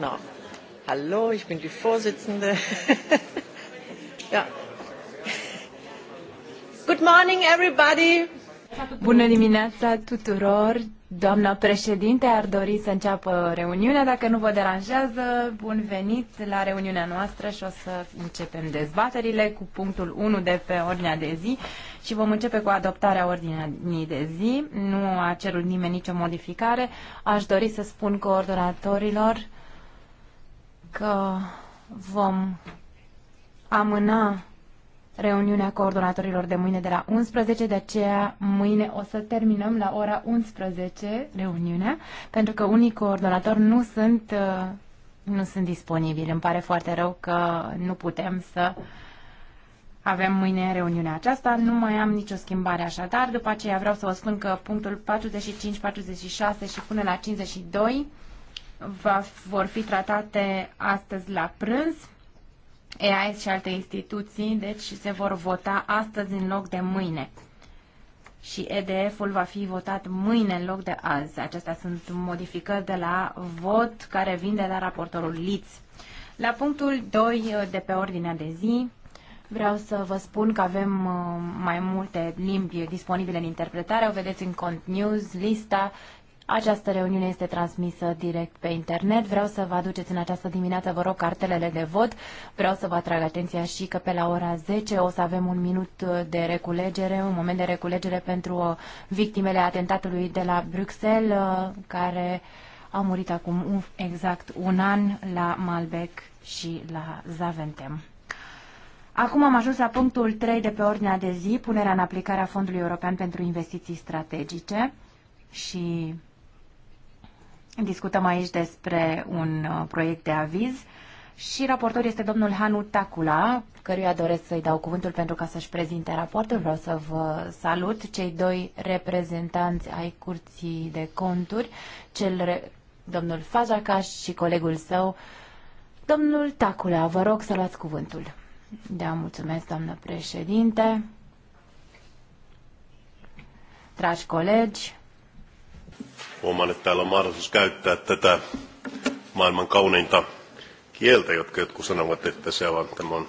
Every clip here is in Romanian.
No. Hallo, ich bin die Vorsitzende. ja. Good morning, everybody. Bună dimineața tuturor. Doamna președinte ar dori să înceapă reuniunea. Dacă nu vă deranjează, bun venit la reuniunea noastră și o să începem dezbaterile cu punctul 1 de pe ordinea de zi și vom începe cu adoptarea ordinii de zi. Nu a cerut nimeni nicio modificare. Aș dori să spun coordonatorilor că vom amâna reuniunea coordonatorilor de mâine de la 11, de aceea mâine o să terminăm la ora 11 reuniunea, pentru că unii coordonatori nu sunt, uh, nu sunt disponibili. Îmi pare foarte rău că nu putem să avem mâine reuniunea aceasta. Nu mai am nicio schimbare așadar. După aceea vreau să vă spun că punctul 45, 46 și până la 52 va, vor fi tratate astăzi la prânz. EAS și alte instituții, deci se vor vota astăzi în loc de mâine. Și EDF-ul va fi votat mâine în loc de azi. Acestea sunt modificări de la vot care vin de la raportorul Liț. La punctul 2 uh, de pe ordinea de zi, vreau să vă spun că avem uh, mai multe limbi disponibile în interpretare. O vedeți în Cont News, lista această reuniune este transmisă direct pe internet. Vreau să vă aduceți în această dimineață, vă rog, cartelele de vot. Vreau să vă atrag atenția și că pe la ora 10 o să avem un minut de reculegere, un moment de reculegere pentru uh, victimele atentatului de la Bruxelles, uh, care au murit acum un, exact un an la Malbec și la Zaventem. Acum am ajuns la punctul 3 de pe ordinea de zi, punerea în aplicare a Fondului European pentru Investiții Strategice și Discutăm aici despre un uh, proiect de aviz și raportor este domnul Hanu Tacula, căruia doresc să-i dau cuvântul pentru ca să-și prezinte raportul. Vreau să vă salut cei doi reprezentanți ai Curții de Conturi, cel re... domnul Fajacaș și colegul său, domnul Tacula. Vă rog să luați cuvântul. Da, mulțumesc, doamnă președinte. Dragi colegi, Huomaan, että täällä on mahdollisuus käyttää tätä maailman kauneinta kieltä, jotka jotkut sanovat, että se on, tämä on.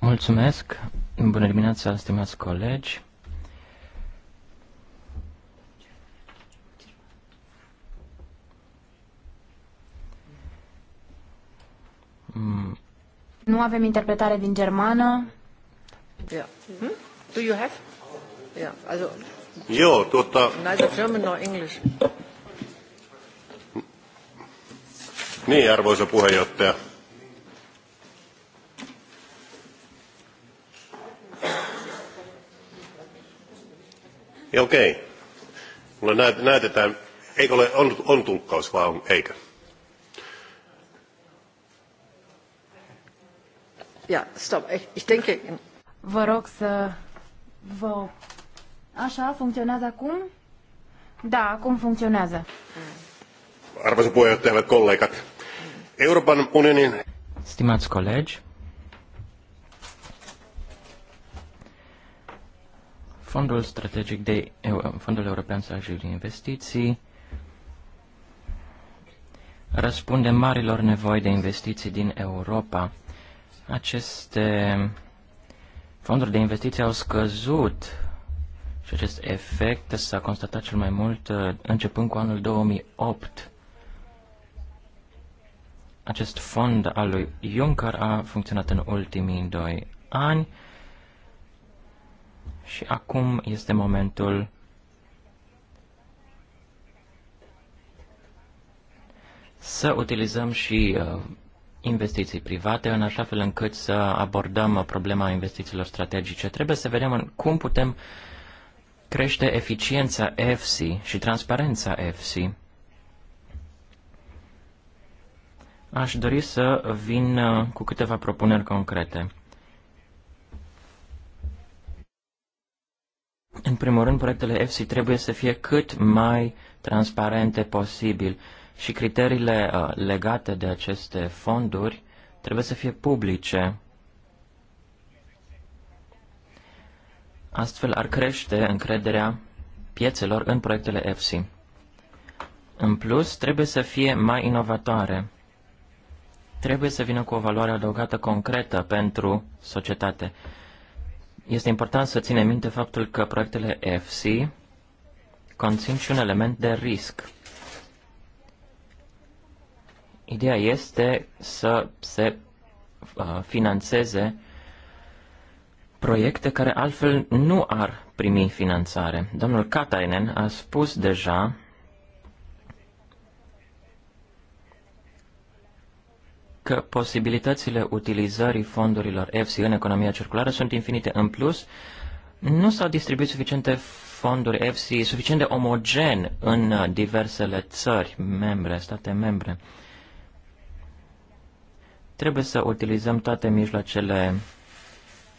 Mulțumesc. Bună dimineața, stimați colegi. Nu avem interpretare din germană. Yeah. Hmm? Do you have? Yeah. Also, Joo, tuota... Neither German nor English. Niin, arvoisa puheenjohtaja. Ja okei. Okay. Mulle näytetään, eikö ole, on, on tulkkaus vai on, eikö? Ja, stop. Ich denke... Vă rog să vă Așa, funcționează acum? Da, acum funcționează. Arvoisa puheenjohtaja, hyvät kollegat. Euroopan unionin... Stimați colegi, Fondul strategic de Fondul European Strategic de Investiții răspunde marilor nevoi de investiții din Europa. Aceste fonduri de investiții au scăzut și acest efect s-a constatat cel mai mult uh, începând cu anul 2008. Acest fond al lui Juncker a funcționat în ultimii doi ani și acum este momentul să utilizăm și uh, investiții private, în așa fel încât să abordăm problema investițiilor strategice. Trebuie să vedem cum putem crește eficiența EFSI și transparența EFSI. Aș dori să vin uh, cu câteva propuneri concrete. În primul rând, proiectele EFSI trebuie să fie cât mai transparente posibil și criteriile uh, legate de aceste fonduri trebuie să fie publice. Astfel ar crește încrederea piețelor în proiectele EFSI. În plus, trebuie să fie mai inovatoare. Trebuie să vină cu o valoare adăugată concretă pentru societate. Este important să ținem minte faptul că proiectele EFSI conțin și un element de risc. Ideea este să se uh, finanțeze proiecte care altfel nu ar primi finanțare. Domnul Katainen a spus deja că posibilitățile utilizării fondurilor EFSI în economia circulară sunt infinite. În plus, nu s-au distribuit suficiente fonduri EFSI suficient de omogen în diversele țări membre, state membre. Trebuie să utilizăm toate mijloacele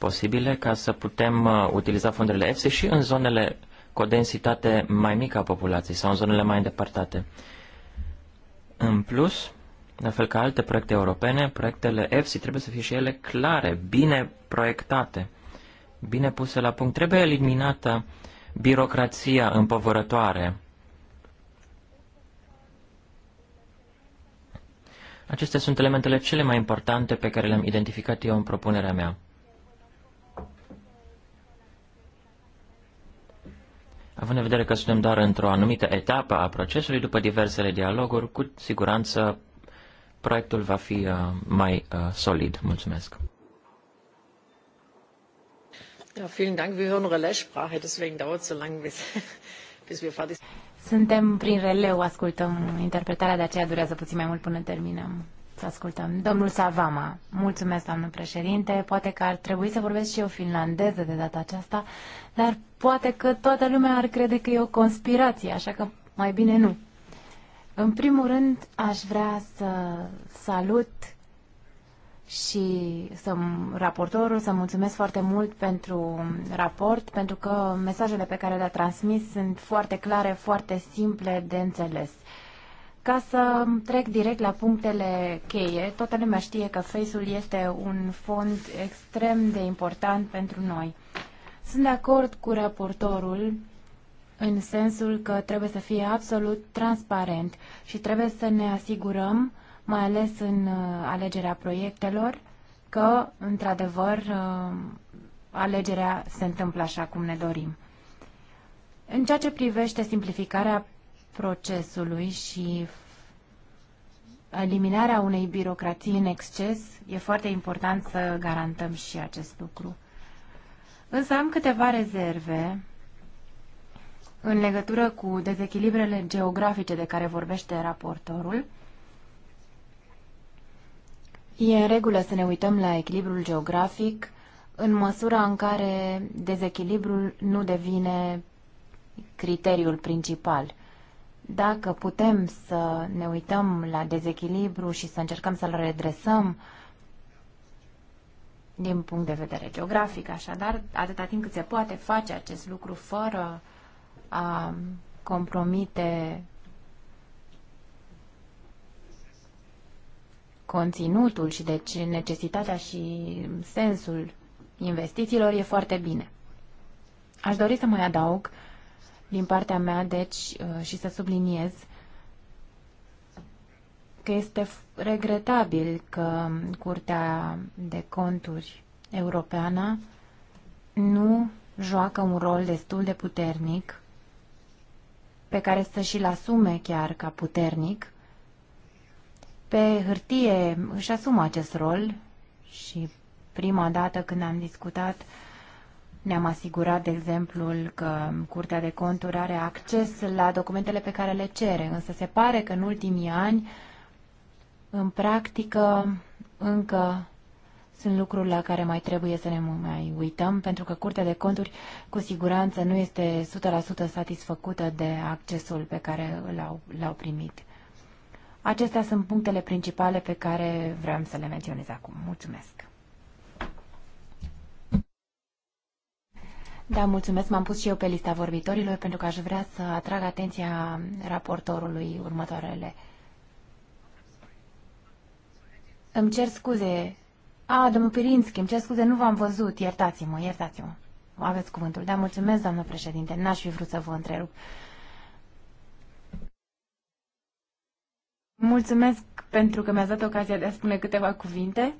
posibile ca să putem uh, utiliza fondurile EFSI și în zonele cu o densitate mai mică a populației sau în zonele mai îndepărtate. În plus, la fel ca alte proiecte europene, proiectele EFSI trebuie să fie și ele clare, bine proiectate, bine puse la punct. Trebuie eliminată birocrația împovărătoare. Acestea sunt elementele cele mai importante pe care le-am identificat eu în propunerea mea. Având în vedere că suntem doar într-o anumită etapă a procesului, după diversele dialoguri, cu siguranță proiectul va fi uh, mai uh, solid. Mulțumesc. Ja, vielen Dank. Wir hören Relaissprache, deswegen dauert es so lange, bis, bis wir fertig sind. Suntem prin releu, ascultăm interpretarea, de aceea durează puțin mai mult până terminăm să ascultăm. Domnul Savama, mulțumesc, doamnă președinte. Poate că ar trebui să vorbesc și eu finlandeză de data aceasta, dar poate că toată lumea ar crede că e o conspirație, așa că mai bine nu. În primul rând, aș vrea să salut și să raportorul, să mulțumesc foarte mult pentru raport, pentru că mesajele pe care le-a transmis sunt foarte clare, foarte simple de înțeles. Uh, ca să trec direct la punctele cheie, toată lumea știe că Face-ul este un fond extrem de important pentru noi. Sunt de acord cu raportorul în sensul că trebuie să fie absolut transparent și trebuie să ne asigurăm, mai ales în uh, alegerea proiectelor, că, într-adevăr, uh, alegerea se întâmplă așa cum ne dorim. În ceea ce privește simplificarea procesului și eliminarea unei birocrații în exces, e foarte important să garantăm și acest lucru. Însă am câteva rezerve în legătură cu dezechilibrele geografice de care vorbește raportorul. E în regulă să ne uităm la echilibrul geografic în măsura în care dezechilibrul nu devine criteriul principal – dacă putem să ne uităm la dezechilibru și să încercăm să-l redresăm din punct de vedere geografic, așadar, atâta timp cât se poate face acest lucru fără a compromite conținutul și deci necesitatea și sensul investițiilor e foarte bine. Aș dori să mai adaug din partea mea, deci, uh, și să subliniez că este regretabil că Curtea de Conturi Europeană nu joacă un rol destul de puternic pe care să și-l asume chiar ca puternic. Pe hârtie își asumă acest rol și prima dată când am discutat uh, ne-am asigurat, de exemplu, că Curtea de Conturi are acces la documentele pe care le cere, însă se pare că în ultimii ani, în practică, încă sunt lucruri la care mai trebuie să ne mai uităm, pentru că Curtea de Conturi cu siguranță nu este 100% satisfăcută de accesul pe care l-au, l-au primit. Acestea sunt punctele principale pe care vreau să le menționez acum. Mulțumesc! Da, mulțumesc. M-am pus și eu pe lista vorbitorilor pentru că aș vrea să atrag atenția raportorului următoarele. Îmi cer scuze. A, domnul Pirinski, îmi cer scuze, nu v-am văzut. Iertați-mă, iertați-mă. Aveți cuvântul. Da, mulțumesc, doamnă președinte. N-aș fi vrut să vă întrerup. Mulțumesc pentru că mi-ați dat ocazia de a spune câteva cuvinte.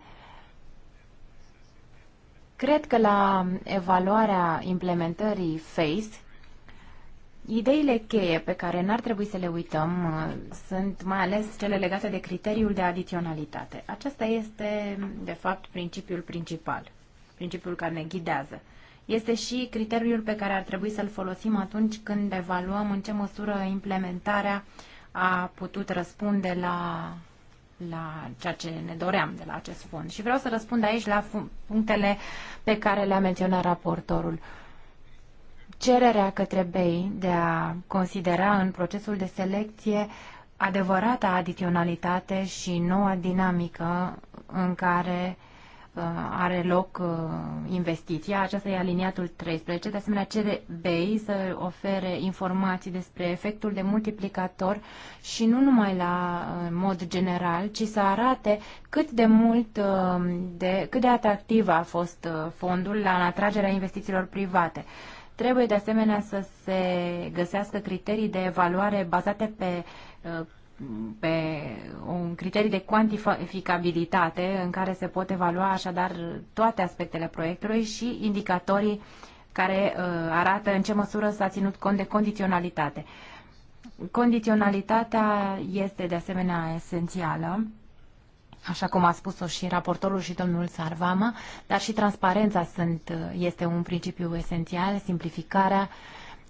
Cred că la evaluarea implementării FACE, ideile cheie pe care n-ar trebui să le uităm uh, sunt mai ales cele legate de criteriul de adiționalitate. Acesta este, de fapt, principiul principal, principiul care ne ghidează. Este și criteriul pe care ar trebui să-l folosim atunci când evaluăm în ce măsură implementarea a putut răspunde la la ceea ce ne doream de la acest fond. Și vreau să răspund aici la punctele pe care le-a menționat raportorul. Cererea către BEI de a considera în procesul de selecție adevărata adiționalitate și noua dinamică în care Uh, are loc uh, investiția. Aceasta e aliniatul 13. De asemenea, cere BEI să ofere informații despre efectul de multiplicator și nu numai la uh, mod general, ci să arate cât de mult, de, cât de atractiv a fost fondul la atragerea investițiilor private. Trebuie de asemenea să se găsească criterii de evaluare bazate pe pe un criteriu de cuantificabilitate în care se pot evalua așadar toate aspectele proiectului și indicatorii care uh, arată în ce măsură s-a ținut cont de condiționalitate. Condiționalitatea este de asemenea esențială, așa cum a spus-o și raportorul și domnul Sarvama, dar și transparența sunt, uh, este un principiu esențial, simplificarea.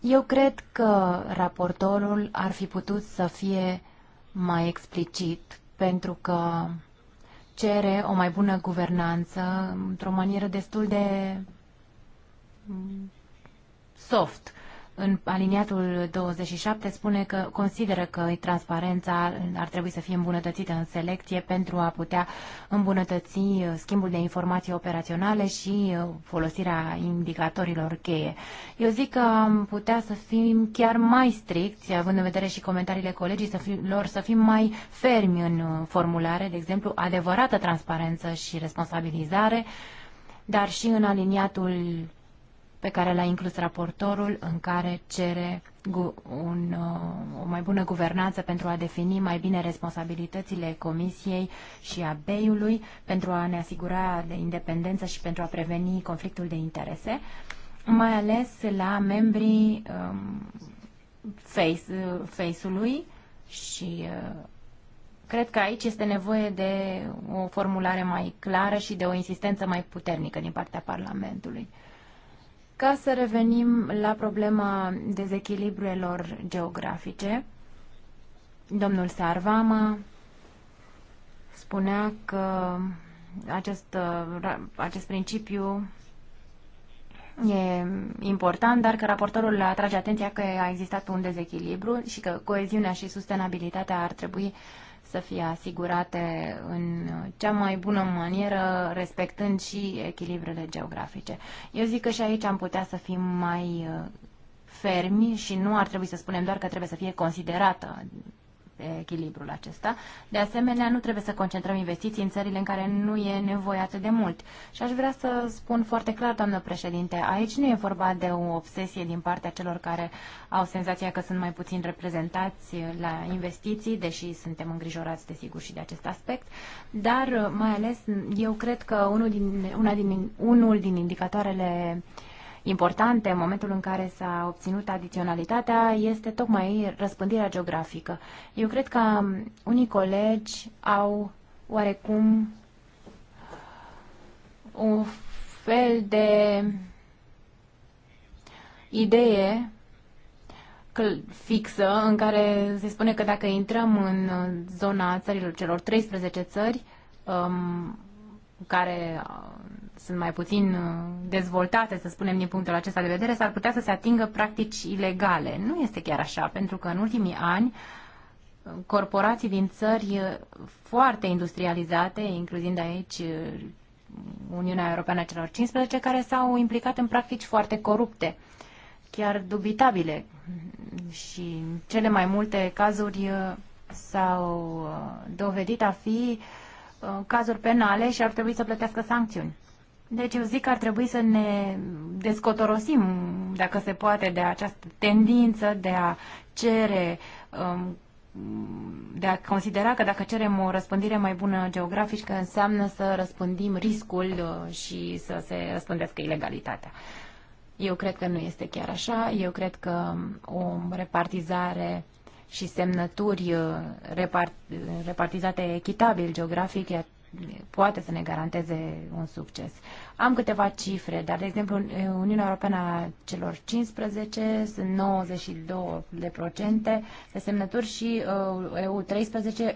Eu cred că raportorul ar fi putut să fie uh, mai explicit pentru că cere o mai bună guvernanță într-o manieră destul de mm, soft în aliniatul 27 spune că consideră că transparența ar trebui să fie îmbunătățită în selecție pentru a putea îmbunătăți uh, schimbul de informații operaționale și uh, folosirea indicatorilor cheie. Eu zic că am putea să fim chiar mai stricți, având în vedere și comentariile colegii să fim, lor, să fim mai fermi în uh, formulare, de exemplu, adevărată transparență și responsabilizare, dar și în aliniatul pe care l-a inclus raportorul, în care cere un, uh, o mai bună guvernanță pentru a defini mai bine responsabilitățile Comisiei și a BEI-ului, pentru a ne asigura de independență și pentru a preveni conflictul de interese, mai ales la membrii um, face, uh, face și uh, cred că aici este nevoie de o formulare mai clară și de o insistență mai puternică din partea Parlamentului. Ca să revenim la problema dezechilibrelor geografice, domnul Sarvama spunea că acest, acest principiu e important, dar că raportorul atrage atenția că a existat un dezechilibru și că coeziunea și sustenabilitatea ar trebui uh, să fie asigurate în cea mai bună manieră, respectând și echilibrele geografice. Eu zic că și aici am putea să fim mai uh, fermi și nu ar trebui să spunem doar că trebuie să fie considerată echilibrul acesta. De asemenea, nu trebuie să concentrăm investiții în țările în care nu e nevoie atât de mult. Și aș vrea să spun foarte clar, doamnă președinte, aici nu e vorba de o obsesie din partea celor care au senzația că sunt mai puțin reprezentați la investiții, deși suntem îngrijorați, desigur, și de acest aspect, dar mai ales eu cred că unul din, una din, unul din indicatoarele uh, importante în momentul în care s-a obținut adiționalitatea este tocmai răspândirea geografică. Eu cred că unii colegi au oarecum un fel de idee fixă în care se spune că dacă intrăm în zona țărilor celor 13 țări um, care sunt mai puțin uh, dezvoltate, să spunem, din punctul acesta de vedere, s-ar putea să se atingă practici ilegale. Nu este chiar așa, pentru că în ultimii ani uh, corporații din țări uh, foarte industrializate, incluzând aici Uniunea Europeană a celor 15, care s-au implicat în practici foarte corupte, chiar dubitabile. Și cele mai multe cazuri s-au dovedit a fi cazuri penale și ar trebui să plătească sancțiuni. Deci eu zic că ar trebui să ne descotorosim, dacă se poate, de această tendință de a cere, um, de a considera că dacă cerem o răspândire mai bună geografică, înseamnă să răspândim riscul uh, și să se răspândească ilegalitatea. Eu cred că nu este chiar așa. Eu cred că o repartizare și semnături uh, repartizate echitabil geografic poate să ne garanteze un succes. Am câteva cifre, dar, de exemplu, Uniunea Europeană a celor 15 sunt 92 de procente de semnături și EU 13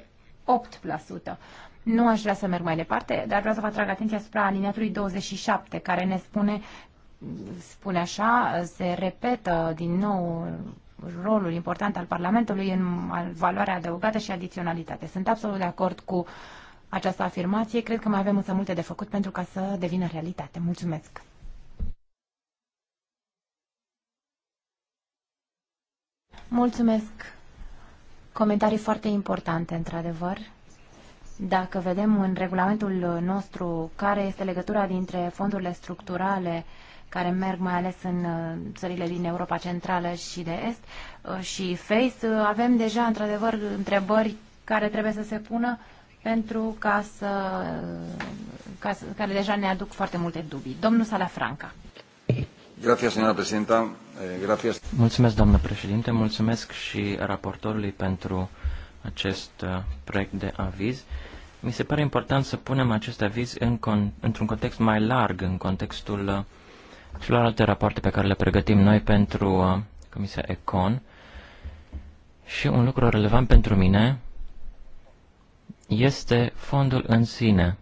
8%. Nu aș vrea să merg mai departe, dar vreau să vă atrag atenția asupra aliniatului 27, care ne spune, spune așa, se repetă din nou rolul important al Parlamentului în valoarea adăugată și adiționalitate. Sunt absolut de acord cu uh, această afirmație. Cred că mai avem însă multe de făcut pentru ca să devină realitate. Mulțumesc! Mulțumesc! Comentarii foarte importante, într-adevăr. Dacă vedem în regulamentul nostru care este legătura dintre fondurile structurale care merg mai ales în uh, țările din Europa Centrală și de Est uh, și FACE, uh, avem deja, într-adevăr, întrebări care trebuie să se pună pentru ca să, ca să, care deja ne aduc foarte multe dubii. Domnul Salafranca. Gracias, presidenta. Eh, Mulțumesc, domnule președinte. Mulțumesc și raportorului pentru acest uh, proiect de aviz. Mi se pare important să punem acest aviz în con, într-un context mai larg, în contextul uh, celorlalte rapoarte pe care le pregătim noi pentru uh, Comisia ECON. Și un lucru relevant pentru mine este fondul în sine.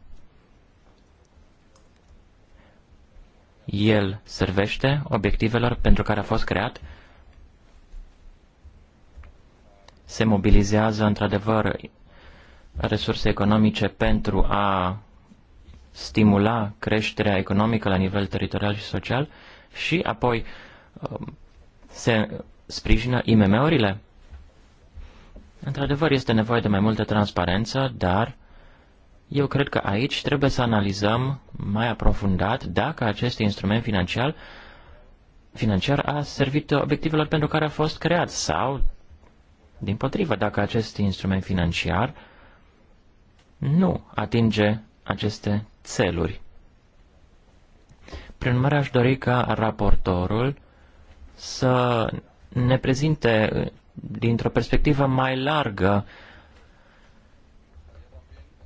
El servește obiectivelor pentru care a fost creat, se mobilizează într-adevăr resurse economice pentru a stimula creșterea economică la nivel teritorial și social și apoi um, se sprijină IMM-urile Într-adevăr, este nevoie de mai multă transparență, dar eu cred că aici trebuie să analizăm mai aprofundat dacă acest instrument financiar, financiar a servit obiectivelor pentru care a fost creat sau, din potrivă, dacă acest instrument financiar nu atinge aceste țeluri. Prin urmare, aș dori ca raportorul să ne prezinte dintr-o perspectivă mai largă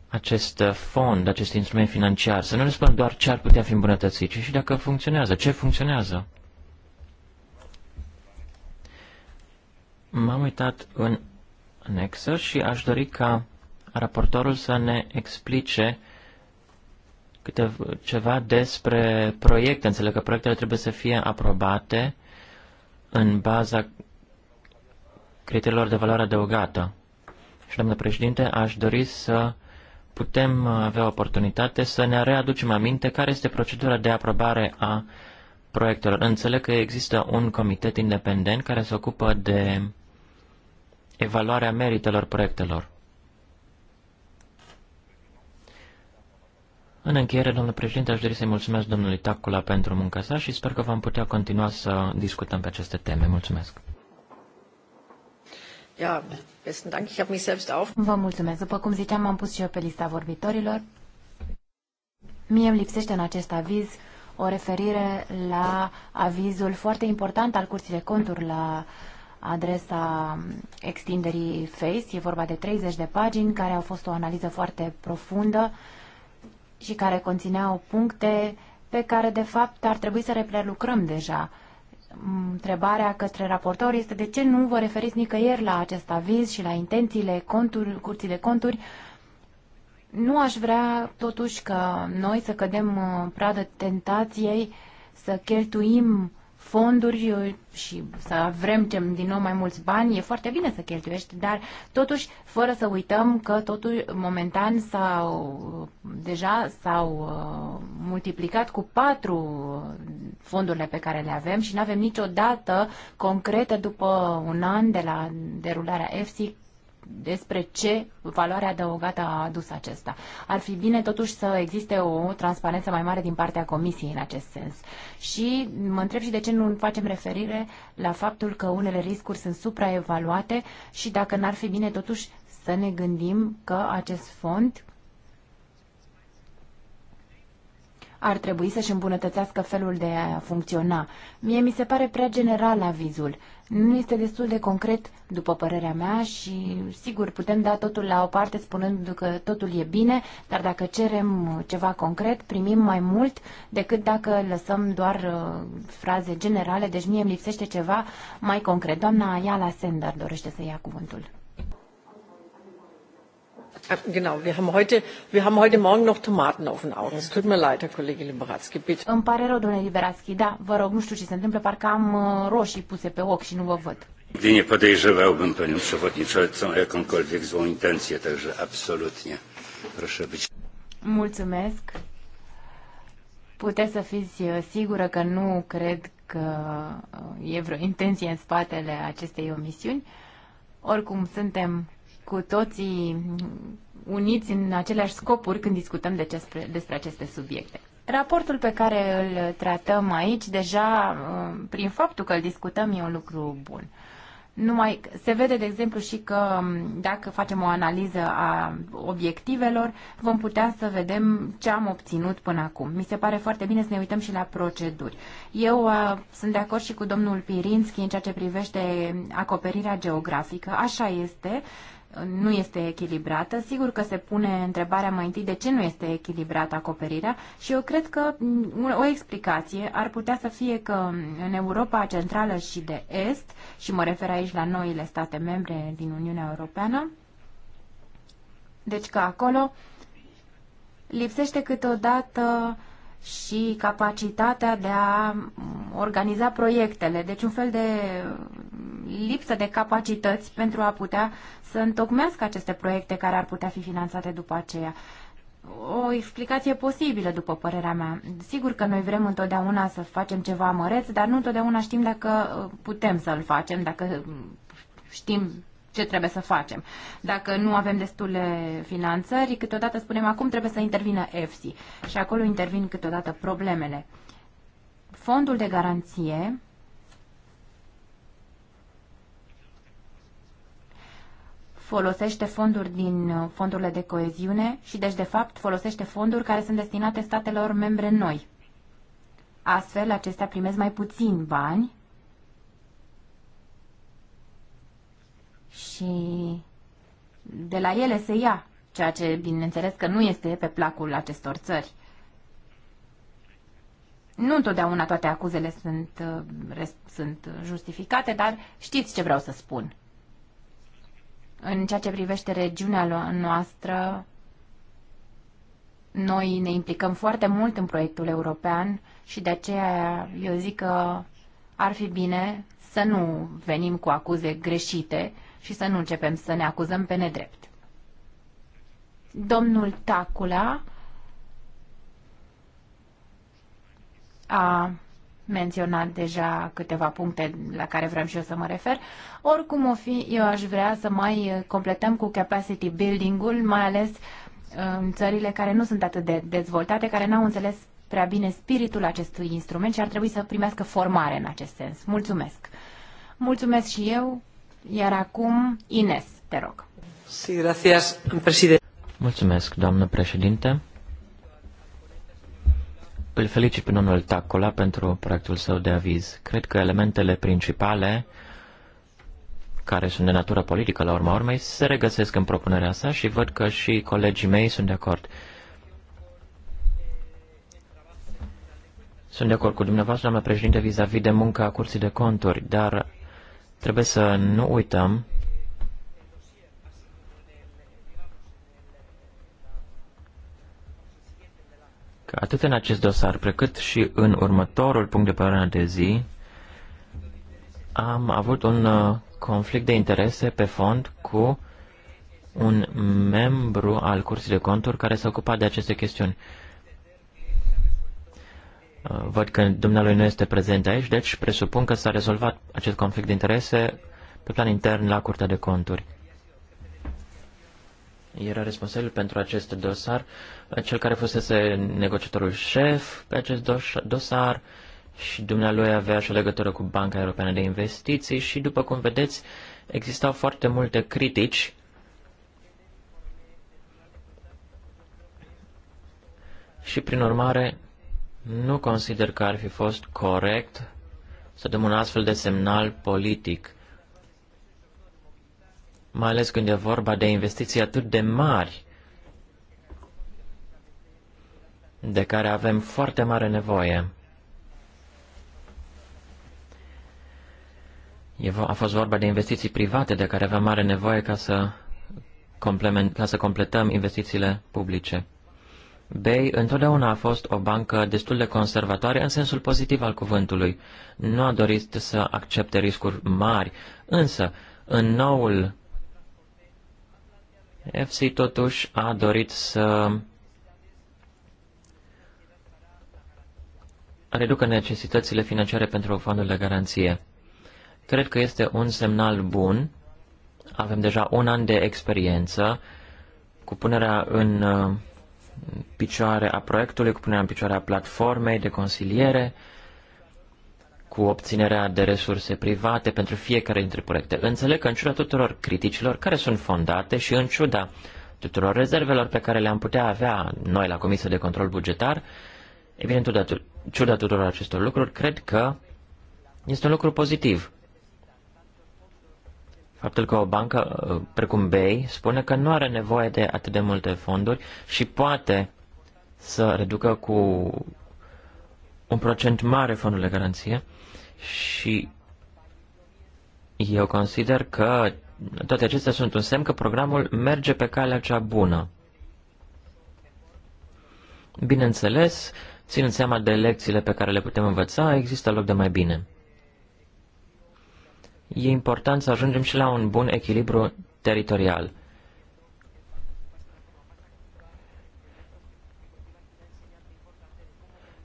acest fond, acest instrument financiar, să nu ne spun doar ce ar putea fi îmbunătățit, ci și dacă funcționează, ce funcționează. M-am uitat în anexă și aș dori ca raportorul să ne explice câte, ceva despre proiecte. Înțeleg că proiectele trebuie să fie aprobate în baza criteriilor de valoare adăugată. Și, doamnă președinte, aș dori să putem avea oportunitate să ne readucem aminte care este procedura de aprobare a proiectelor. Înțeleg că există un comitet independent care se ocupă de evaluarea meritelor proiectelor. În încheiere, domnule președinte, aș dori să-i mulțumesc domnului Tacula pentru munca sa și sper că vom putea continua să discutăm pe aceste teme. Mulțumesc! Vă mulțumesc. După cum ziceam, am pus și eu pe lista vorbitorilor. Mie îmi lipsește în acest aviz o referire la avizul foarte important al Curții de Conturi la adresa extinderii FACE. E vorba de 30 de pagini care au fost o analiză foarte profundă și care conțineau puncte pe care, de fapt, ar trebui să le prelucrăm deja întrebarea către raportor este de ce nu vă referiți nicăieri la acest aviz și la intențiile conturi, curții de conturi. Nu aș vrea totuși că noi să cădem pradă tentației să cheltuim fonduri uh, și să vrem din nou mai mulți bani, e foarte bine să cheltuiești, dar totuși, fără să uităm că totul momentan s-au deja s-au uh, multiplicat cu patru uh, fondurile pe care le avem și nu avem nicio dată concretă după un an de la derularea EFSI despre ce valoare adăugată a adus acesta. Ar fi bine totuși să existe o transparență mai mare din partea Comisiei în acest sens. Și mă întreb și de ce nu facem referire la faptul că unele riscuri sunt supraevaluate și dacă n-ar fi bine totuși să ne gândim că acest fond ar trebui să-și îmbunătățească felul de a funcționa. Mie mi se pare prea general avizul. Nu este destul de concret, după părerea mea, și sigur putem da totul la o parte spunând că totul e bine, dar dacă cerem ceva concret, primim mai mult decât dacă lăsăm doar uh, fraze generale, deci mie îmi lipsește ceva mai concret. Doamna Ayala Sender dorește să ia cuvântul. Äh, genau, wir haben, heute, wir haben heute Morgen noch Tomaten auf den Augen. Es tut mir leid, Herr Kollege Liberatski, bitte. Îmi pare rău, domnule Liberatski, da, vă rog, nu știu ce se întâmplă, parcă am uh, roșii puse pe ochi și nu vă văd. Nu nie podejrzewałbym panią przewodniczącą o jakąkolwiek złą intencję, także absolutnie. Proszę być. Mulțumesc. Puteți să fiți uh, sigură că nu cred că uh, e vreo intenție în spatele acestei omisiuni. Oricum, suntem cu toții uniți în aceleași scopuri când discutăm de despre, despre aceste subiecte. Raportul pe care îl tratăm aici, deja uh, prin faptul că îl discutăm, e un lucru bun. Numai se vede, de exemplu, și că um, dacă facem o analiză a obiectivelor, vom putea să vedem ce am obținut până acum. Mi se pare foarte bine să ne uităm și la proceduri. Eu uh, sunt de acord și cu domnul Pirinski în ceea ce privește acoperirea geografică. Așa este nu este echilibrată. Sigur că se pune întrebarea mai întâi de ce nu este echilibrată acoperirea și eu cred că mm, o explicație ar putea să fie că în Europa Centrală și de Est, și mă refer aici la noile state membre din Uniunea Europeană, deci că acolo lipsește câteodată uh, și capacitatea de a organiza proiectele. Deci un fel de lipsă de capacități pentru a putea să întocmească aceste proiecte care ar putea fi finanțate după aceea. O explicație posibilă, după părerea mea. Sigur că noi vrem întotdeauna să facem ceva măreț, dar nu întotdeauna știm dacă putem să-l facem, dacă știm ce trebuie să facem. Dacă nu avem destule finanțări, câteodată spunem acum trebuie să intervină EFSI și acolo intervin câteodată problemele. Fondul de garanție folosește fonduri din uh, fondurile de coeziune și deci de fapt folosește fonduri care sunt destinate statelor membre noi. Astfel, acestea primesc mai puțin bani și de la ele se ia, ceea ce bineînțeles că nu este pe placul acestor țări. Nu întotdeauna toate acuzele sunt, uh, sunt justificate, dar știți ce vreau să spun. În ceea ce privește regiunea noastră, noi ne implicăm foarte mult în proiectul european și de aceea eu zic că ar fi bine să nu venim cu acuze greșite, și să nu începem să ne acuzăm pe nedrept. Domnul Tacula a menționat deja câteva puncte la care vreau și eu să mă refer. Oricum o fi, eu aș vrea să mai completăm cu capacity building-ul, mai ales uh, în țările care nu sunt atât de dezvoltate, care n-au înțeles prea bine spiritul acestui instrument și ar trebui să primească formare în acest sens. Mulțumesc! Mulțumesc și eu! Iar acum, Ines, te rog. Sí, gracias, Mulțumesc, doamnă președinte. Îl felicit pe domnul Tacola pentru proiectul său de aviz. Cred că elementele principale care sunt de natură politică, la urma urmei, se regăsesc în propunerea sa și văd că și colegii mei sunt de acord. Sunt de acord cu dumneavoastră, doamnă președinte, vis-a-vis -vis de munca Curții de Conturi, dar Trebuie să nu uităm că atât în acest dosar, precât și în următorul punct de părere de zi, am avut un uh, conflict de interese pe fond cu un membru al cursului de Conturi care s-a ocupat de aceste chestiuni. Uh, văd că dumnealui nu este prezent aici, deci presupun că s-a rezolvat acest conflict de interese pe plan intern la Curtea de Conturi. Era responsabil pentru acest dosar cel care fusese negociatorul șef pe acest dosar și dumnealui avea și o legătură cu Banca Europeană de Investiții și, după cum vedeți, existau foarte multe critici și, prin urmare, nu consider că ar fi fost corect să dăm un astfel de semnal politic, mai ales când e vorba de investiții atât de mari, de care avem foarte mare nevoie. A fost vorba de investiții private de care avem mare nevoie ca să, ca să completăm investițiile publice. Bay întotdeauna a fost o bancă destul de conservatoare în sensul pozitiv al cuvântului. Nu a dorit să accepte riscuri mari, însă în noul FC totuși a dorit să reducă necesitățile financiare pentru fondul de garanție. Cred că este un semnal bun. Avem deja un an de experiență cu punerea în uh, picioare a proiectului, cu punerea în picioare a platformei de consiliere, cu obținerea de resurse private pentru fiecare dintre proiecte. Înțeleg că în ciuda tuturor criticilor care sunt fondate și în ciuda tuturor rezervelor pe care le-am putea avea noi la Comisia de Control Bugetar, e bine, în ciuda tuturor acestor lucruri, cred că este un lucru pozitiv faptul că o bancă uh, precum BEI spune că nu are nevoie de atât de multe fonduri și poate să reducă cu un procent mare fondurile de garanție și eu consider că toate acestea sunt un semn că programul merge pe calea cea bună. Bineînțeles, ținând seama de lecțiile pe care le putem învăța, există loc de mai bine e important să ajungem și la un bun echilibru teritorial.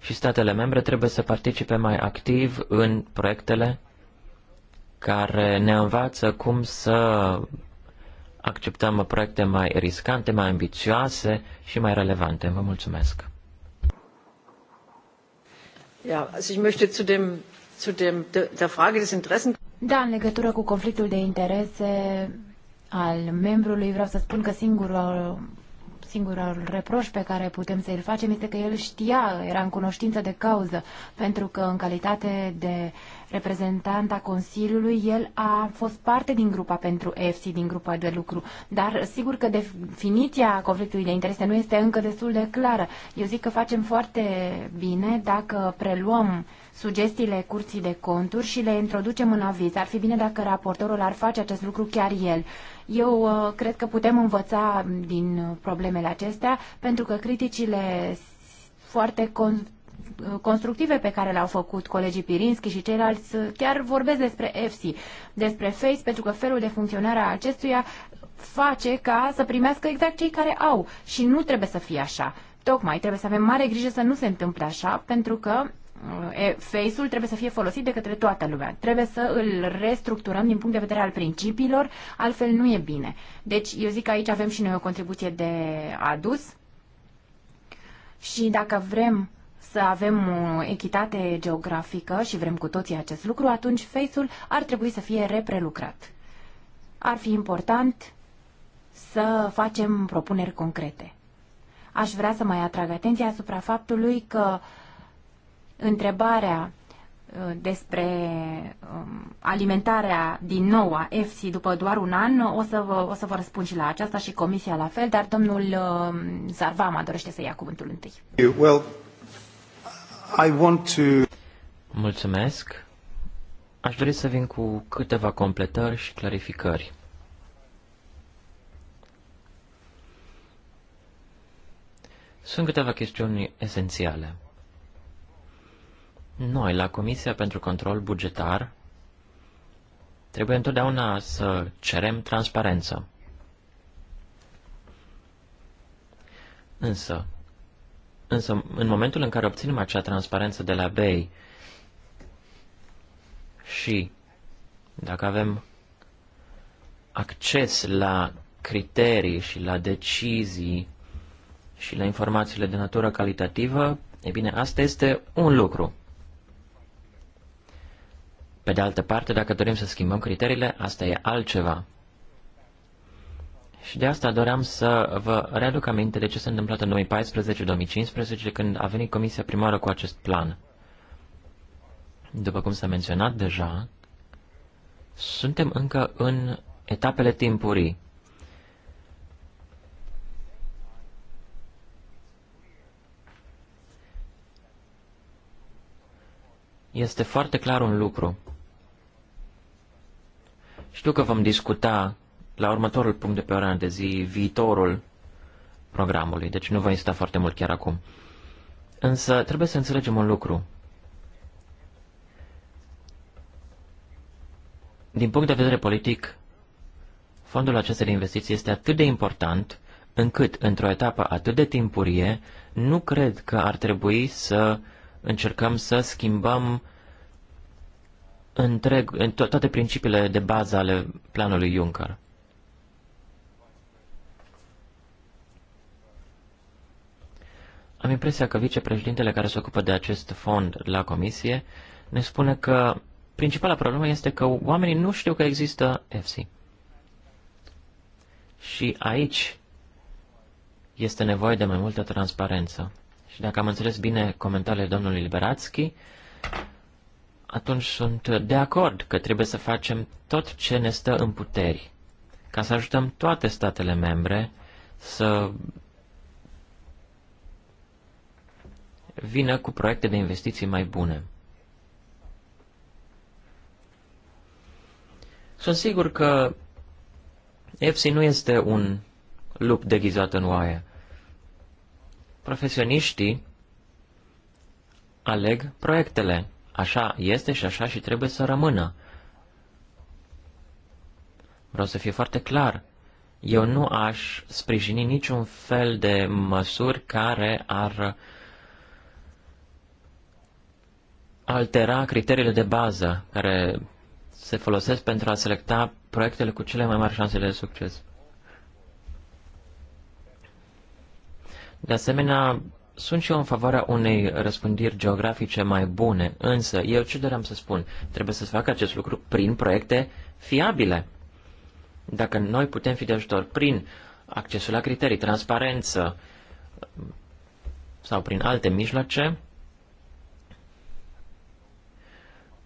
Și statele membre trebuie să participe mai activ în proiectele care ne învață cum să acceptăm proiecte mai riscante, mai ambițioase și mai relevante. Vă mulțumesc. Ja, also ich möchte zu dem zu dem der Frage des Interessen da, în legătură cu conflictul de interese al membrului, vreau să spun că singurul, singurul reproș pe care putem să-l facem este că el știa, era în cunoștință de cauză, pentru că în calitate de uh, reprezentant a Consiliului, el a fost parte din grupa pentru EFSI, din grupa de lucru. Dar sigur că definiția conflictului de interese nu este încă destul de clară. Eu zic că facem foarte bine dacă preluăm sugestiile curții de conturi și le introducem în aviz. Ar fi bine dacă raportorul ar face acest lucru chiar el. Eu uh, cred că putem învăța din problemele acestea, pentru că criticile foarte con- Uh, constructive pe care le-au făcut colegii Pirinski și ceilalți. Uh, chiar vorbesc despre EFSI, despre FACE, pentru că felul de funcționare a acestuia face ca să primească exact cei care au și nu trebuie să fie așa. Tocmai trebuie să avem mare grijă să nu se întâmple așa, pentru că uh, face-ul trebuie să fie folosit de către toată lumea. Trebuie să îl restructurăm din punct de vedere al principiilor, altfel nu e bine. Deci eu zic că aici avem și noi o contribuție de adus și dacă vrem să avem o echitate geografică și vrem cu toții acest lucru, atunci Face-ul ar trebui să fie reprelucrat. Ar fi important să facem propuneri concrete. Aș vrea să mai atrag atenția asupra faptului că întrebarea uh, despre um, alimentarea din nou a EFSI după doar un an, o să, vă, o să vă răspund și la aceasta și comisia la fel, dar domnul Zarvama um, dorește să ia cuvântul întâi. Well, I want to... Mulțumesc. Aș dori să vin cu câteva completări și clarificări. Sunt câteva chestiuni esențiale. Noi, la Comisia pentru Control Bugetar, trebuie întotdeauna să cerem transparență. Însă, Însă, în momentul în care obținem acea transparență de la BEI și dacă avem acces la criterii și la decizii și la informațiile de natură calitativă, e bine, asta este un lucru. Pe de altă parte, dacă dorim să schimbăm criteriile, asta e altceva. Și de asta doream să vă readuc aminte de ce s-a întâmplat în 2014-2015, când a venit Comisia Primară cu acest plan. După cum s-a menționat deja, suntem încă în etapele timpurii. Este foarte clar un lucru. Știu că vom discuta la următorul punct de pe ordinea de zi viitorul programului, deci nu voi insista foarte mult chiar acum. Însă trebuie să înțelegem un lucru. Din punct de vedere politic, fondul acesta de investiții este atât de important încât, într-o etapă atât de timpurie, nu cred că ar trebui să încercăm să schimbăm întreg, toate principiile de bază ale planului Juncker. Am impresia că vicepreședintele care se ocupă de acest fond la comisie ne spune că principala problemă este că oamenii nu știu că există EFSI. Și aici este nevoie de mai multă transparență. Și dacă am înțeles bine comentariile domnului Liberațchi, atunci sunt de acord că trebuie să facem tot ce ne stă în puteri, ca să ajutăm toate statele membre să vină cu proiecte de investiții mai bune. Sunt sigur că EPSI nu este un lup deghizat în oaie. Profesioniștii aleg proiectele. Așa este și așa și trebuie să rămână. Vreau să fie foarte clar. Eu nu aș sprijini niciun fel de măsuri care ar altera criteriile de bază care se folosesc pentru a selecta proiectele cu cele mai mari șanse de succes. De asemenea, sunt și eu în favoarea unei răspândiri geografice mai bune, însă eu ce doream să spun? Trebuie să se facă acest lucru prin proiecte fiabile. Dacă noi putem fi de ajutor prin accesul la criterii, transparență sau prin alte mijloace,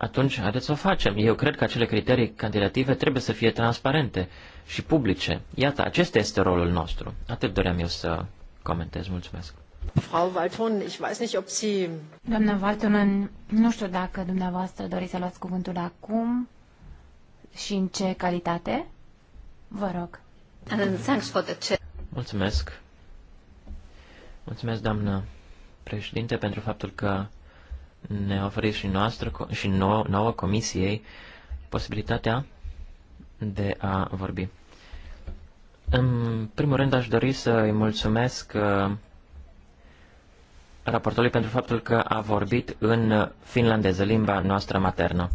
atunci haideți să o facem. Eu cred că acele criterii cantitative trebuie să fie transparente și publice. Iată, acesta este rolul nostru. Atât doream eu să comentez. Mulțumesc. Frau Walton, ich weiß nicht, ob Sie... Doamna Walton, nu știu dacă dumneavoastră doriți să luați cuvântul acum și în ce calitate. Vă rog. Thanks for the Mulțumesc. Mulțumesc, doamnă președinte, pentru faptul că ne oferi și, noastră, și nouă, nouă comisiei posibilitatea de a vorbi. În primul rând aș dori să îi mulțumesc uh, raportului pentru faptul că a vorbit în finlandeză, limba noastră maternă.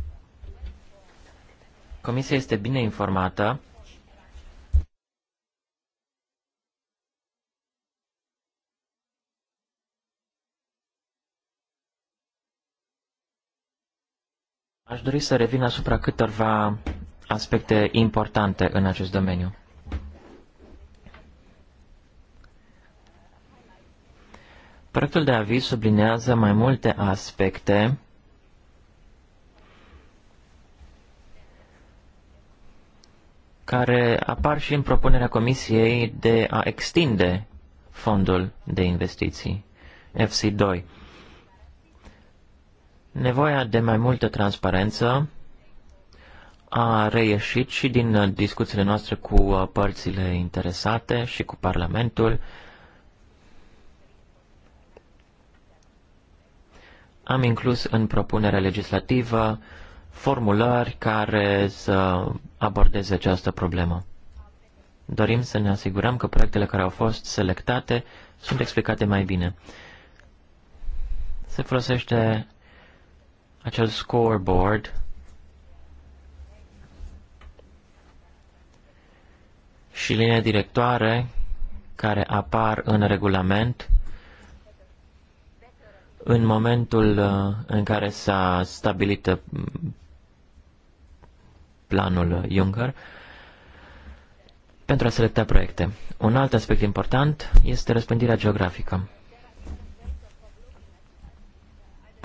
Comisia este bine informată Aș dori să revin asupra câtorva aspecte importante în acest domeniu. Proiectul de aviz sublinează mai multe aspecte care apar și în propunerea Comisiei de a extinde fondul de investiții, FC2. Nevoia de mai multă transparență a reieșit și din uh, discuțiile noastre cu uh, părțile interesate și cu Parlamentul. Am inclus în propunerea legislativă formulări care să abordeze această problemă. Dorim să ne asigurăm că proiectele care au fost selectate sunt explicate mai bine. Se folosește acel scoreboard și linia directoare care apar în regulament în momentul uh, în care s-a stabilit uh, planul Juncker pentru a selecta proiecte. Un alt aspect important este răspândirea geografică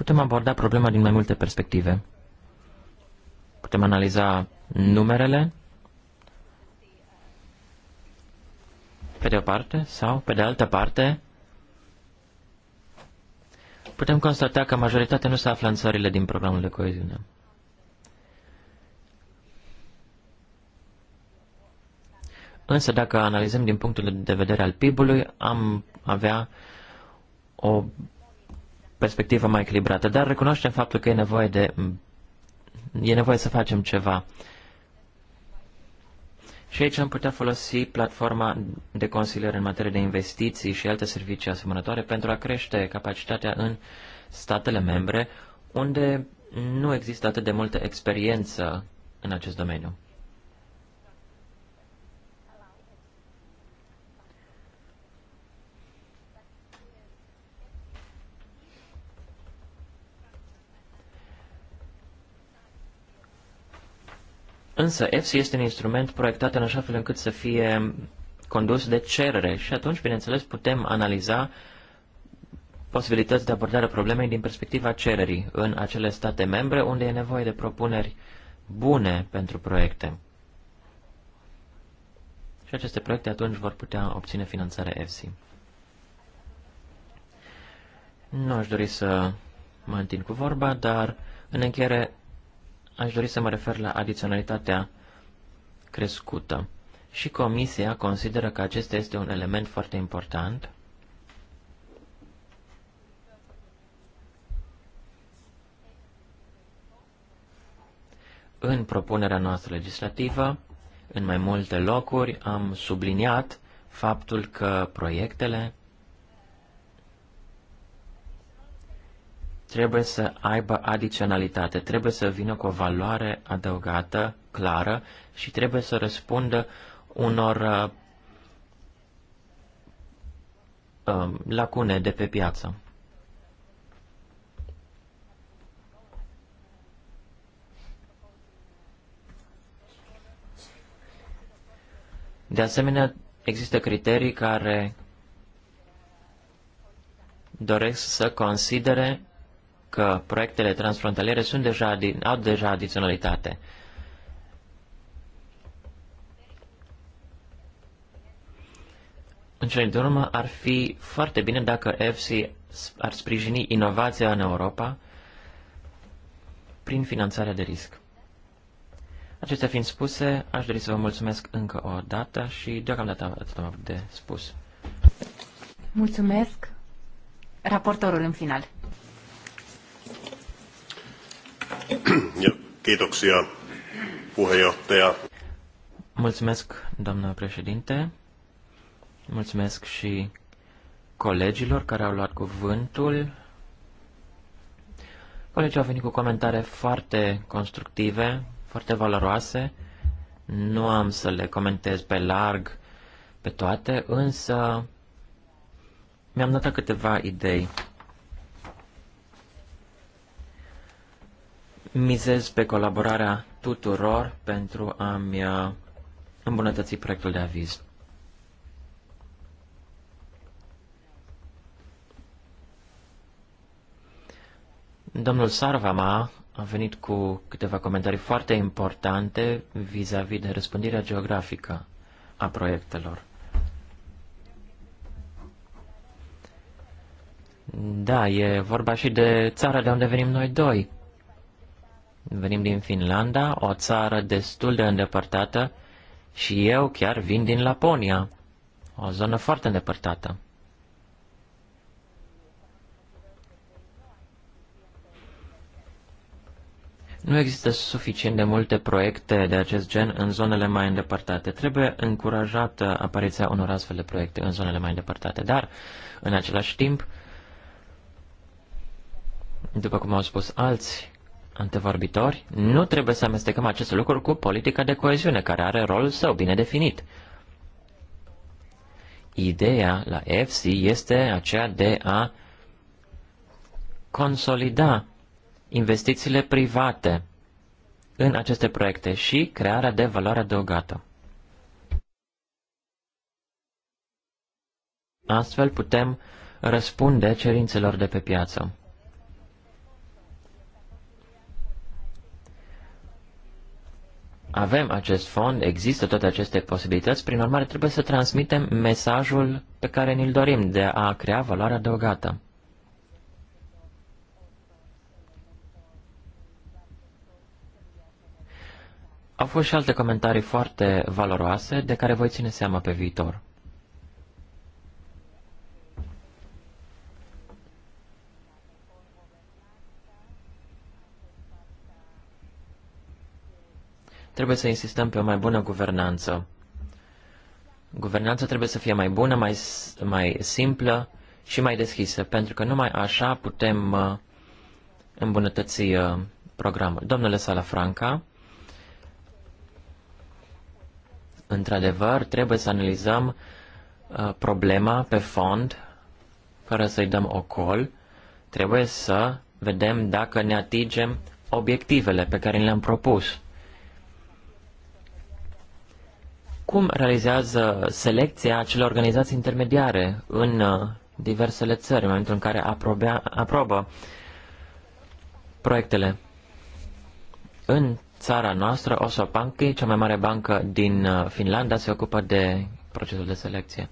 putem aborda problema din mai multe perspective. Putem analiza numerele, pe de o parte, sau pe de altă parte, putem constata că majoritatea nu se află în țările din programul de coeziune. Însă, dacă analizăm din punctul de vedere al PIB-ului, am avea o perspectivă mai echilibrată, dar recunoaștem faptul că e nevoie de e nevoie să facem ceva. Și aici am putea folosi platforma de consiliere în materie de investiții și alte servicii asemănătoare pentru a crește capacitatea în statele membre unde nu există atât de multă experiență în acest domeniu. Însă EFSI este un instrument proiectat în așa fel încât să fie condus de cerere și atunci, bineînțeles, putem analiza posibilități de abordare a problemei din perspectiva cererii în acele state membre unde e nevoie de propuneri bune pentru proiecte. Și aceste proiecte atunci vor putea obține finanțare EFSI. Nu aș dori să mă întind cu vorba, dar în încheiere aș dori să mă refer la adiționalitatea crescută. Și Comisia consideră că acesta este un element foarte important În propunerea noastră legislativă, în mai multe locuri, am subliniat faptul că proiectele trebuie să aibă adiționalitate, trebuie să vină cu o valoare adăugată, clară și trebuie să răspundă unor uh, um, lacune de pe piață. De asemenea, există criterii care doresc să considere că proiectele transfrontaliere sunt deja, au deja adiționalitate. În cele din urmă, ar fi foarte bine dacă EFSI ar sprijini inovația în Europa prin finanțarea de risc. Acestea fiind spuse, aș dori să vă mulțumesc încă o dată și deocamdată atât am de spus. Mulțumesc. Raportorul în final. Kiitoksia, puheenjohtaja. Mulțumesc, doamnă președinte. Mulțumesc și colegilor care au luat cuvântul. Colegii au venit cu comentarii foarte constructive, foarte valoroase. Nu am să le comentez pe larg pe toate, însă mi-am dat câteva idei. Mizez pe colaborarea tuturor pentru a-mi uh, îmbunătăți proiectul de aviz. Domnul Sarvama a venit cu câteva comentarii foarte importante vis-a-vis -vis de răspândirea geografică a proiectelor. Da, e vorba și de țara de unde venim noi doi. Venim din Finlanda, o țară destul de îndepărtată, și eu chiar vin din Laponia, o zonă foarte îndepărtată. Nu există suficient de multe proiecte de acest gen în zonele mai îndepărtate. Trebuie încurajată apariția unor astfel de proiecte în zonele mai îndepărtate, dar, în același timp, după cum au spus alți antevorbitori, nu trebuie să amestecăm aceste lucruri cu politica de coeziune, care are rolul său bine definit. Ideea la FC este aceea de a consolida investițiile private în aceste proiecte și crearea de valoare adăugată. Astfel putem răspunde cerințelor de pe piață. Avem acest fond, există toate aceste posibilități, prin urmare trebuie să transmitem mesajul pe care ni-l dorim de a crea valoare adăugată. Au fost și alte comentarii foarte valoroase de care voi ține seama pe viitor. Trebuie să insistăm pe o mai bună guvernanță. Guvernanța trebuie să fie mai bună, mai, mai simplă și mai deschisă, pentru că numai așa putem uh, îmbunătăți uh, programul. Domnule Salafranca, într-adevăr, trebuie să analizăm uh, problema pe fond, fără să-i dăm ocol. Trebuie să vedem dacă ne atingem obiectivele pe care le-am propus. cum realizează selecția celor organizații intermediare în uh, diversele țări, în momentul în care aprobea, aprobă proiectele. În țara noastră, Oslo Pankki, cea mai mare bancă din uh, Finlanda, se ocupă de procesul de selecție.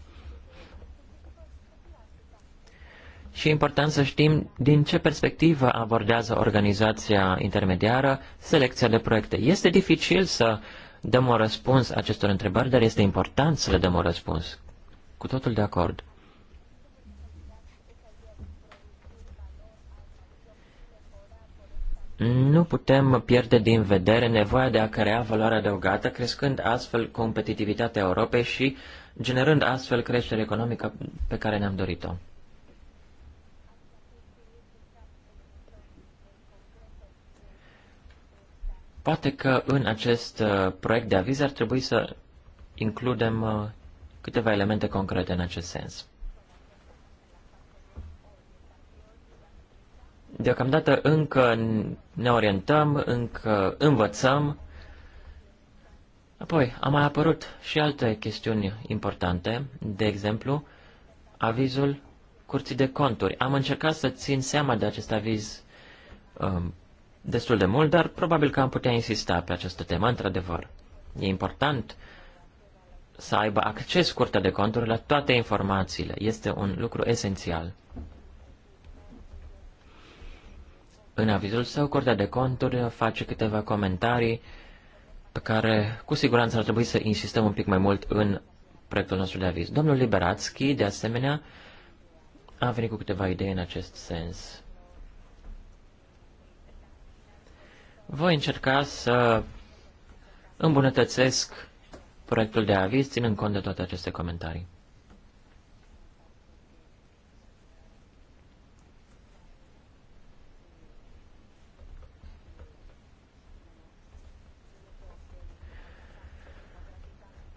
Și e important să știm din ce perspectivă abordează organizația intermediară selecția de proiecte. Este dificil să uh, dăm un răspuns acestor întrebări, dar este important să le dăm un răspuns. Cu totul de acord. Nu putem pierde din vedere nevoia de a crea valoare adăugată, crescând astfel competitivitatea Europei și generând astfel creștere economică pe care ne-am dorit-o. Poate că în acest uh, proiect de aviz ar trebui să includem uh, câteva elemente concrete în acest sens. Deocamdată încă ne orientăm, încă învățăm. Apoi, au mai apărut și alte chestiuni importante, de exemplu, avizul curții de conturi. Am încercat să țin seama de acest aviz um, destul de mult, dar probabil că am putea insista pe această temă, într-adevăr. E important să aibă acces Curtea de Conturi la toate informațiile. Este un lucru esențial. În avizul său, Curtea de Conturi face câteva comentarii pe care cu siguranță ar trebui să insistăm un pic mai mult în proiectul nostru de aviz. Domnul Liberațchi, de asemenea, a venit cu câteva idei în acest sens. Voi încerca să îmbunătățesc proiectul de aviz, ținând cont de toate aceste comentarii.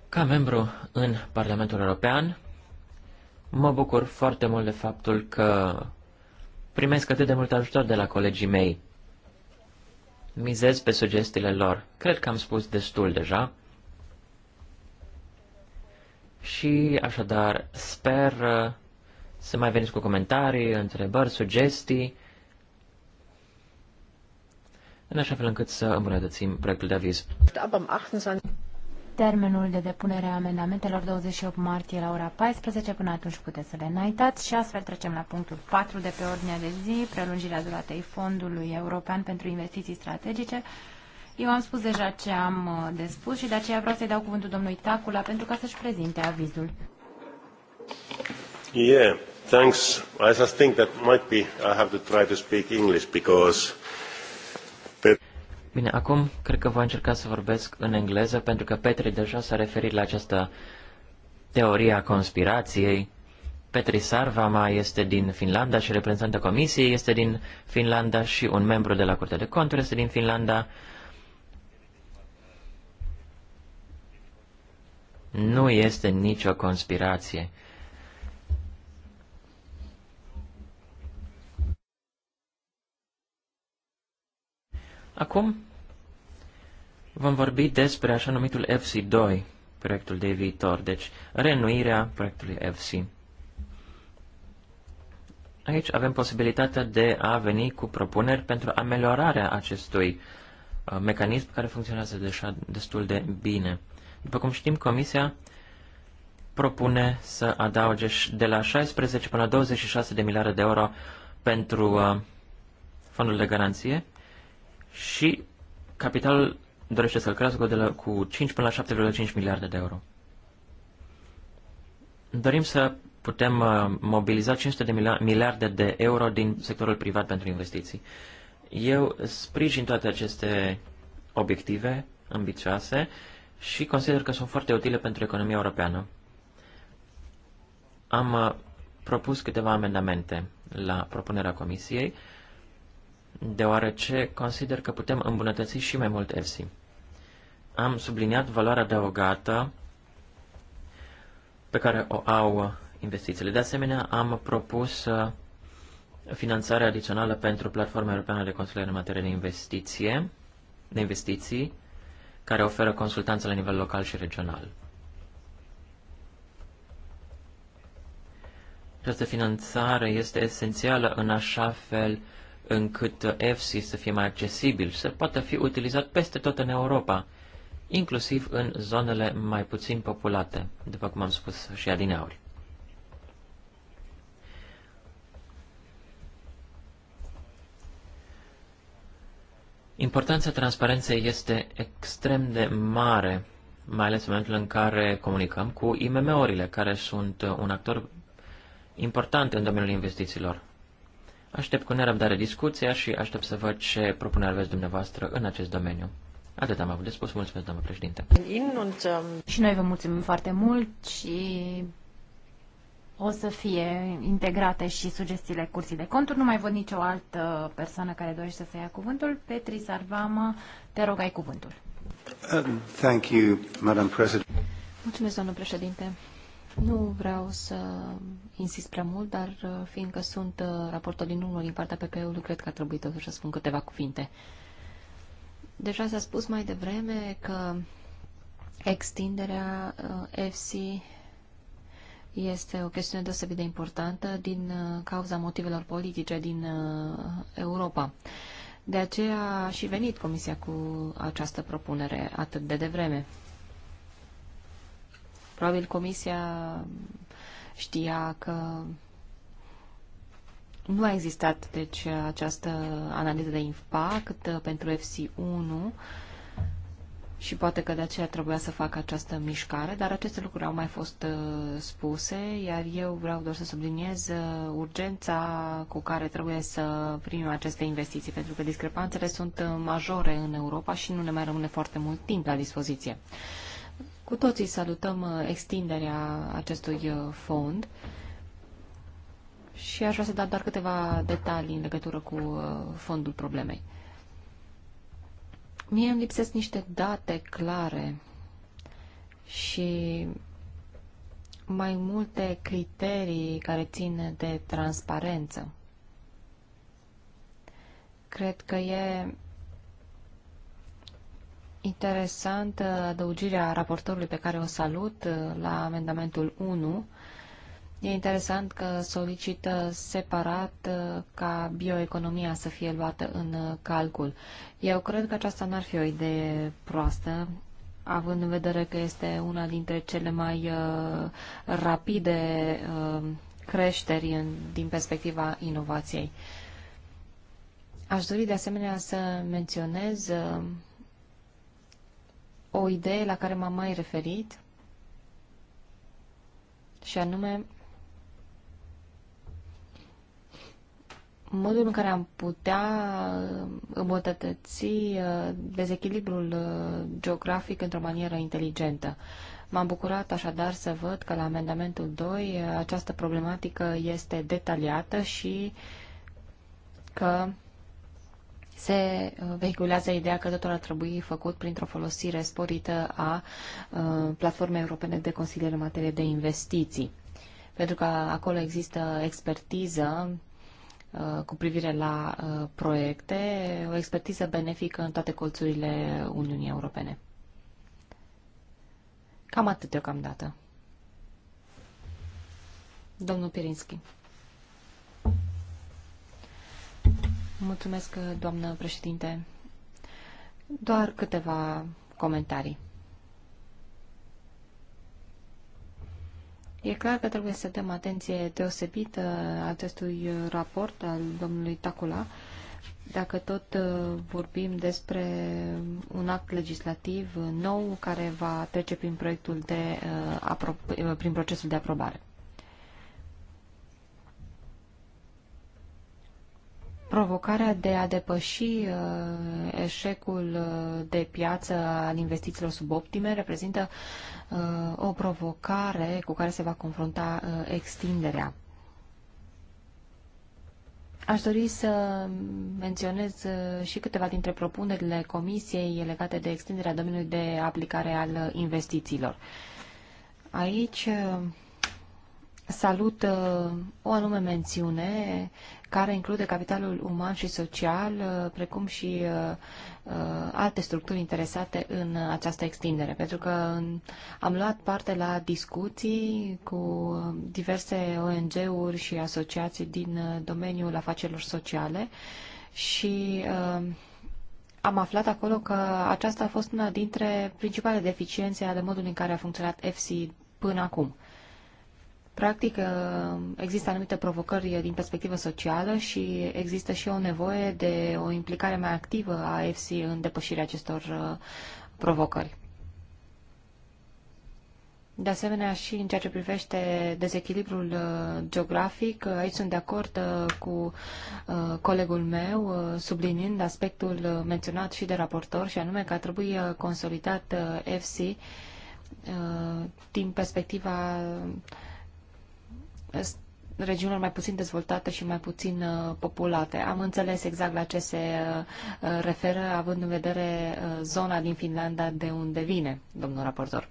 Ca membru în Parlamentul European, mă bucur foarte mult de faptul că primesc atât de mult ajutor de la colegii mei mizez pe sugestiile lor. Cred că am spus destul deja. Și așadar, sper uh, să mai veniți cu comentarii, întrebări, sugestii, în așa fel încât să îmbunătățim proiectul de aviz. Termenul de depunere a amendamentelor 28 martie la ora 14, până atunci puteți să le înaintați și astfel trecem la punctul 4 de pe ordinea de zi, prelungirea duratei Fondului European pentru Investiții Strategice. Eu am spus deja ce am uh, de spus și de aceea vreau să-i dau cuvântul domnului Tacula pentru ca să-și prezinte avizul. Yeah, thanks. I just think that might be I have to try to speak English because Bine, acum cred că voi încerca să vorbesc în engleză, pentru că Petri deja s-a referit la această teorie a conspirației. Petri Sarvama este din Finlanda și reprezentantă comisiei este din Finlanda și un membru de la Curtea de Conturi este din Finlanda. Nu este nicio conspirație. Acum vom vorbi despre așa numitul FC2, proiectul de viitor, deci renuirea proiectului FC. Aici avem posibilitatea de a veni cu propuneri pentru ameliorarea acestui uh, mecanism care funcționează deja destul de bine. După cum știm, Comisia propune să adauge de la 16 până la 26 de miliarde de euro pentru uh, fondul de garanție și capitalul dorește să-l crească de la, cu 5 până la 7,5 miliarde de euro. Dorim să putem uh, mobiliza 500 de miliarde de euro din sectorul privat pentru investiții. Eu sprijin toate aceste obiective ambițioase și consider că sunt foarte utile pentru economia europeană. Am uh, propus câteva amendamente la propunerea Comisiei deoarece consider că putem îmbunătăți și mai mult EFSI. Am subliniat valoarea adăugată pe care o au investițiile. De asemenea, am propus uh, finanțare adițională pentru Platforma Europeană de consultare în materie de investiție, de investiții, care oferă consultanță la nivel local și regional. Această finanțare este esențială în așa fel încât EFSI uh, să fie mai accesibil și să poată fi utilizat peste tot în Europa, inclusiv în zonele mai puțin populate, după cum am spus și adineauri. Importanța transparenței este extrem de mare, mai ales în momentul în care comunicăm cu IMM-urile, care sunt uh, un actor important în domeniul investițiilor. Aștept cu nerăbdare discuția și aștept să văd ce propuneri aveți dumneavoastră în acest domeniu. Atât am avut de spus. Mulțumesc, doamnă președinte. Um, și noi vă mulțumim foarte mult și o să fie integrate și sugestiile curții de conturi. Nu mai văd nicio altă persoană care dorește să ia cuvântul. Petri Sarvama, te rog, ai cuvântul. Uh, thank you, Madam President. Mulțumesc, doamnă președinte. Nu vreau să insist prea mult, dar uh, fiindcă sunt uh, raportor din urmă din partea PP-ului, cred că ar trebui totuși să spun câteva cuvinte. Deja s-a spus mai devreme că extinderea uh, FC este o chestiune deosebit de importantă din cauza motivelor politice din Europa. De aceea a și venit Comisia cu această propunere atât de devreme. Probabil comisia știa că nu a existat deci această analiză de impact pentru FC1 și poate că de aceea trebuia să facă această mișcare, dar aceste lucruri au mai fost uh, spuse, iar eu vreau doar să subliniez uh, urgența cu care trebuie să primim aceste investiții, pentru că discrepanțele sunt uh, majore în Europa și nu ne mai rămâne foarte mult timp la dispoziție. Cu toții salutăm uh, extinderea acestui uh, fond și aș vrea să dau doar câteva detalii în legătură cu uh, fondul problemei. Mie îmi lipsesc niște date clare și mai multe criterii care țin de transparență. Cred că e Interesantă uh, adăugirea raportorului pe care o salut uh, la amendamentul 1. E interesant că solicită separat uh, ca bioeconomia să fie luată în calcul. Eu cred că aceasta n-ar fi o idee proastă, având în vedere că este una dintre cele mai rapide creșteri din perspectiva inovației. Aș dori de asemenea să menționez o idee la care m-am mai referit și anume modul în care am putea uh, îmbunătăți uh, dezechilibrul uh, geografic într-o manieră inteligentă. M-am bucurat așadar să văd că la amendamentul 2 această problematică este detaliată și că se uh, vehiculează ideea că totul ar trebui făcut printr-o folosire sporită a uh, platformei europene de consiliere în materie de investiții. Pentru că acolo există expertiză uh, cu privire la proiecte, o expertiză benefică în toate colțurile Uniunii Europene. Cam atât deocamdată. Domnul Pirinski. Mulțumesc, doamnă președinte. Doar câteva comentarii. E clar că trebuie să dăm atenție deosebită acestui raport al domnului Tacula, dacă tot uh, vorbim despre un act legislativ nou care va trece prin proiectul de uh, uh, prin procesul de aprobare. provocarea de a depăși uh, eșecul uh, de piață al investițiilor suboptime reprezintă uh, o provocare cu care se va confrunta extinderea. Aș dori să menționez și câteva dintre propunerile Comisiei legate de extinderea domeniului de aplicare al investițiilor. Aici salut uh, o anume mențiune care include capitalul uman și social, uh, precum și uh, alte structuri interesate în această extindere, pentru că am luat parte la discuții cu diverse ONG-uri și asociații din domeniul afacerilor sociale și am aflat acolo că aceasta a fost una dintre principalele deficiențe ale modului în care a funcționat EFSI până acum. Practic, uh, există anumite provocări din perspectivă socială și există și o nevoie de o implicare mai activă a EFSI în depășirea acestor uh, provocări. De asemenea, și în ceea ce privește dezechilibrul uh, geografic, aici sunt de acord cu colegul meu, sublinind aspectul menționat și de raportor, și anume că trebuie trebui consolidat FC din perspectiva regiunilor mai puțin dezvoltate și mai puțin uh, populate. Am înțeles exact la ce se uh, referă, având în vedere uh, zona din Finlanda de unde vine domnul raportor.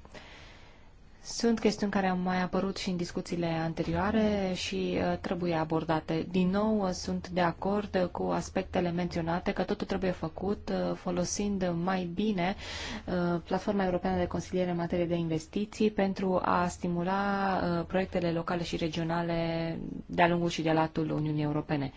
Sunt chestiuni care au mai apărut și în discuțiile anterioare și uh, trebuie abordate. Din nou, uh, sunt de acord uh, cu aspectele menționate că totul trebuie făcut folosind mai bine Platforma Europeană de Consiliere în materie de investiții pentru a stimula proiectele locale și regionale de-a lungul și de-a latul Uniunii Europene.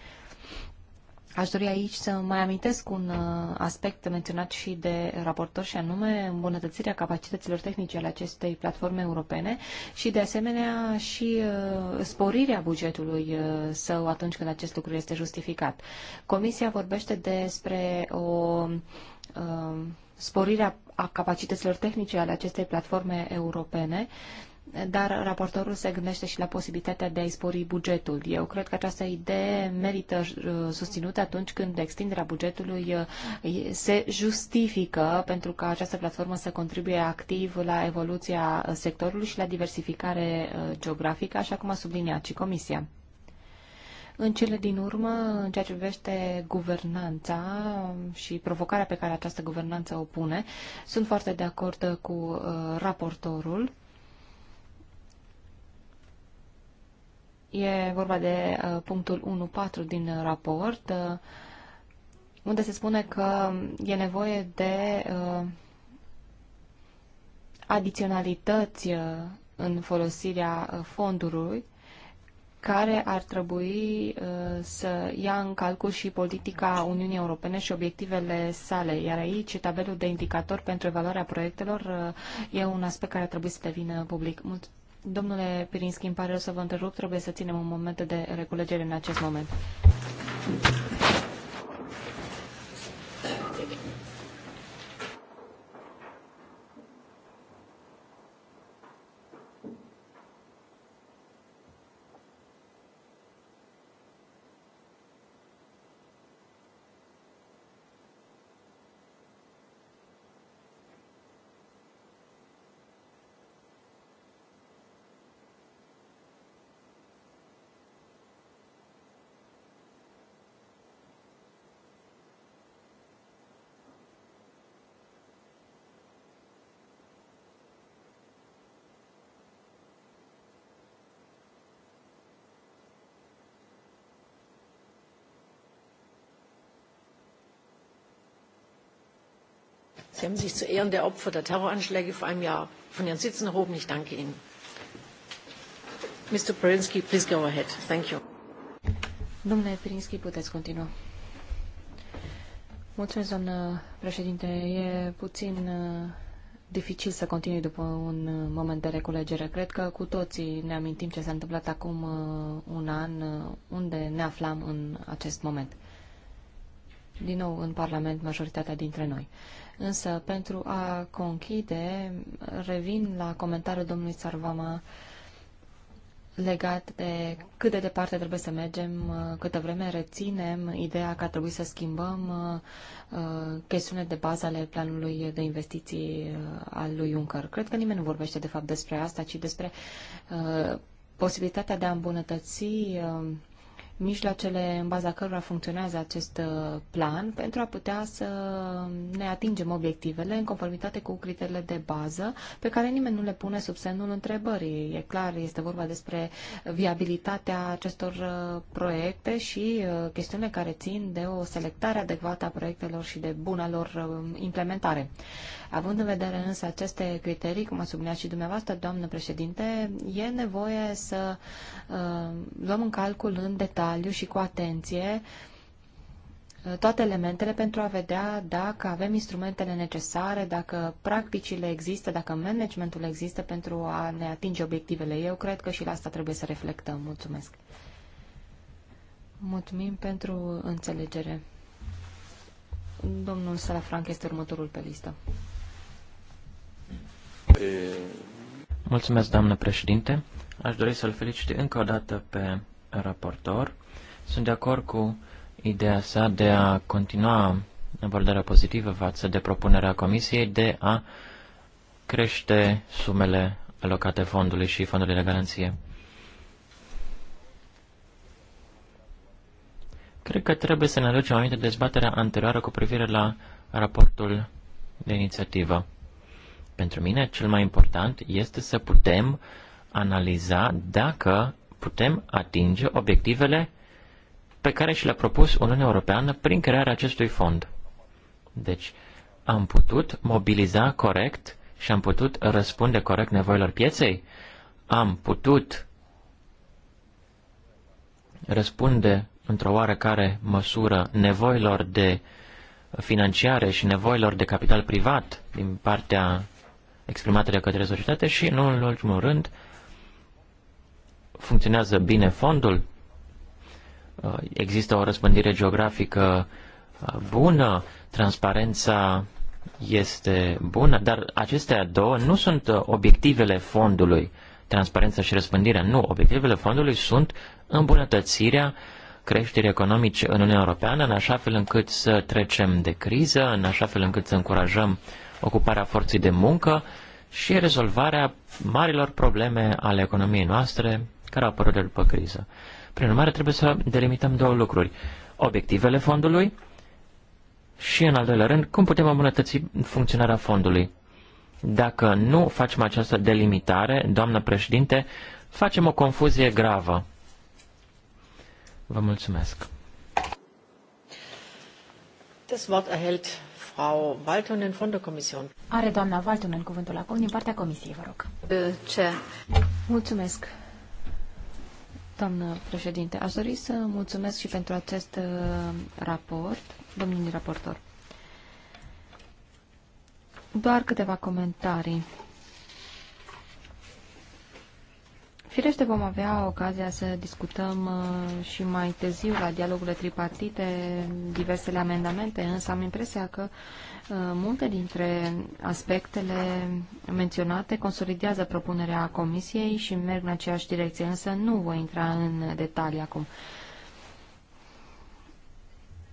Aș dori aici să mai amintesc un uh, aspect menționat și de raportor și anume îmbunătățirea capacităților tehnice ale acestei platforme europene și de asemenea și uh, sporirea bugetului uh, său atunci când acest lucru este justificat. Comisia vorbește despre o sporirea a capacităților tehnice ale acestei platforme europene, dar raportorul se gândește și la posibilitatea de a-i spori bugetul. Eu cred că această idee merită uh, susținută atunci când extinderea bugetului uh, se justifică pentru ca această platformă să contribuie activ la evoluția sectorului și la diversificare uh, geografică, așa cum a subliniat și Comisia. În cele din urmă, în ceea ce privește guvernanța um, și provocarea pe care această guvernanță o pune, sunt foarte de acord cu raportorul E vorba de uh, punctul 1.4 din raport, uh, unde se spune că e nevoie de uh, adiționalități în folosirea fondului, care ar trebui să ia în calcul și politica Uniunii Europene și obiectivele sale. Iar aici, tabelul de indicator pentru evaluarea proiectelor e un aspect care ar trebui să devină public. Mulțumesc. Domnule Pirinski, îmi pare rău să vă întrerup, trebuie să ținem un moment de reculegere în acest moment. Sie haben sich zu Ehren der Opfer der Terroranschläge vor einem Jahr von Ihren Sitzen erhoben. Ich danke Ihnen. Mr. Perinsky, please go ahead. Thank you. Domnule Perinsky, puteți continua. Mulțumesc, doamnă președinte. E puțin uh, dificil să continui după un uh, moment de reculegere. Cred că cu toții ne amintim ce s-a întâmplat acum uh, un an, unde ne aflam în acest moment. Din nou, în Parlament, majoritatea dintre noi. Însă, pentru a conchide, revin la comentariul domnului Sarvama legat de cât de departe trebuie să mergem, câtă vreme reținem ideea că trebuie să schimbăm uh, chestiunile de bază ale planului de investiții uh, al lui Juncker. Cred că nimeni nu vorbește de fapt despre asta, ci despre uh, posibilitatea de a îmbunătăți mijloacele în baza cărora funcționează acest uh, plan pentru a putea să ne atingem obiectivele în conformitate cu criteriile de bază pe care nimeni nu le pune sub semnul întrebării. E clar, este vorba despre viabilitatea acestor uh, proiecte și uh, chestiunile care țin de o selectare adecvată a proiectelor și de buna lor implementare. Având în vedere însă aceste criterii, cum a subliniat și dumneavoastră, doamnă președinte, e nevoie să uh, luăm în calcul în detaliu detaliu și cu atenție uh, toate elementele pentru a vedea dacă avem instrumentele necesare, dacă practicile există, dacă managementul există pentru a ne atinge obiectivele. Eu cred că și la asta trebuie să reflectăm. Mulțumesc. Mulțumim pentru înțelegere. Domnul Salafranc este următorul pe listă. Mulțumesc, doamnă președinte. Aș dori să-l felicit încă o dată pe raportor. Sunt de acord cu ideea sa de a continua abordarea pozitivă față de propunerea Comisiei de a crește sumele alocate fondului și fondului de garanție. Cred că trebuie să ne aducem aminte dezbaterea anterioară cu privire la raportul de inițiativă. Pentru mine, cel mai important este să putem analiza dacă putem atinge obiectivele pe care și le-a propus Uniunea Europeană prin crearea acestui fond. Deci, am putut mobiliza corect și am putut răspunde corect nevoilor pieței? Am putut răspunde într-o oarecare măsură nevoilor de financiare și nevoilor de capital privat din partea exprimată de către societate și, nu în ultimul rând, Funcționează bine fondul? Uh, există o răspândire geografică uh, bună? Transparența este bună? Dar acestea două nu sunt uh, obiectivele fondului. Transparența și răspândirea. Nu, obiectivele fondului sunt îmbunătățirea creșterii economice în Uniunea Europeană, în așa fel încât să trecem de criză, în așa fel încât să încurajăm ocuparea forței de muncă și rezolvarea marilor probleme ale economiei noastre, care a apărut de după criză. Prin urmare, trebuie să delimităm două lucruri. Obiectivele fondului și, în al doilea rând, cum putem îmbunătăți funcționarea fondului. Dacă nu facem această delimitare, doamnă președinte, facem o confuzie gravă. Vă mulțumesc. Das Wort erhält Frau Waltonen von der Kommission. Are doamna Waltonen cuvântul acum din partea Comisiei, vă rog. Uh, ce? Mulțumesc, Doamnă președinte, aș dori să mulțumesc și pentru acest uh, raport, domnului raportor. Doar câteva comentarii. Firește vom avea ocazia să discutăm uh, și mai târziu la dialogurile tripartite diversele amendamente, însă am impresia că Uh, multe dintre aspectele menționate consolidează propunerea Comisiei și merg în aceeași direcție, însă nu voi intra în detalii acum.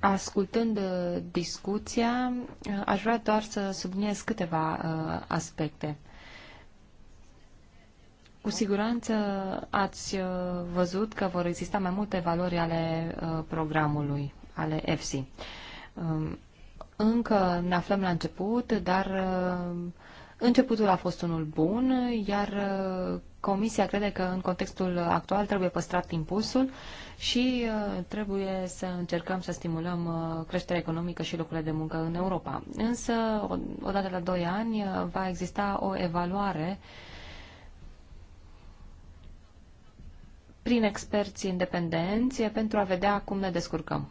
Ascultând uh, discuția, uh, aș vrea doar să subliniez câteva aspecte. Cu siguranță ați văzut că vor exista mai multe valori ale programului, ale EFSI. Încă ne aflăm la început, dar uh, începutul a fost unul bun, iar uh, Comisia crede că în contextul actual trebuie păstrat impulsul și uh, trebuie să încercăm să stimulăm creșterea economică și locurile de muncă în Europa. Însă, odată la doi ani, va exista o evaluare prin experți independenți pentru a vedea cum ne descurcăm.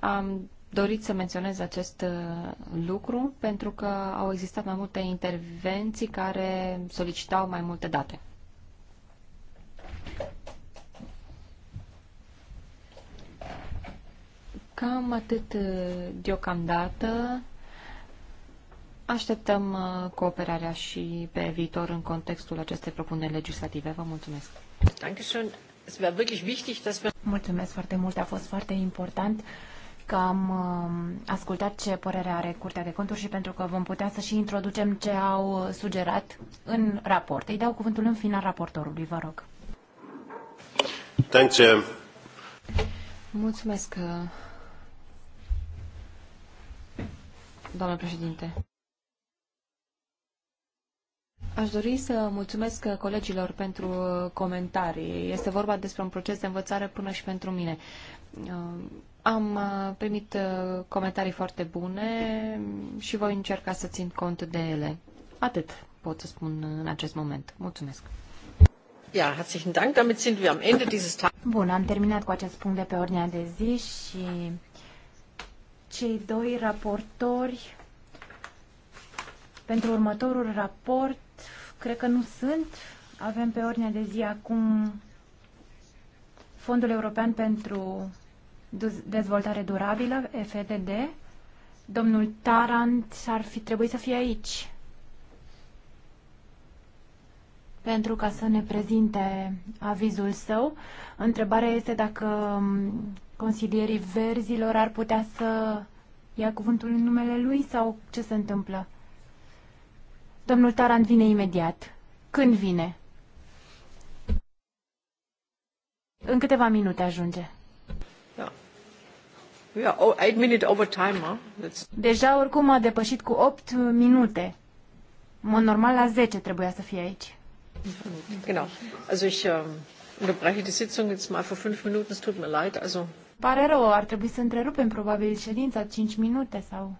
Am dorit să menționez acest uh, lucru pentru că au existat mai multe intervenții care solicitau mai multe date. Cam atât uh, deocamdată. Așteptăm uh, cooperarea și pe viitor în contextul acestei propuneri legislative. Vă mulțumesc. Mulțumesc foarte mult, a fost foarte important că am uh, ascultat ce părere are Curtea de Conturi și pentru că vom putea să și introducem ce au sugerat în raport. Îi dau cuvântul în final raportorului, vă rog. Thanks, Mulțumesc, uh, doamnă președinte. Aș dori să mulțumesc colegilor pentru comentarii. Este vorba despre un proces de învățare până și pentru mine. Am uh, primit uh, comentarii foarte bune și voi încerca să țin cont de ele. Atât pot să spun în acest moment. Mulțumesc. Dank. am Bun, am terminat cu acest punct de pe ordinea de zi și cei doi raportori pentru următorul raport cred că nu sunt. Avem pe ordinea de zi acum Fondul European pentru dezvoltare durabilă, FDD. Domnul Tarant ar fi trebuit să fie aici pentru ca să ne prezinte avizul său. Întrebarea este dacă um, consilierii verzilor ar putea să ia cuvântul în numele lui sau ce se întâmplă? Domnul Tarant vine imediat. Când vine? În câteva minute ajunge. Oh, Deja oricum a depășit cu 8 minute. Mă normal la 10 trebuia să fie aici. Genau. Also ich ähm, unterbreche die Sitzung jetzt mal für 5 Minuten. Es tut mir leid. Also Pare rău, ar trebui să întrerupem probabil ședința 5 minute sau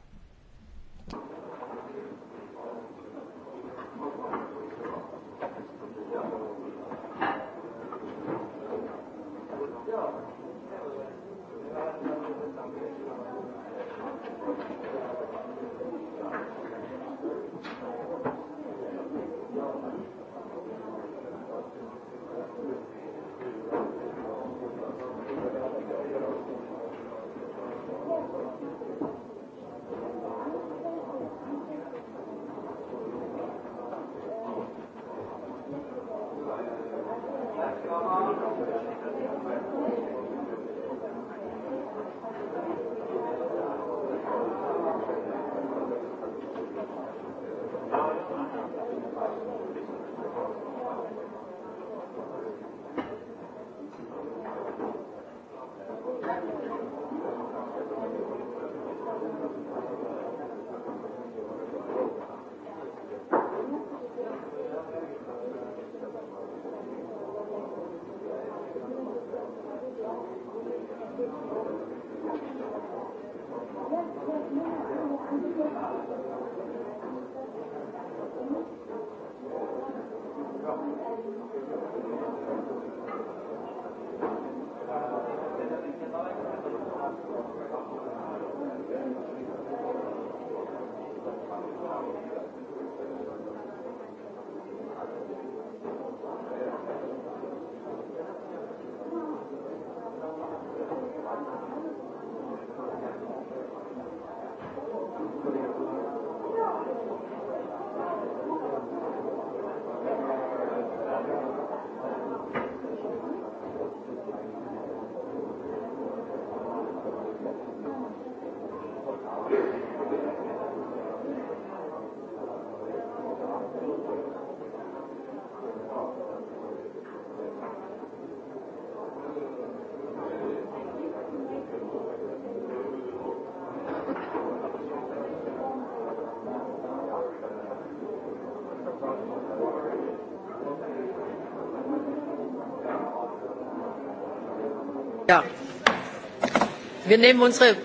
Wir nehmen unsere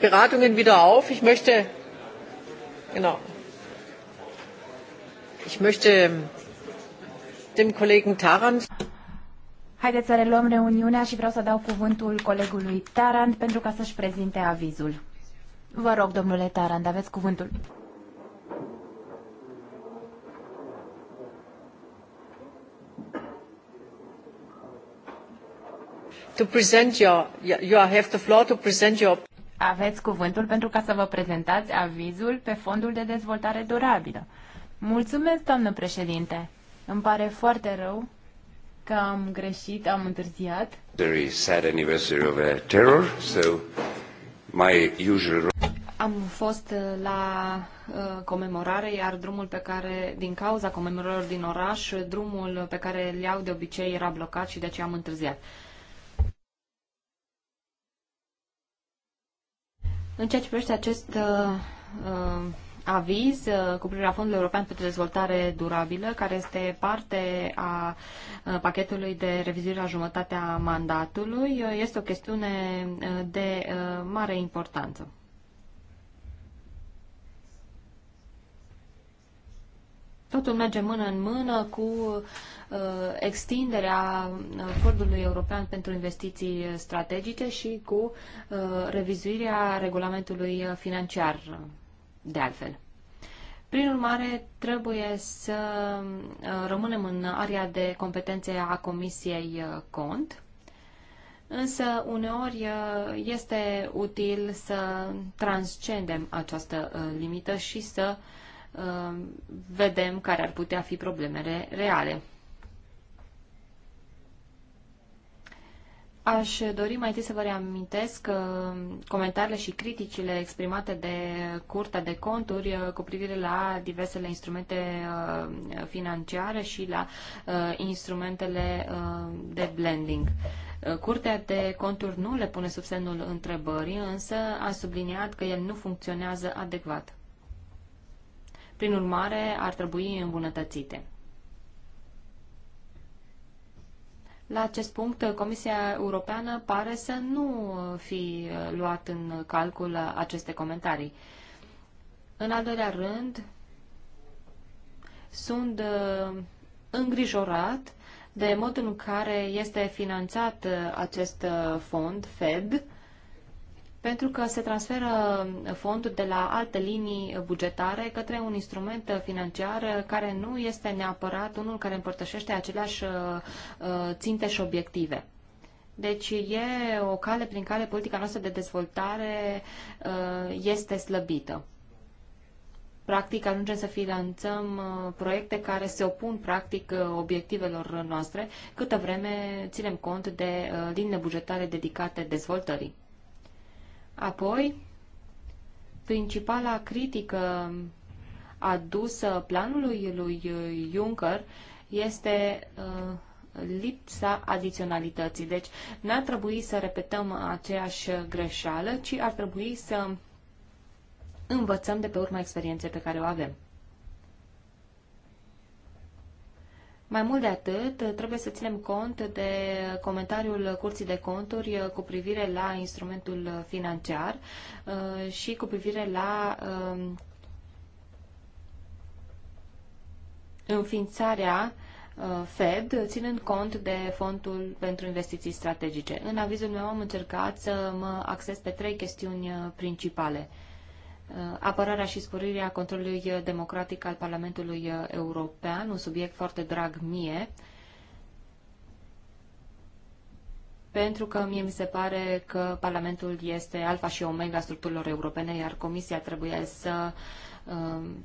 Beratungen wieder auf. Ich möchte, genau, ich möchte ähm, dem Kollegen Tarand. Haideți să reluăm reuniunea și vreau să dau cuvântul colegului Tarand pentru ca să-și prezinte avizul. Vă rog, domnule Tarand, aveți cuvântul. to present your, you have the floor to present your... Aveți cuvântul pentru ca să vă prezentați avizul pe Fondul de Dezvoltare Durabilă. Mulțumesc, doamnă președinte. Îmi pare foarte rău că am greșit, am întârziat. Very sad anniversary of a uh, terror, so my usual... Am fost uh, la uh, comemorare, iar drumul pe care, din cauza comemorărilor din oraș, drumul pe care le iau de obicei era blocat și de aceea am întârziat. În ceea ce privește acest uh, uh, aviz uh, cu privire la Fondul European pentru Dezvoltare Durabilă, care este parte a uh, pachetului de revizuire a jumătatea mandatului, uh, este o chestiune uh, de mare importanță. Totul merge mână în mână cu uh, extinderea uh, Fondului European pentru Investiții Strategice și cu uh, revizuirea regulamentului financiar, de altfel. Prin urmare, trebuie să uh, rămânem în area de competențe a Comisiei uh, Cont, însă uneori este util să transcendem această limită și să uh, Uh, vedem care ar putea fi problemele reale. Aș dori mai întâi să vă reamintesc că uh, comentariile și criticile exprimate de Curtea de Conturi uh, cu privire la diversele instrumente financiare și la instrumentele de blending. Curtea de conturi nu le pune sub semnul întrebării, însă a subliniat că el nu funcționează adecvat prin urmare ar trebui îmbunătățite. La acest punct, Comisia Europeană pare să nu fi luat în calcul aceste comentarii. În al doilea rând, sunt uh, îngrijorat de modul în care este finanțat uh, acest uh, fond, FED, pentru că se transferă fonduri de la alte linii bugetare către un instrument financiar care nu este neapărat unul care împărtășește aceleași uh, uh, ținte și obiective. Deci e o cale prin care politica noastră de dezvoltare uh, este slăbită. Practic ajungem să finanțăm proiecte care se opun practic obiectivelor noastre, câtă vreme ținem cont de linii bugetare dedicate dezvoltării. Apoi, principala critică adusă planului lui Juncker este uh, lipsa adiționalității. Deci n-ar trebui să repetăm aceeași greșeală, ci ar trebui să învățăm de pe urma experienței pe care o avem. Mai mult de atât, trebuie să ținem cont de comentariul Curții de Conturi cu privire la instrumentul financiar uh, și cu privire la um, înființarea uh, Fed, ținând cont de Fondul pentru Investiții Strategice. În avizul meu am încercat să mă acces pe trei chestiuni uh, principale – Uh, apărarea și sporirea controlului uh, democratic al Parlamentului uh, European, un subiect foarte drag mie, pentru că mie mi se pare că Parlamentul este alfa și omega structurilor europene, iar Comisia trebuie să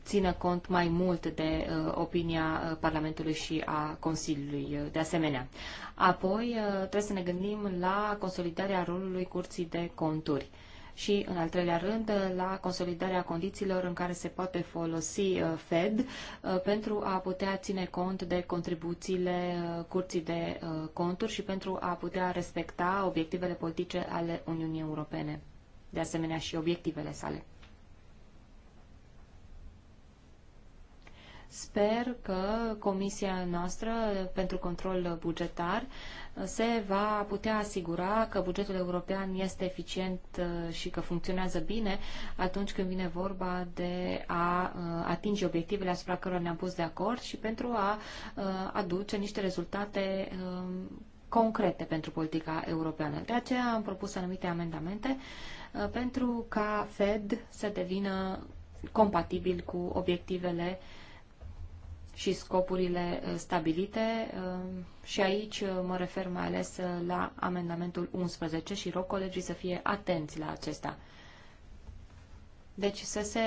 țină cont mai mult de opinia Parlamentului și a Consiliului de asemenea. Apoi trebuie să ne gândim la consolidarea rolului Curții de Conturi și, în al treilea rând, la consolidarea condițiilor în care se poate folosi uh, Fed uh, pentru a putea ține cont de contribuțiile uh, curții de conturi și pentru a putea respecta obiectivele politice ale Uniunii Europene, de asemenea și obiectivele sale. Sper că Comisia noastră pentru control bugetar se va putea asigura că bugetul european este eficient uh, și că funcționează bine atunci când vine vorba de a uh, atinge obiectivele asupra cărora ne-am pus de acord și pentru a uh, aduce niște rezultate um, concrete pentru politica europeană. De aceea am propus anumite amendamente pentru ca Fed să devină compatibil cu obiectivele uh, și scopurile uh, stabilite uh, și aici uh, mă refer mai ales la amendamentul 11 și rog colegii să fie atenți la acesta. Deci să se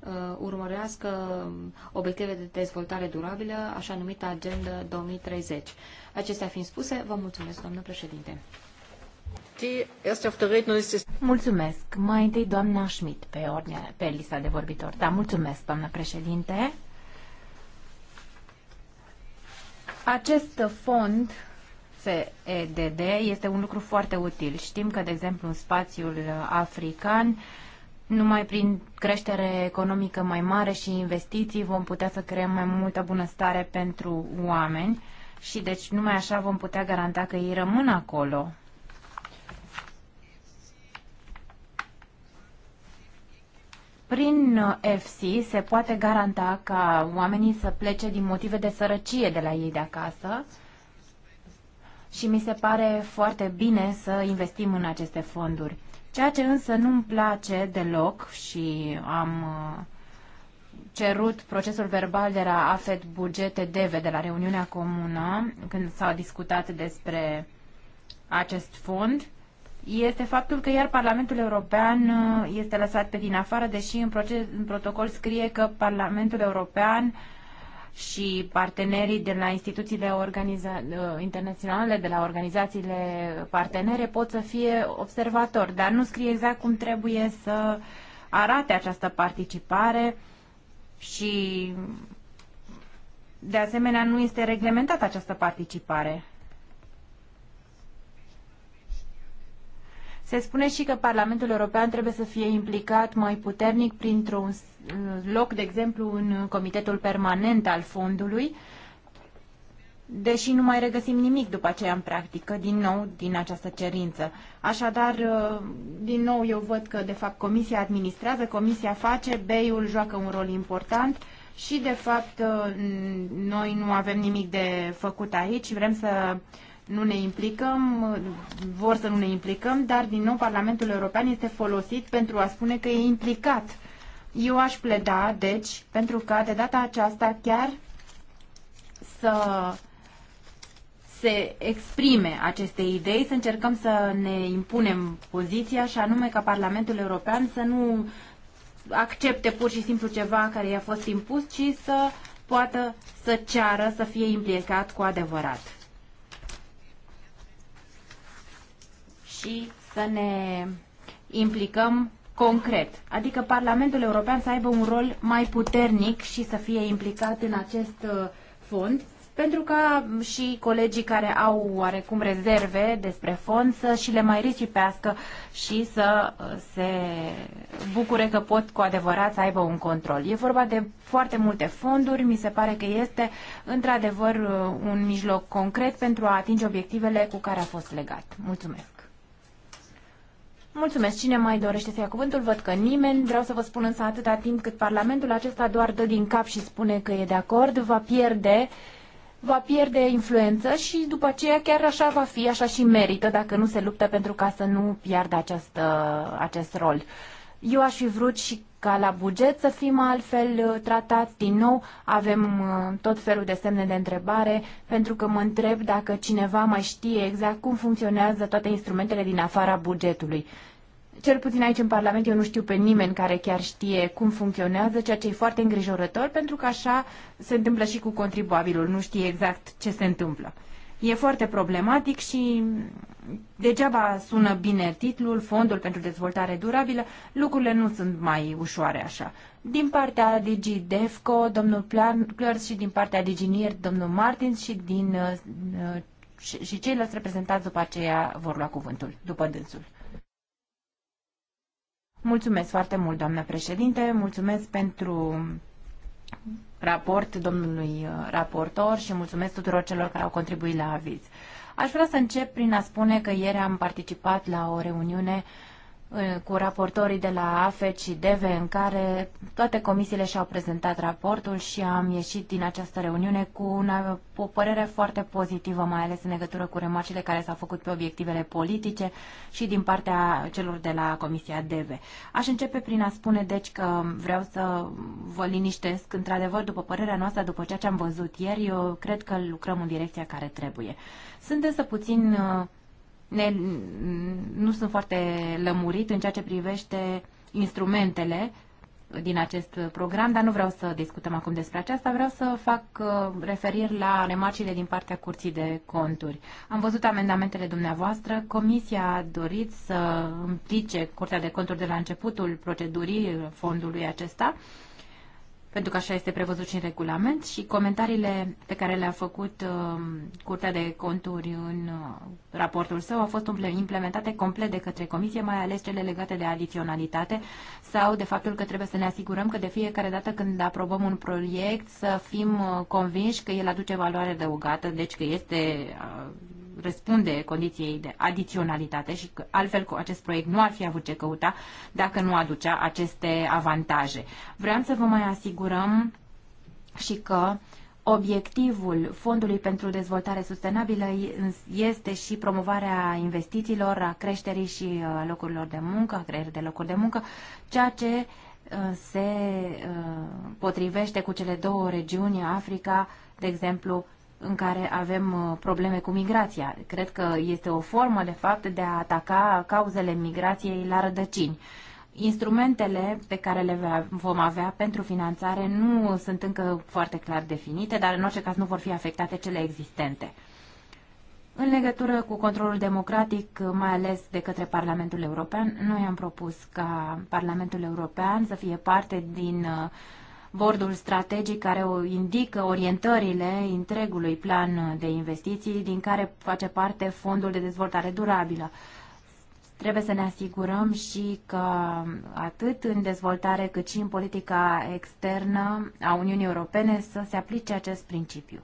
uh, urmărească um, obiective de dezvoltare durabilă, așa numită Agenda 2030. Acestea fiind spuse, vă mulțumesc, doamnă președinte. Mulțumesc. Mai întâi doamna Schmidt pe, ordine, pe lista de vorbitori. Da, mulțumesc, doamnă președinte. Acest fond FEDD este un lucru foarte util. Știm că, de exemplu, în spațiul african, numai prin creștere economică mai mare și investiții vom putea să creăm mai multă bunăstare pentru oameni și deci numai așa vom putea garanta că ei rămân acolo prin uh, FC se poate garanta ca oamenii să plece din motive de sărăcie de la ei de acasă și mi se pare foarte bine să investim în aceste fonduri. Ceea ce însă nu-mi place deloc și am uh, cerut procesul verbal de la AFET Bugete DEVE, de la reuniunea comună, când s-a discutat despre acest fond, este faptul că iar Parlamentul European uh, este lăsat pe din afară, deși în, proces, în protocol scrie că Parlamentul European și partenerii de la instituțiile uh, internaționale, de la organizațiile partenere, pot să fie observatori, dar nu scrie exact cum trebuie să arate această participare și, de asemenea, nu este reglementată această participare. Se spune și că Parlamentul European trebuie să fie implicat mai puternic printr-un uh, loc, de exemplu, în Comitetul Permanent al Fondului, deși nu mai regăsim nimic după aceea în practică, din nou, din această cerință. Așadar, uh, din nou, eu văd că, de fapt, Comisia administrează, Comisia face, BEI-ul joacă un rol important și, de fapt, uh, noi nu avem nimic de făcut aici, vrem să uh, nu ne implicăm, vor să nu ne implicăm, dar din nou Parlamentul European este folosit pentru a spune că e implicat. Eu aș pleda, deci, pentru ca de data aceasta chiar să se exprime aceste idei, să încercăm să ne impunem poziția și anume ca Parlamentul European să nu accepte pur și simplu ceva care i-a fost impus, ci să poată să ceară să fie implicat cu adevărat. și să ne implicăm concret. Adică Parlamentul European să aibă un rol mai puternic și să fie implicat în acest uh, fond, pentru ca și colegii care au oarecum rezerve despre fond să și le mai risipească și să uh, se bucure că pot cu adevărat să aibă un control. E vorba de foarte multe fonduri, mi se pare că este într-adevăr uh, un mijloc concret pentru a atinge obiectivele cu care a fost legat. Mulțumesc! Mulțumesc. Cine mai dorește să ia cuvântul? Văd că nimeni. Vreau să vă spun însă atâta timp cât Parlamentul acesta doar dă din cap și spune că e de acord, va pierde va pierde influență și după aceea chiar așa va fi, așa și merită dacă nu se luptă pentru ca să nu piardă această, acest rol. Eu aș fi vrut și ca la buget să fim altfel uh, tratați. Din nou avem uh, tot felul de semne de întrebare, pentru că mă întreb dacă cineva mai știe exact cum funcționează toate instrumentele din afara bugetului. Cel puțin aici în Parlament eu nu știu pe nimeni care chiar știe cum funcționează, ceea ce e foarte îngrijorător, pentru că așa se întâmplă și cu contribuabilul, nu știe exact ce se întâmplă. E foarte problematic și degeaba sună bine titlul, Fondul pentru Dezvoltare Durabilă, lucrurile nu sunt mai ușoare așa. Din partea DG DEFCO, domnul Plans și din partea DG NIR, domnul Martins și din uh, și, ceilalți reprezentanți după aceea vor lua cuvântul, după dânsul. Mulțumesc foarte mult, doamnă președinte, mulțumesc pentru raport domnului uh, raportor și mulțumesc tuturor celor care au contribuit la aviz. Aș vrea să încep prin a spune că ieri am participat la o reuniune Eh, cu raportorii de la AFEC și DV, în care toate comisiile și-au prezentat raportul și am ieșit din această reuniune cu una, o părere foarte pozitivă, mai ales în legătură cu remarcile care s-au făcut pe obiectivele politice și din partea celor de la Comisia DV. Aș începe prin a spune, deci, că vreau să vă liniștesc. Într-adevăr, după părerea noastră, după ceea ce am văzut ieri, eu cred că lucrăm în direcția care trebuie. Sunt însă puțin uh, ne, nu sunt foarte lămurit în ceea ce privește instrumentele din acest program, dar nu vreau să discutăm acum despre aceasta, vreau să fac uh, referiri la remarcile din partea Curții de Conturi. Am văzut amendamentele dumneavoastră, Comisia a dorit să implice Curtea de Conturi de la începutul procedurii fondului acesta, uh, pentru că așa este prevăzut și în regulament, și comentariile pe care le-a făcut uh, Curtea de Conturi în uh, raportul său au fost implementate complet de către Comisie, mai ales cele legate de adiționalitate sau de faptul că trebuie să ne asigurăm că de fiecare dată când aprobăm un proiect să fim uh, convinși că el aduce valoare adăugată, deci că este uh, răspunde condiției de adiționalitate și că altfel cu acest proiect nu ar fi avut ce căuta dacă nu aducea aceste avantaje. Vreau să vă mai asigurăm și că Obiectivul Fondului pentru Dezvoltare Sustenabilă este și promovarea investițiilor, a creșterii și uh, locurilor de muncă, a creierii de locuri de muncă, ceea ce uh, se uh, potrivește cu cele două regiuni, Africa, de exemplu, în care avem uh, probleme cu migrația. Cred că este o formă, de fapt, de a ataca cauzele migrației la rădăcini. Instrumentele pe care le vom avea pentru finanțare nu sunt încă foarte clar definite, dar în orice caz nu vor fi afectate cele existente. În legătură cu controlul democratic, mai ales de către Parlamentul European, noi am propus ca Parlamentul European să fie parte din uh, bordul strategic care o indică orientările întregului plan de investiții, din care face parte Fondul de Dezvoltare Durabilă. Trebuie să ne asigurăm și că atât în dezvoltare cât și în politica externă a Uniunii Europene să se aplice acest principiu.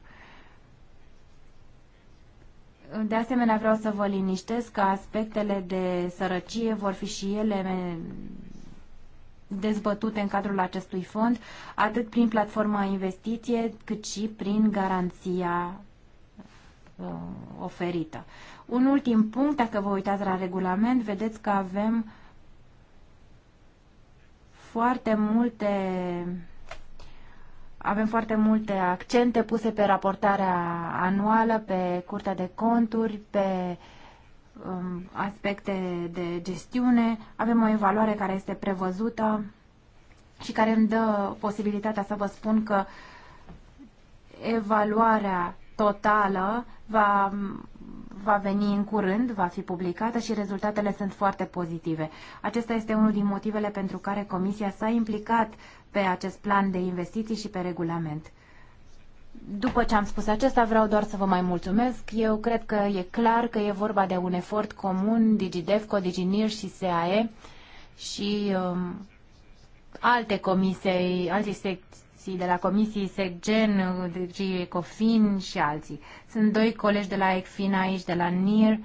De asemenea, vreau să vă liniștesc că aspectele de sărăcie vor fi și ele dezbătute în cadrul acestui fond, atât prin platforma investiție, cât și prin garanția uh, oferită. Un ultim punct, dacă vă uitați la regulament, vedeți că avem foarte multe avem foarte multe accente puse pe raportarea anuală, pe curtea de conturi, pe uh, Um, aspecte de gestiune, avem o evaluare care este prevăzută și care îmi dă posibilitatea să vă spun că evaluarea totală va, va veni în curând, va fi publicată și rezultatele sunt foarte pozitive. Acesta este unul din motivele pentru care Comisia s-a implicat pe acest plan de investiții și pe regulament. După ce am spus acesta, vreau doar să vă mai mulțumesc. Eu cred că e clar că e vorba de un efort comun, DigiDevCo, DigiNIR și SAE și um, alte comisii, alte secții de la comisii SECGEN, DG ECOFIN și alții. Sunt doi colegi de la ECFIN aici, de la NIR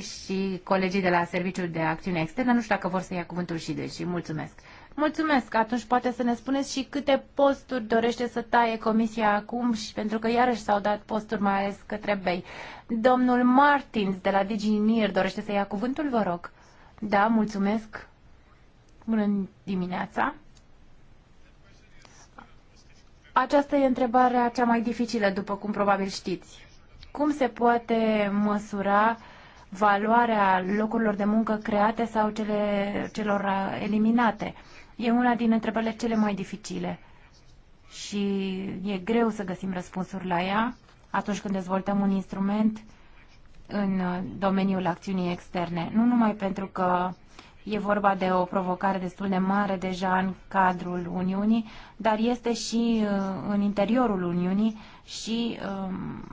și colegii de la Serviciul de Acțiune Externă. Nu știu dacă vor să ia cuvântul și deci. Mulțumesc. Mulțumesc. Atunci poate să ne spuneți și câte posturi dorește să taie comisia acum și pentru că iarăși s-au dat posturi mai ales către bei. Domnul Martins de la Diginir dorește să ia cuvântul, vă rog. Da, mulțumesc. Bună dimineața. Aceasta e întrebarea cea mai dificilă, după cum probabil știți. Cum se poate măsura valoarea locurilor de muncă create sau cele, celor eliminate? E una din întrebările cele mai dificile și e greu să găsim răspunsuri la ea atunci când dezvoltăm un instrument în uh, domeniul acțiunii externe. Nu numai pentru că e vorba de o provocare destul de mare deja în cadrul Uniunii, dar este și uh, în interiorul Uniunii și um,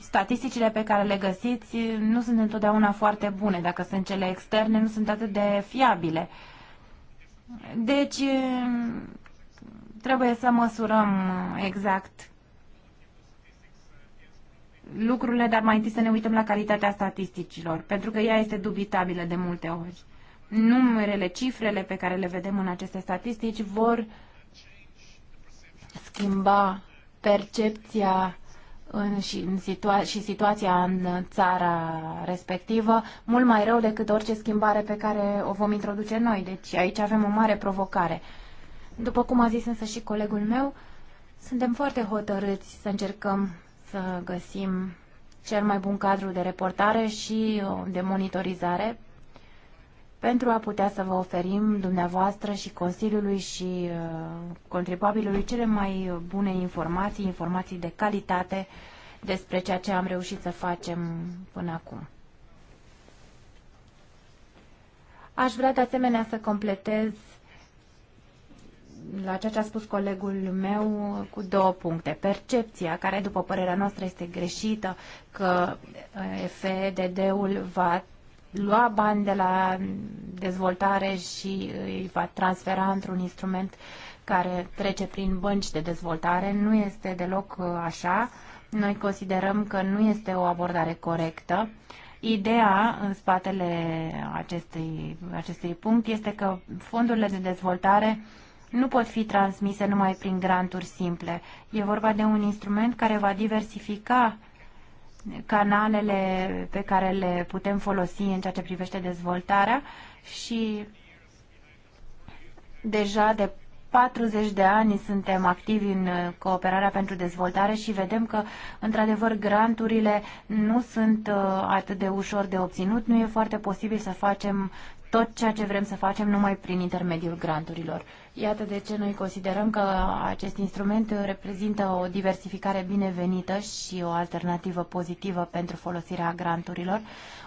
statisticile pe care le găsiți nu sunt întotdeauna foarte bune. Dacă sunt cele externe, nu sunt atât de fiabile. Uh, deci, trebuie să măsurăm exact lucrurile, dar mai întâi să ne uităm la calitatea statisticilor, pentru că ea este dubitabilă de multe ori. Numerele, cifrele pe care le vedem în aceste statistici vor schimba percepția în, și, în situa- și situația în țara respectivă mult mai rău decât orice schimbare pe care o vom introduce noi. Deci aici avem o mare provocare. După cum a zis însă și colegul meu, suntem foarte hotărâți să încercăm să găsim cel mai bun cadru de reportare și de monitorizare pentru a putea să vă oferim dumneavoastră și Consiliului și uh, contribuabilului cele mai bune informații, informații de calitate despre ceea ce am reușit să facem până acum. Aș vrea de asemenea să completez la ceea ce a spus colegul meu cu două puncte. Percepția, care după părerea noastră este greșită, că uh, fdd ul va lua bani de la dezvoltare și îi va transfera într-un instrument care trece prin bănci de dezvoltare. Nu este deloc uh, așa. Noi considerăm că nu este o abordare corectă. Ideea în spatele acestui, acestui punct este că fondurile de dezvoltare nu pot fi transmise numai prin granturi simple. E vorba de un instrument care va diversifica canalele pe care le putem folosi în ceea ce privește dezvoltarea și deja de 40 de ani suntem activi în uh, cooperarea pentru dezvoltare și vedem că, într-adevăr, granturile nu sunt uh, atât de ușor de obținut. Nu e foarte posibil să facem tot ceea ce vrem să facem numai prin intermediul granturilor. Iată de ce noi considerăm că acest instrument reprezintă o diversificare binevenită și o alternativă pozitivă pentru folosirea granturilor,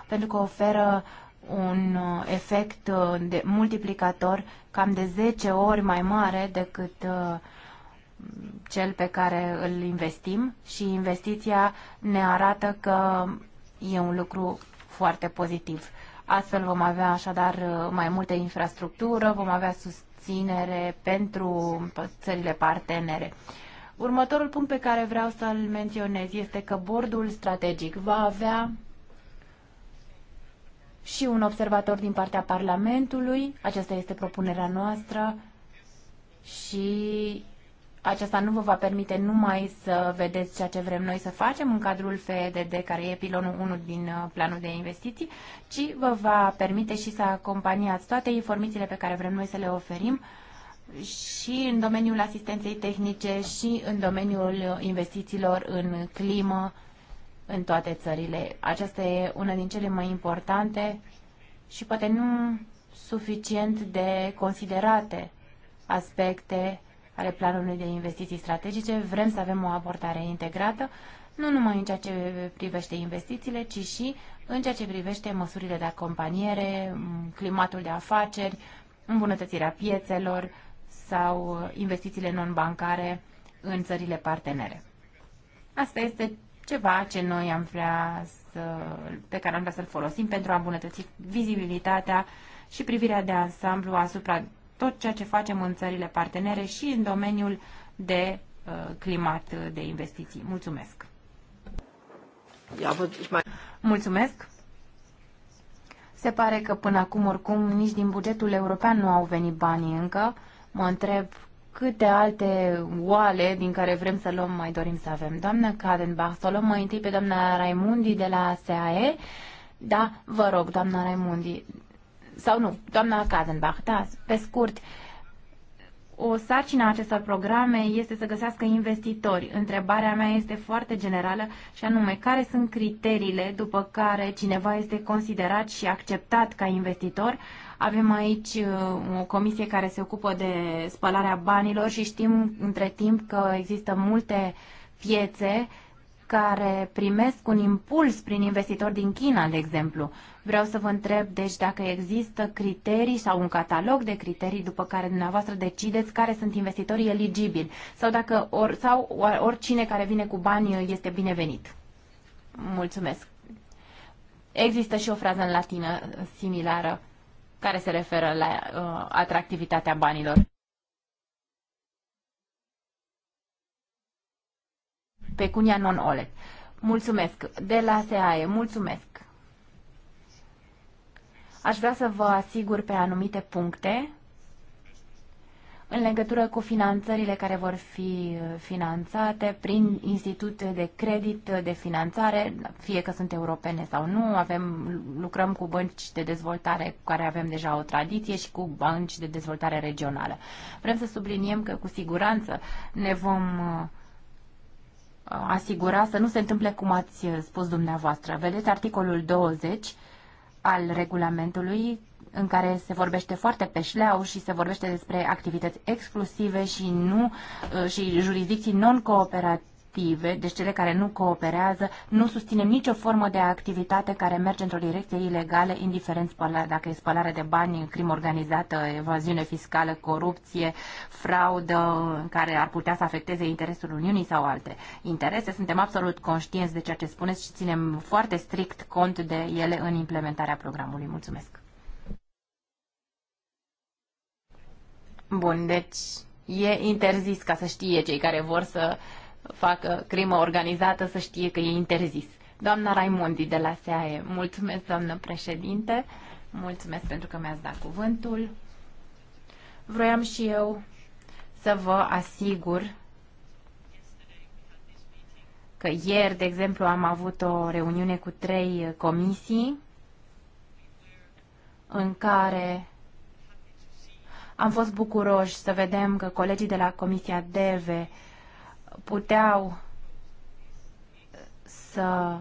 pentru că oferă un efect de multiplicator cam de 10 ori mai mare decât uh, cel pe care îl investim și investiția ne arată că e un lucru foarte pozitiv. Astfel vom avea așadar uh, mai multă infrastructură, vom avea susținere pentru țările partenere. Următorul punct pe care vreau să-l menționez este că bordul strategic va avea și un observator din partea Parlamentului, aceasta este propunerea noastră, și aceasta nu vă va permite numai să vedeți ceea ce vrem noi să facem în cadrul FEDD, care e pilonul 1 din uh, planul de investiții, ci vă va permite și să acompaniați toate informațiile pe care vrem noi să le oferim și în domeniul asistenței tehnice și în domeniul investițiilor în climă în toate țările. Aceasta e una din cele mai importante și poate nu suficient de considerate aspecte ale planului de investiții strategice. Vrem să avem o abordare integrată, nu numai în ceea ce privește investițiile, ci și în ceea ce privește măsurile de acompaniere, climatul de afaceri, îmbunătățirea piețelor sau investițiile non-bancare în țările partenere. Asta este ceva ce noi am vrea să, pe care am vrea să-l folosim pentru a îmbunătăți vizibilitatea și privirea de ansamblu asupra tot ceea ce facem în țările partenere și în domeniul de uh, climat de investiții. Mulțumesc! Mulțumesc! Se pare că până acum, oricum, nici din bugetul european nu au venit banii încă. Mă întreb câte alte oale din care vrem să luăm mai dorim să avem. Doamna Cadenbach, să o luăm mai întâi pe doamna Raimundi de la SAE. Da, vă rog, doamna Raimundi, sau nu, doamna Kadenbach, da, pe scurt, o sarcină a acestor programe este să găsească investitori. Întrebarea mea este foarte generală și anume, care sunt criteriile după care cineva este considerat și acceptat ca investitor? Avem aici uh, o comisie care se ocupă de spălarea banilor și știm între timp că există multe piețe care primesc un impuls prin investitori din China, de exemplu. Vreau să vă întreb, deci, dacă există criterii sau un catalog de criterii după care dumneavoastră decideți care sunt investitorii eligibili sau dacă or, sau oricine care vine cu bani este binevenit. Mulțumesc. Există și o frază în latină similară care se referă la uh, atractivitatea banilor. Pecunia Non-Olet. Mulțumesc. De la SEAE, mulțumesc. Aș vrea să vă asigur pe anumite puncte în legătură cu finanțările care vor fi finanțate prin institut de credit de finanțare, fie că sunt europene sau nu, avem, lucrăm cu bănci de dezvoltare cu care avem deja o tradiție și cu bănci de dezvoltare regională. Vrem să subliniem că cu siguranță ne vom uh, asigura să nu se întâmple cum ați uh, spus dumneavoastră. Vedeți articolul 20 al regulamentului în care se vorbește foarte pe șleau și se vorbește despre activități exclusive și nu uh, și jurisdicții non-cooperative active, deci cele care nu cooperează, nu susținem nicio formă de activitate care merge într-o direcție ilegală, indiferent dacă e spălare de bani, crimă organizată, evaziune fiscală, corupție, fraudă, care ar putea să afecteze interesul Uniunii sau alte interese. Suntem absolut conștienți de ceea ce spuneți și ținem foarte strict cont de ele în implementarea programului. Mulțumesc! Bun, deci e interzis ca să știe cei care vor să facă crimă organizată să știe că e interzis. Doamna Raimondi de la SAE, mulțumesc, doamnă președinte, mulțumesc pentru că mi-ați dat cuvântul. Vroiam și eu să vă asigur că ieri, de exemplu, am avut o reuniune cu trei comisii în care am fost bucuroși să vedem că colegii de la Comisia DEVE puteau să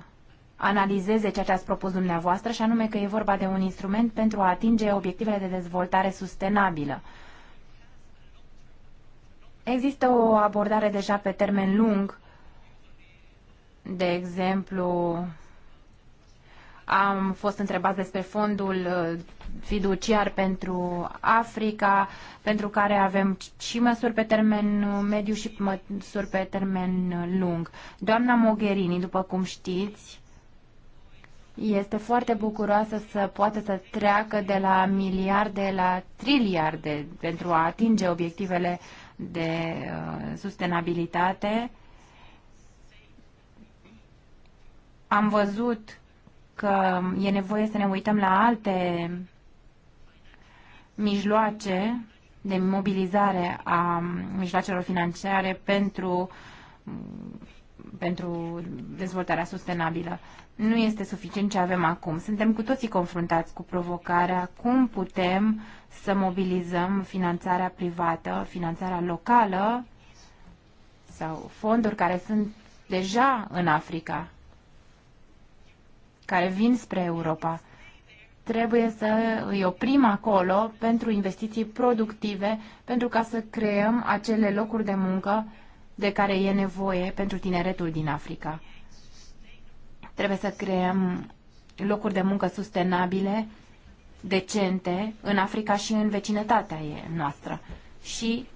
analizeze ceea ce ați propus dumneavoastră și anume că e vorba de un instrument pentru a atinge obiectivele de dezvoltare sustenabilă. Există o abordare deja pe termen lung, de exemplu, am fost întrebați despre fondul fiduciar pentru Africa, pentru care avem și măsuri pe termen mediu și măsuri pe termen lung. Doamna Mogherini, după cum știți, este foarte bucuroasă să poată să treacă de la miliarde la triliarde pentru a atinge obiectivele de uh, sustenabilitate. Am văzut că e nevoie să ne uităm la alte mijloace de mobilizare a mijloacelor financiare pentru, pentru dezvoltarea sustenabilă. Nu este suficient ce avem acum. Suntem cu toții confruntați cu provocarea cum putem să mobilizăm finanțarea privată, finanțarea locală sau fonduri care sunt deja în Africa, care vin spre Europa trebuie să îi oprim acolo pentru investiții productive, pentru ca să creăm acele locuri de muncă de care e nevoie pentru tineretul din Africa. Trebuie să creăm locuri de muncă sustenabile, decente, în Africa și în vecinătatea noastră. Și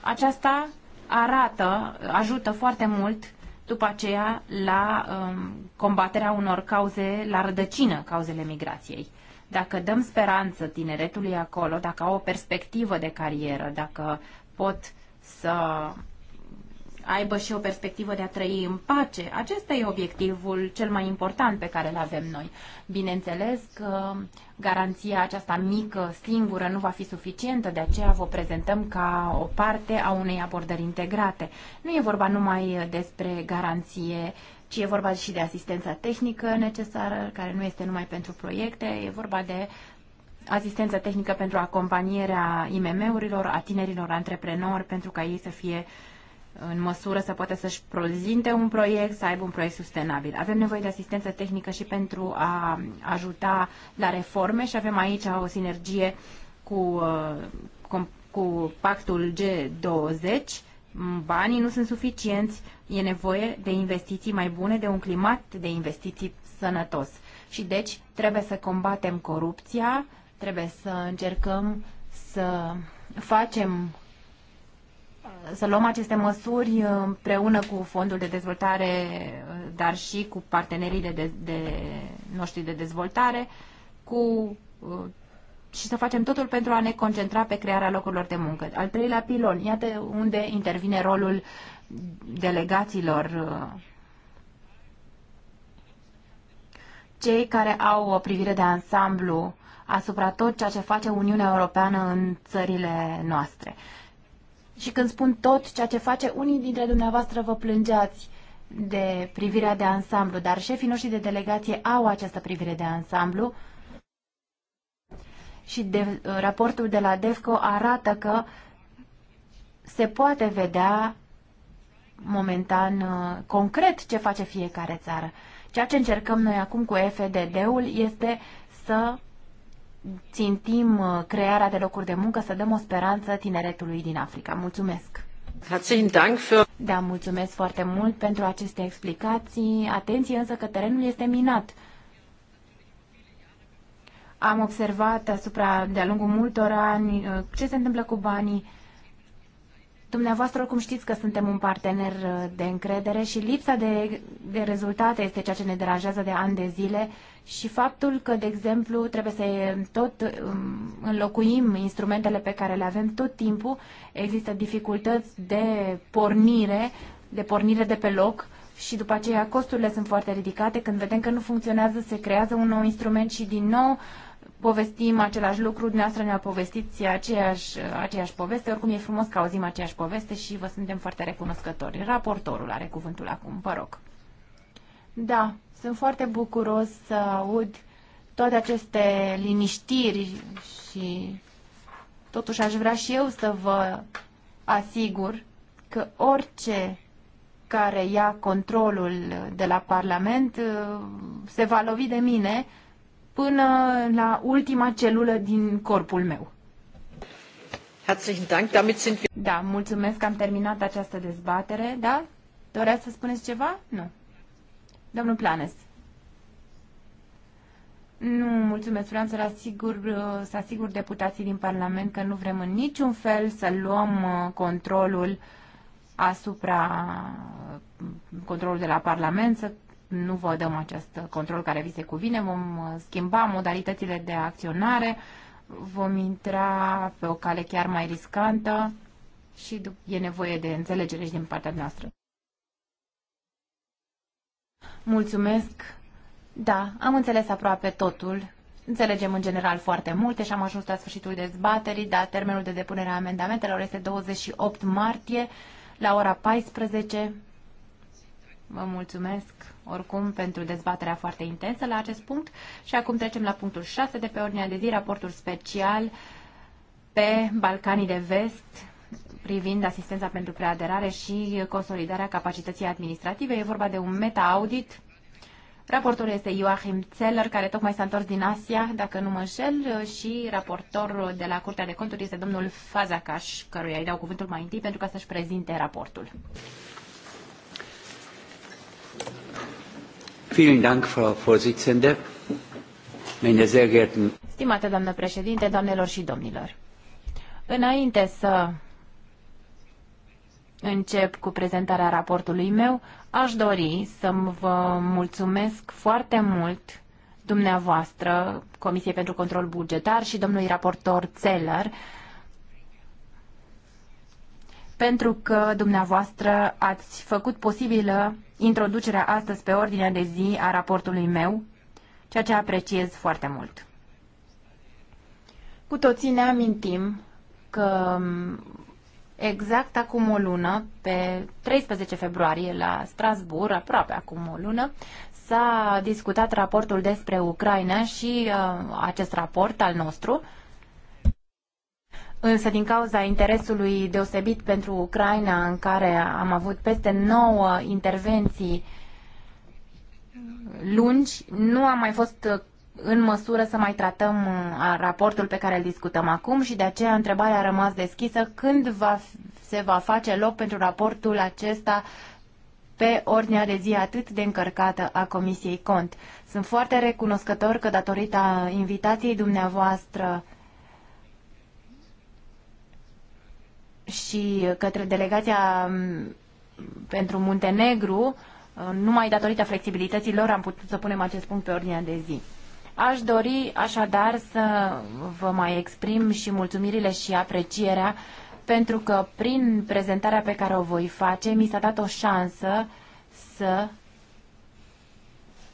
aceasta arată, ajută foarte mult după aceea la um, combaterea unor cauze la rădăcină, cauzele migrației. Dacă dăm speranță tineretului acolo, dacă au o perspectivă de carieră, dacă pot să aibă și o perspectivă de a trăi în pace. Acesta e obiectivul cel mai important pe care îl avem noi. Bineînțeles că garanția aceasta mică, singură, nu va fi suficientă, de aceea vă prezentăm ca o parte a unei abordări integrate. Nu e vorba numai despre garanție ci e vorba și de asistența tehnică necesară, care nu este numai pentru proiecte, e vorba de asistență tehnică pentru acompanierea IMM-urilor, a tinerilor antreprenori, pentru ca ei să fie în măsură să poată să-și prezinte un proiect, să aibă un proiect sustenabil. Avem nevoie de asistență tehnică și pentru a ajuta la reforme și avem aici o sinergie cu, uh, cu pactul G20, banii nu sunt suficienți, e nevoie de investiții mai bune, de un climat de investiții sănătos. Și deci trebuie să combatem corupția, trebuie să încercăm să facem să luăm aceste măsuri împreună cu Fondul de Dezvoltare, dar și cu partenerii de, de, de, noștri de dezvoltare, cu uh, și să facem totul pentru a ne concentra pe crearea locurilor de muncă. Al treilea pilon, iată unde intervine rolul delegaților uh, cei care au o privire de ansamblu asupra tot ceea ce face Uniunea Europeană în țările noastre. Și când spun tot ceea ce face, unii dintre dumneavoastră vă plângeați de privirea de ansamblu, dar șefii noștri de delegație au această privire de ansamblu și de, uh, raportul de la DEFCO arată că se poate vedea momentan uh, concret ce face fiecare țară. Ceea ce încercăm noi acum cu FDD-ul este să țintim uh, crearea de locuri de muncă, să dăm o speranță tineretului din Africa. Mulțumesc! Da, mulțumesc foarte mult pentru aceste explicații. Atenție însă că terenul este minat am observat asupra, de-a lungul multor ani, uh, ce se întâmplă cu banii. Dumneavoastră, oricum știți că suntem un partener uh, de încredere și lipsa de, de rezultate este ceea ce ne deranjează de ani de zile și faptul că, de exemplu, trebuie să uh, tot um, înlocuim instrumentele pe care le avem tot timpul, există dificultăți de pornire, de pornire de pe loc, și după aceea costurile sunt foarte ridicate. Când vedem că nu funcționează, se creează un nou instrument și din nou povestim același lucru, dumneavoastră ne-a povestit aceeași, aceeași poveste, oricum e frumos că auzim aceeași poveste și vă suntem foarte recunoscători. Raportorul are cuvântul acum, vă rog. Da, sunt foarte bucuros să aud toate aceste liniștiri și totuși aș vrea și eu să vă asigur că orice care ia controlul de la Parlament uh, se va lovi de mine până la ultima celulă din corpul meu. Da, mulțumesc că am terminat această dezbatere. Da? Doreați să spuneți ceva? Nu. Domnul Planes. Nu, mulțumesc. Vreau să asigur, să asigur deputații din Parlament că nu vrem în niciun fel să luăm uh, controlul asupra uh, controlul de la Parlament, să nu vă dăm acest control care vi se cuvine, vom uh, schimba modalitățile de acționare, vom intra pe o cale chiar mai riscantă și e nevoie de înțelegere și din partea noastră. Mulțumesc! Da, am înțeles aproape totul. Înțelegem în general foarte multe și am ajuns la sfârșitul dezbaterii, dar termenul de depunere a amendamentelor este 28 martie la ora 14. Vă mulțumesc oricum pentru dezbaterea foarte intensă la acest punct și acum trecem la punctul 6 de pe ordinea de zi, raportul special pe Balcanii de Vest privind asistența pentru preaderare și consolidarea capacității administrative. E vorba de un meta-audit. Raportorul este Joachim Zeller, care tocmai s-a întors din Asia, dacă nu mă înșel, și raportorul de la Curtea de Conturi este domnul Fazakaș, căruia îi dau cuvântul mai întâi pentru ca să-și prezinte raportul. Vielen Dank, Frau Vorsitzende. Meine sehr geehrten Stimată doamnă președinte, doamnelor și domnilor, înainte să încep cu prezentarea raportului meu, aș dori să vă mulțumesc foarte mult dumneavoastră, Comisiei pentru Control Bugetar și domnului raportor Țeller, pentru că dumneavoastră ați făcut posibilă introducerea astăzi pe ordinea de zi a raportului meu, ceea ce apreciez foarte mult. Cu toții ne amintim că um, exact acum o lună, pe 13 februarie la Strasbourg, aproape acum o lună, s-a discutat raportul despre Ucraina și uh, acest raport al nostru uh, Însă, din cauza interesului deosebit pentru Ucraina, în care am avut peste 9 intervenții lungi, nu am mai fost uh, în măsură să mai tratăm uh, raportul pe care îl discutăm acum și de aceea întrebarea a rămas deschisă când va, se va face loc pentru raportul acesta pe ordinea de zi atât de încărcată a Comisiei Cont. Sunt foarte recunoscător că datorită invitației dumneavoastră și către delegația mm, pentru Muntenegru, uh, numai datorită flexibilității lor am putut să punem acest punct pe ordinea de zi. Aș dori așadar să vă mai exprim și mulțumirile și aprecierea pentru că prin prezentarea pe care o voi face mi s-a dat o șansă să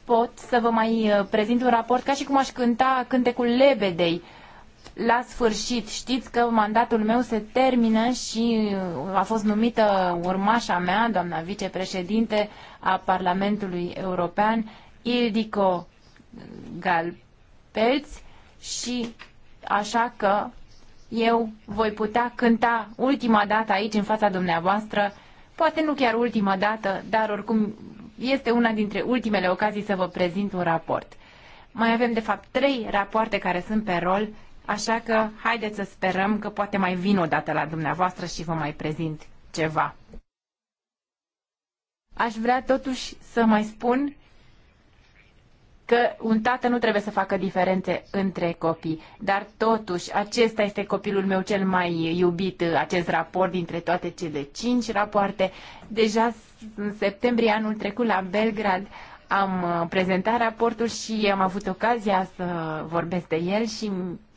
pot să vă mai uh, prezint un raport ca și cum aș cânta cântecul lebedei uh, la sfârșit. Știți că mandatul meu se termină și uh, a fost numită urmașa mea, doamna vicepreședinte a Parlamentului European, Ildico Galpelți și așa că eu voi putea cânta ultima dată aici în fața dumneavoastră, poate nu chiar ultima dată, dar oricum este una dintre ultimele ocazii să vă prezint un raport. Mai avem de fapt trei rapoarte care sunt pe rol Așa că haideți să sperăm că poate mai vin o dată la dumneavoastră și vă mai prezint ceva. Aș vrea totuși să mai spun că un tată nu trebuie să facă diferențe între copii, dar totuși acesta este copilul meu cel mai iubit, acest raport dintre toate cele cinci rapoarte. Deja în septembrie anul trecut la Belgrad am prezentat raportul și am avut ocazia să vorbesc de el și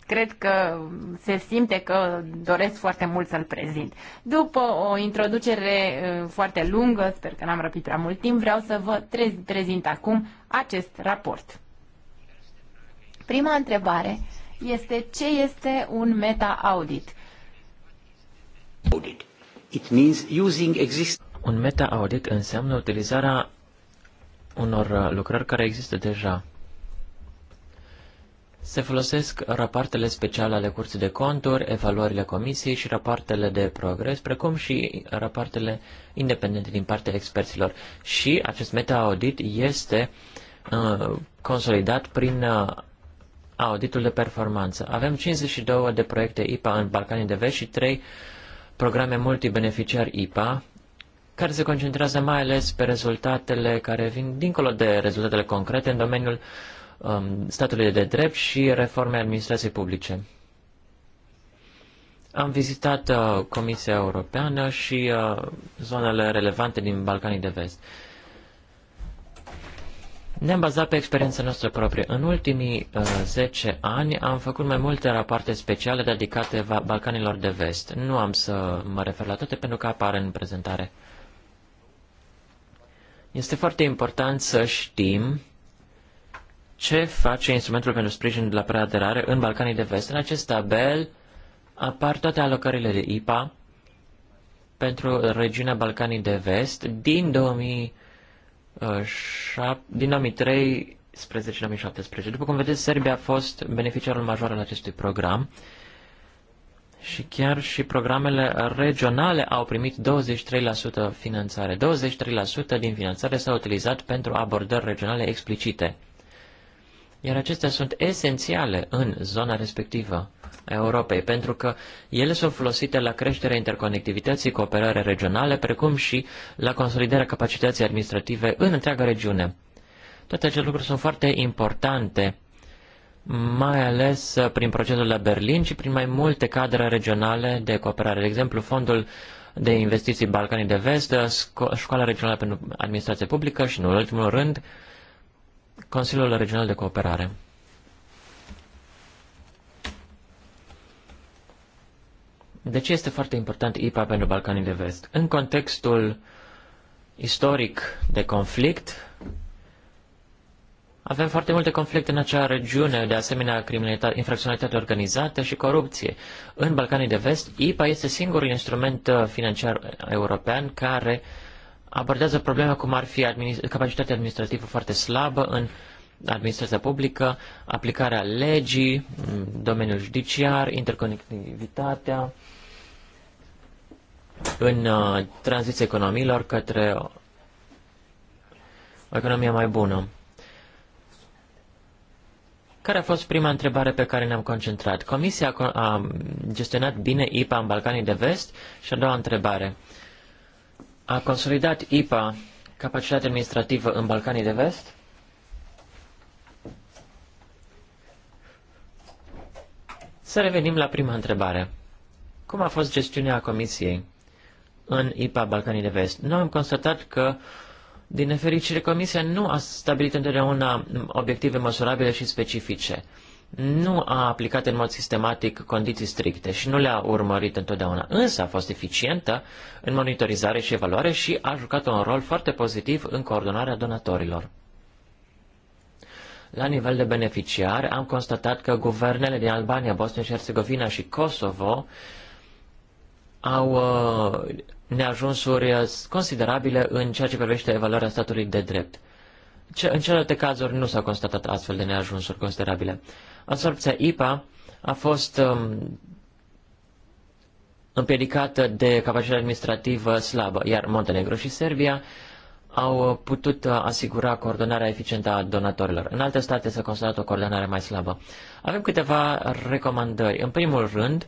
cred că se simte că doresc foarte mult să-l prezint. După o introducere uh, foarte lungă, sper că n-am răpit prea mult timp, vreau să vă prezint acum acest raport. Prima întrebare este ce este un meta-audit? Audit. It means using exist- un meta-audit înseamnă utilizarea unor uh, lucrări care există deja. Se folosesc rapoartele speciale ale Curții de Conturi, evaluările comisiei și rapoartele de progres, precum și rapoartele independente din partea experților. Și acest meta-audit este uh, consolidat prin uh, auditul de performanță. Avem 52 de proiecte IPA în Balcanii de Vest și 3 programe multibeneficiar IPA, care se concentrează mai ales pe rezultatele care vin dincolo de rezultatele concrete în domeniul um, statului de drept și reforme administrației publice. Am vizitat uh, Comisia Europeană și uh, zonele relevante din Balcanii de Vest. Ne-am bazat pe experiența noastră proprie. În ultimii uh, 10 ani am făcut mai multe rapoarte speciale dedicate Balcanilor de Vest. Nu am să mă refer la toate pentru că apare în prezentare. Este foarte important să știm ce face instrumentul pentru sprijin de la preaderare în Balcanii de Vest. În acest tabel apar toate alocările de IPA pentru regiunea Balcanii de Vest din 2007, din 2003 spre 2017. După cum vedeți, Serbia a fost beneficiarul major al acestui program și chiar și programele regionale au primit 23% finanțare. 23% din finanțare s-a utilizat pentru abordări regionale explicite. Iar acestea sunt esențiale în zona respectivă a Europei, pentru că ele sunt folosite la creșterea interconectivității, cooperare regionale, precum și la consolidarea capacității administrative în întreaga regiune. Toate aceste lucruri sunt foarte importante, mai ales prin procesul la Berlin și prin mai multe cadre regionale de cooperare. De exemplu, fondul de investiții Balcanii de Vest, Școala Regională pentru Administrație Publică și, în ultimul rând, Consiliul Regional de Cooperare. De ce este foarte important IPA pentru Balcanii de Vest? În contextul istoric de conflict, avem foarte multe conflicte în acea regiune, de asemenea infracționalitate organizată și corupție. În Balcanii de Vest, IPA este singurul instrument uh, financiar european care uh, abordează problema cum ar fi administ- capacitatea administrativă foarte slabă în administrația publică, aplicarea legii, domeniul judiciar, interconectivitatea, în uh, tranziția economiilor către o economie mai bună. Care a fost prima întrebare pe care ne-am concentrat? Comisia a gestionat bine IPA în Balcanii de Vest? Și a doua întrebare a consolidat IPA capacitatea administrativă în Balcanii de Vest. Să revenim la prima întrebare. Cum a fost gestiunea Comisiei în IPA Balcanii de Vest? Noi am constatat că, din nefericire, Comisia nu a stabilit întotdeauna obiective măsurabile și specifice nu a aplicat în mod sistematic condiții stricte și nu le-a urmărit întotdeauna, însă a fost eficientă în monitorizare și evaluare și a jucat un rol foarte pozitiv în coordonarea donatorilor. La nivel de beneficiari, am constatat că guvernele din Albania, Bosnia și Herzegovina și Kosovo au uh, neajunsuri considerabile în ceea ce privește evaluarea statului de drept. Ce, în celelalte cazuri nu s-au constatat astfel de neajunsuri considerabile. Absorpția IPA a fost um, împiedicată de capacitatea administrativă slabă, iar Montenegro și Serbia au putut uh, asigura coordonarea eficientă a donatorilor. În alte state s-a constatat o coordonare mai slabă. Avem câteva recomandări. În primul rând,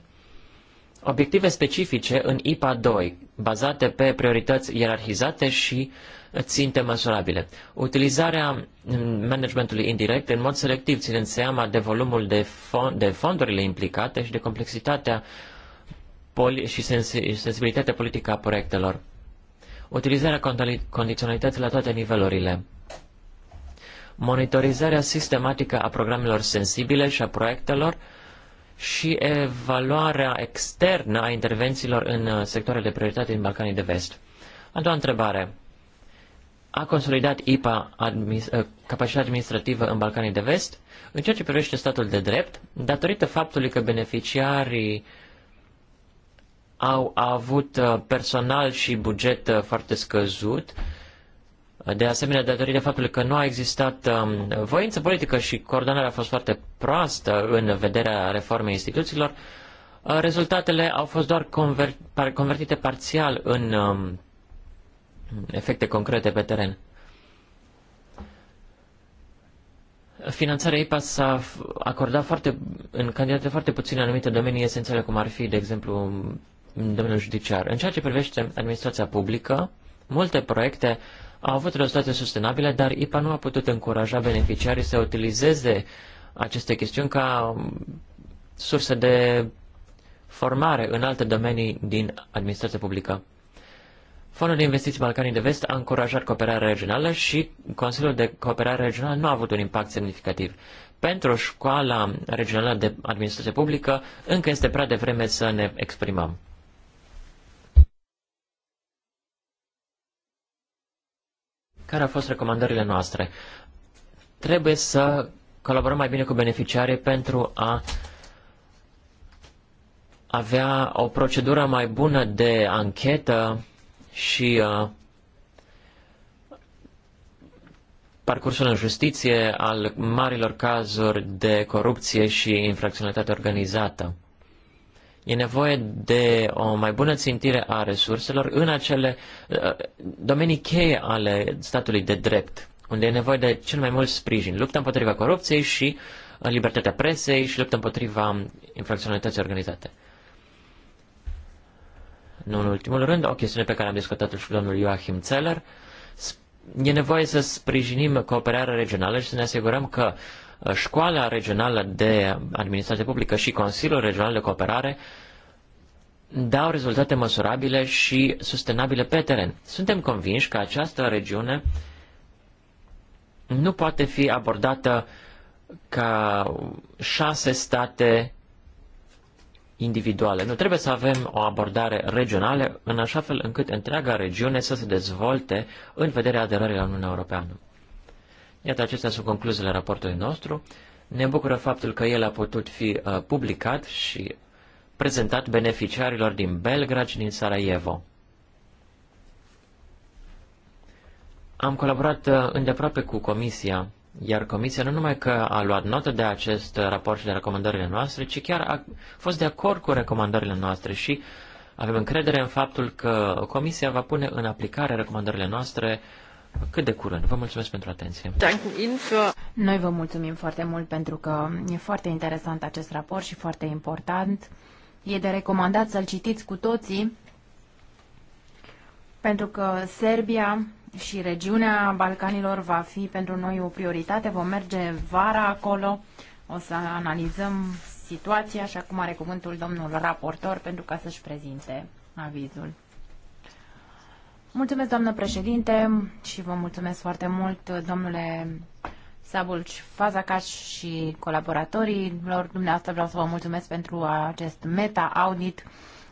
obiective specifice în IPA 2, bazate pe priorități ierarhizate și ținte măsurabile. Utilizarea managementului indirect în mod selectiv, ținând seama de volumul de, fond, de fondurile implicate și de complexitatea poli- și sensi- sensibilitatea politică a proiectelor. Utilizarea condiționalității la toate nivelurile. Monitorizarea sistematică a programelor sensibile și a proiectelor și evaluarea externă a intervențiilor în uh, sectoarele de prioritate din Balcanii de Vest. A doua întrebare a consolidat IPA administ- eh, capacitatea administrativă în Balcanii de Vest, în ceea ce privește statul de drept, datorită faptului că beneficiarii au avut eh, personal și buget eh, foarte scăzut, de asemenea, datorită faptului că nu a existat ehm, voință politică și coordonarea a fost foarte proastă în vederea reformei instituțiilor, rezultatele au fost doar convertite parțial în ehm, efecte concrete pe teren. Finanțarea IPA s-a acordat foarte, în cantități foarte puține anumite domenii esențiale, cum ar fi, de exemplu, în domeniul judiciar. În ceea ce privește administrația publică, multe proiecte au avut rezultate sustenabile, dar IPA nu a putut încuraja beneficiarii să utilizeze aceste chestiuni ca surse de formare în alte domenii din administrația publică. Fondul de investiții Balcanii de Vest a încurajat cooperarea regională și Consiliul de Cooperare Regională nu a avut un impact semnificativ. Pentru școala regională de administrație publică, încă este prea devreme să ne exprimăm. Care au fost recomandările noastre? Trebuie să colaborăm mai bine cu beneficiarii pentru a avea o procedură mai bună de anchetă și uh, parcursul în justiție al marilor cazuri de corupție și infracționalitate organizată. E nevoie de o mai bună țintire a resurselor în acele uh, domenii cheie ale statului de drept, unde e nevoie de cel mai mult sprijin. Lupta împotriva corupției și uh, libertatea presei și lupta împotriva infracționalității organizate. Nu în ultimul rând, o chestiune pe care am discutat-o și cu domnul Joachim Zeller, e nevoie să sprijinim cooperarea regională și să ne asigurăm că uh, școala regională de administrație publică și Consiliul Regional de Cooperare dau rezultate măsurabile și sustenabile pe teren. Suntem convinși că această regiune nu poate fi abordată ca șase state individuale. Nu trebuie să avem o abordare regională în așa fel încât întreaga regiune să se dezvolte în vederea aderării la Uniunea Europeană. Iată, acestea sunt concluziile raportului nostru. Ne bucură faptul că el a putut fi uh, publicat și prezentat beneficiarilor din Belgrad și din Sarajevo. Am colaborat uh, îndeaproape cu Comisia iar comisia nu numai că a luat notă de acest raport și de recomandările noastre, ci chiar a fost de acord cu recomandările noastre și avem încredere în faptul că comisia va pune în aplicare recomandările noastre cât de curând. Vă mulțumesc pentru atenție. Noi vă mulțumim foarte mult pentru că e foarte interesant acest raport și foarte important. E de recomandat să-l citiți cu toții, pentru că Serbia și regiunea Balcanilor va fi pentru noi o prioritate. Vom merge vara acolo, o să analizăm situația, Și acum are cuvântul domnul raportor, pentru ca să-și prezinte avizul. Mulțumesc, doamnă președinte, și vă mulțumesc foarte mult, domnule Sabulci Fazacaș și colaboratorii lor. Dumneavoastră vreau să vă mulțumesc pentru acest meta-audit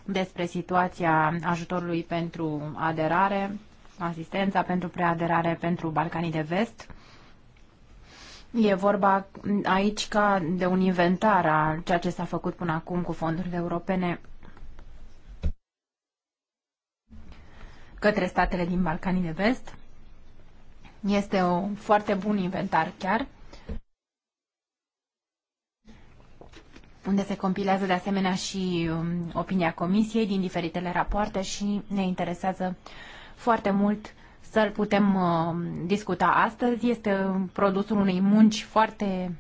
despre situația ajutorului pentru aderare asistența pentru preaderare pentru Balcanii de Vest. E vorba aici ca de un inventar a ceea ce s-a făcut până acum cu fondurile europene către statele din Balcanii de Vest. Este un foarte bun inventar chiar, unde se compilează de asemenea și um, opinia Comisiei din diferitele rapoarte și ne interesează uh, foarte mult să-l putem uh, discuta astăzi. Este produsul unei munci foarte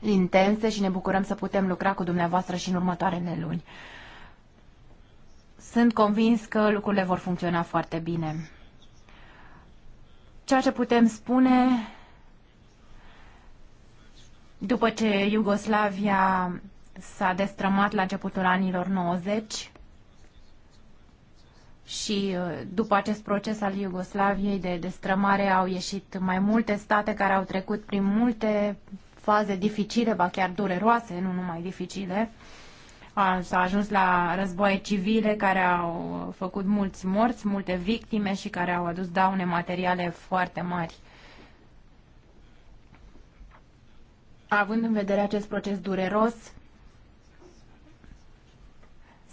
intense și ne bucurăm să putem lucra cu dumneavoastră și în următoarele luni. Sunt convins că lucrurile vor funcționa foarte bine. Ceea ce putem spune după ce Iugoslavia s-a destrămat la începutul anilor 90, și uh, după acest proces al Iugoslaviei de destrămare au ieșit mai multe state care au trecut prin multe faze dificile, ba chiar dureroase, nu numai dificile. S-a ajuns la războaie civile care au făcut mulți morți, multe victime și care au adus daune materiale foarte mari. Având în vedere acest proces dureros,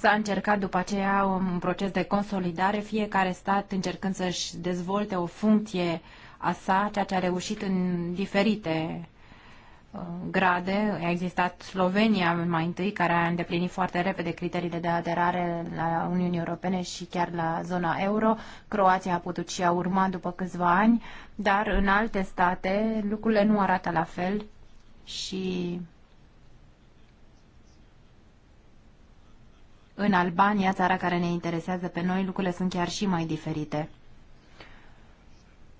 S-a încercat după aceea un proces de consolidare, fiecare stat încercând să-și dezvolte o funcție a sa, ceea ce a reușit în diferite uh, grade. A existat Slovenia mai întâi, care a îndeplinit foarte repede criteriile de aderare la Uniunii Europene și chiar la zona euro. Croația a putut și a urma după câțiva ani, dar în alte state lucrurile nu arată la fel și În Albania, țara care ne interesează pe noi, lucrurile sunt chiar și mai diferite.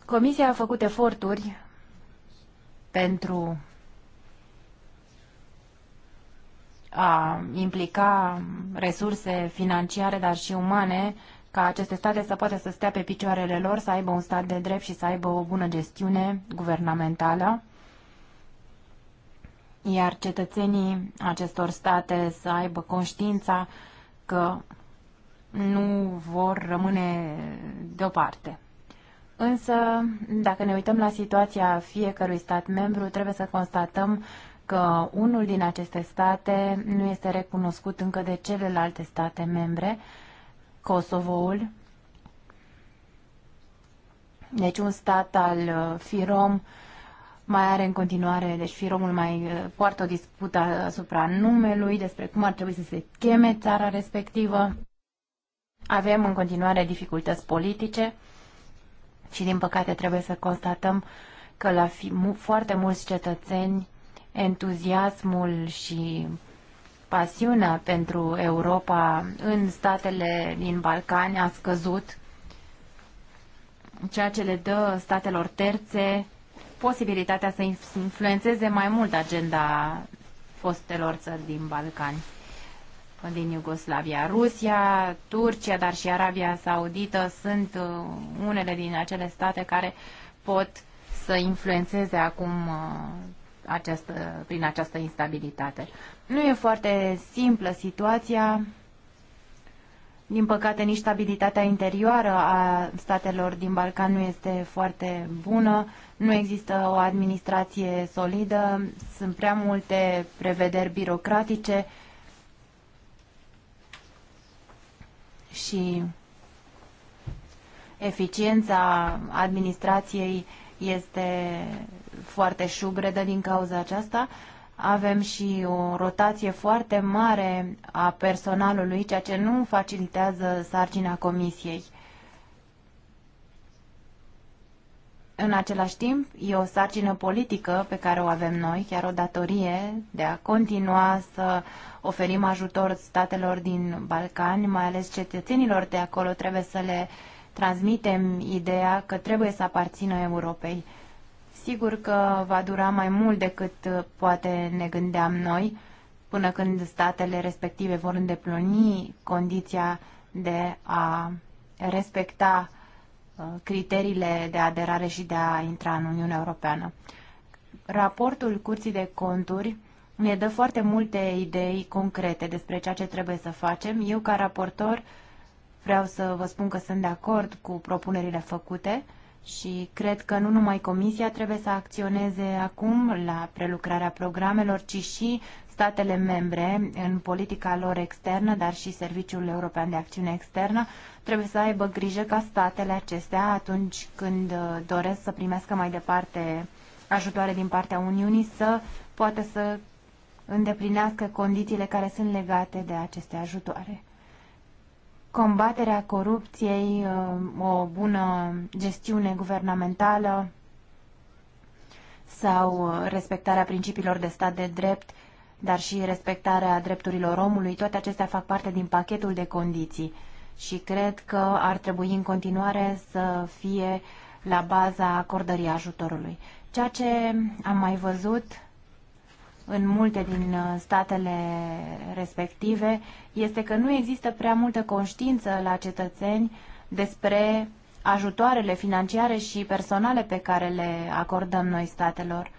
Comisia a făcut eforturi pentru a implica resurse financiare, dar și umane, ca aceste state să poată să stea pe picioarele lor, să aibă un stat de drept și să aibă o bună gestiune guvernamentală, iar cetățenii acestor state să aibă conștiința că nu vor rămâne deoparte. Însă, dacă ne uităm la situația fiecărui stat membru, trebuie să constatăm că unul din aceste state nu este recunoscut încă de celelalte state membre, Kosovoul. Deci un stat al uh, FIROM mai are în continuare, deci firomul mai uh, poartă o dispută asupra numelui, despre cum ar trebui să se cheme țara respectivă. Avem în continuare dificultăți politice și, din păcate, trebuie să constatăm că la fi, foarte mulți cetățeni entuziasmul și pasiunea pentru Europa în statele din Balcani a scăzut, ceea ce le dă statelor terțe posibilitatea să influențeze mai mult agenda fostelor țări din Balcani, din Iugoslavia. Rusia, Turcia, dar și Arabia Saudită sunt uh, unele din acele state care pot să influențeze acum uh, această, prin această instabilitate. Nu e foarte simplă situația. Din păcate, nici stabilitatea interioară a statelor din Balcan nu este foarte bună nu există o administrație solidă, sunt prea multe prevederi birocratice și eficiența administrației este foarte șubredă din cauza aceasta. Avem și o rotație foarte mare a personalului, ceea ce nu facilitează sarcina comisiei. În același timp, e o sarcină politică pe care o avem noi, chiar o datorie de a continua să oferim ajutor statelor din Balcani, mai ales cetățenilor de acolo. Trebuie să le transmitem ideea că trebuie să aparțină Europei. Sigur că va dura mai mult decât poate ne gândeam noi, până când statele respective vor îndeplini condiția de a respecta criteriile de aderare și de a intra în Uniunea Europeană. Raportul Curții de Conturi ne dă foarte multe idei concrete despre ceea ce trebuie să facem. Eu, ca raportor, vreau să vă spun că sunt de acord cu propunerile făcute și cred că nu numai Comisia trebuie să acționeze acum la prelucrarea programelor, ci și statele membre în politica lor externă, dar și Serviciul European de Acțiune Externă, trebuie să aibă grijă ca statele acestea, atunci când uh, doresc să primească mai departe ajutoare din partea Uniunii, să poată să îndeplinească condițiile care sunt legate de aceste ajutoare. Combaterea corupției, uh, o bună gestiune guvernamentală sau uh, respectarea principiilor de stat de drept, dar și respectarea drepturilor omului, toate acestea fac parte din pachetul de condiții și cred că ar trebui în continuare să fie la baza acordării ajutorului. Ceea ce am mai văzut în multe din uh, statele respective este că nu există prea multă conștiință la cetățeni despre ajutoarele financiare și personale pe care le acordăm noi statelor.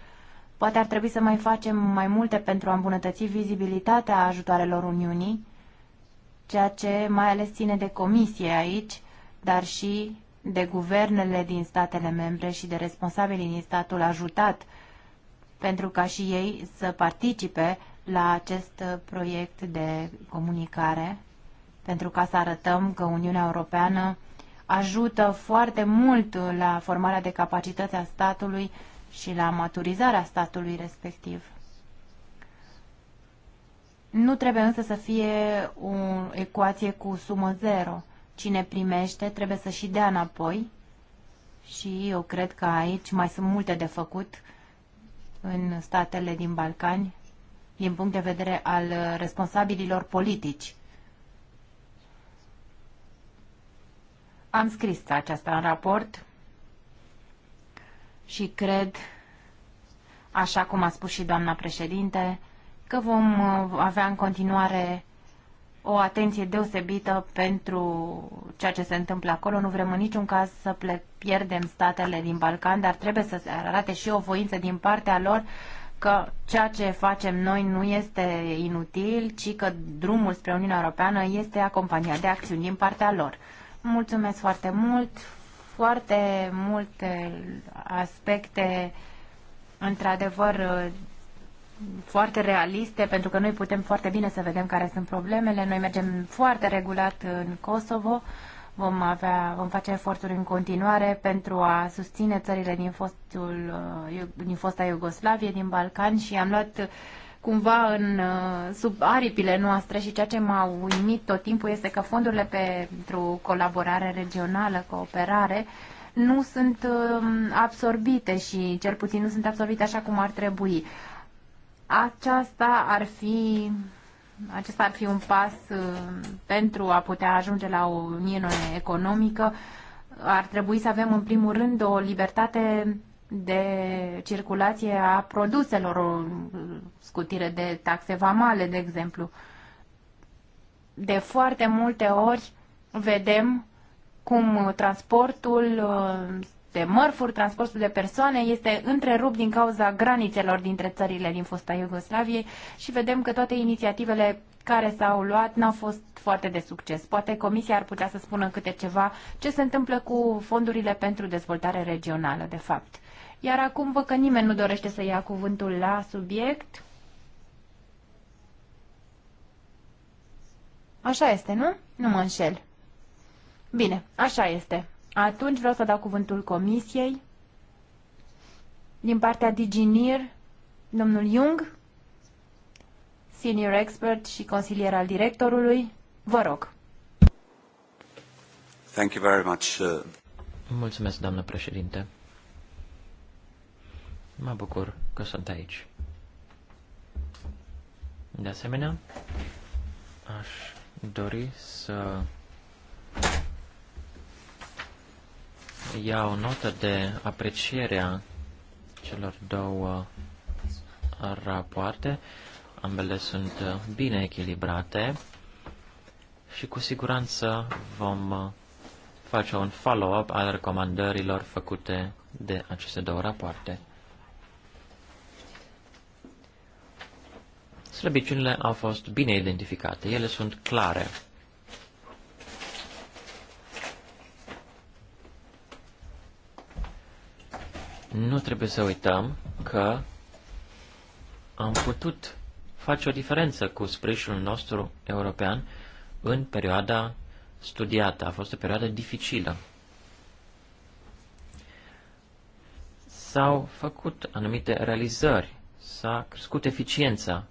Poate ar trebui să mai facem mai multe pentru a îmbunătăți vizibilitatea ajutoarelor Uniunii ceea ce mai ales ține de comisie aici, dar și de guvernele din statele membre și de responsabilii din statul ajutat pentru ca și ei să participe la acest proiect de comunicare, pentru ca să arătăm că Uniunea Europeană ajută foarte mult la formarea de capacități a statului și la maturizarea statului respectiv. Nu trebuie însă să fie o ecuație cu sumă zero. Cine primește trebuie să și dea înapoi și eu cred că aici mai sunt multe de făcut în statele din Balcani din punct de vedere al responsabililor politici. Am scris aceasta în raport și cred, așa cum a spus și doamna președinte, că vom uh, avea în continuare o atenție deosebită pentru ceea ce se întâmplă acolo. Nu vrem în niciun caz să pierdem statele din Balcan, dar trebuie să se arate și o voință din partea lor că ceea ce facem noi nu este inutil, ci că drumul spre Uniunea Europeană este acompaniat de acțiuni din partea lor. Mulțumesc foarte mult, foarte multe aspecte într-adevăr foarte realiste, pentru că noi putem foarte bine să vedem care sunt problemele. Noi mergem foarte regulat în Kosovo, vom, avea, vom face eforturi în continuare pentru a susține țările din, fostul, uh, din fosta Iugoslavie, din Balcan și am luat cumva în, uh, sub aripile noastre și ceea ce m-a uimit tot timpul este că fondurile pentru colaborare regională, cooperare, nu sunt um, absorbite și cel puțin nu sunt absorbite așa cum ar trebui. Aceasta ar fi, acesta ar fi un pas uh, pentru a putea ajunge la o uniune economică. Ar trebui să avem în primul rând o libertate de circulație a produselor, o scutire de taxe vamale, de exemplu. De foarte multe ori vedem cum transportul uh, de mărfuri, transportul de persoane este întrerupt din cauza granițelor dintre țările din fosta Iugoslaviei și vedem că toate inițiativele care s-au luat n-au fost foarte de succes. Poate Comisia ar putea să spună câte ceva ce se întâmplă cu fondurile pentru dezvoltare regională, de fapt. Iar acum văd că nimeni nu dorește să ia cuvântul la subiect. Așa este, nu? Nu mă înșel. Bine, așa este. Atunci vreau să dau cuvântul comisiei. Din partea Diginir, domnul Jung, senior expert și consilier al directorului, vă rog. Thank you very much. Uh, Mulțumesc, doamnă președinte. Mă bucur că sunt aici. De asemenea, aș dori să iau notă de a celor două uh, rapoarte. Ambele sunt uh, bine echilibrate și cu siguranță vom uh, face un follow-up al recomandărilor făcute de aceste două rapoarte. Slăbiciunile au fost bine identificate, ele sunt clare. nu trebuie să uităm că am putut face o diferență cu sprijinul nostru european în perioada studiată. A fost o perioadă dificilă. S-au făcut anumite realizări, s-a crescut eficiența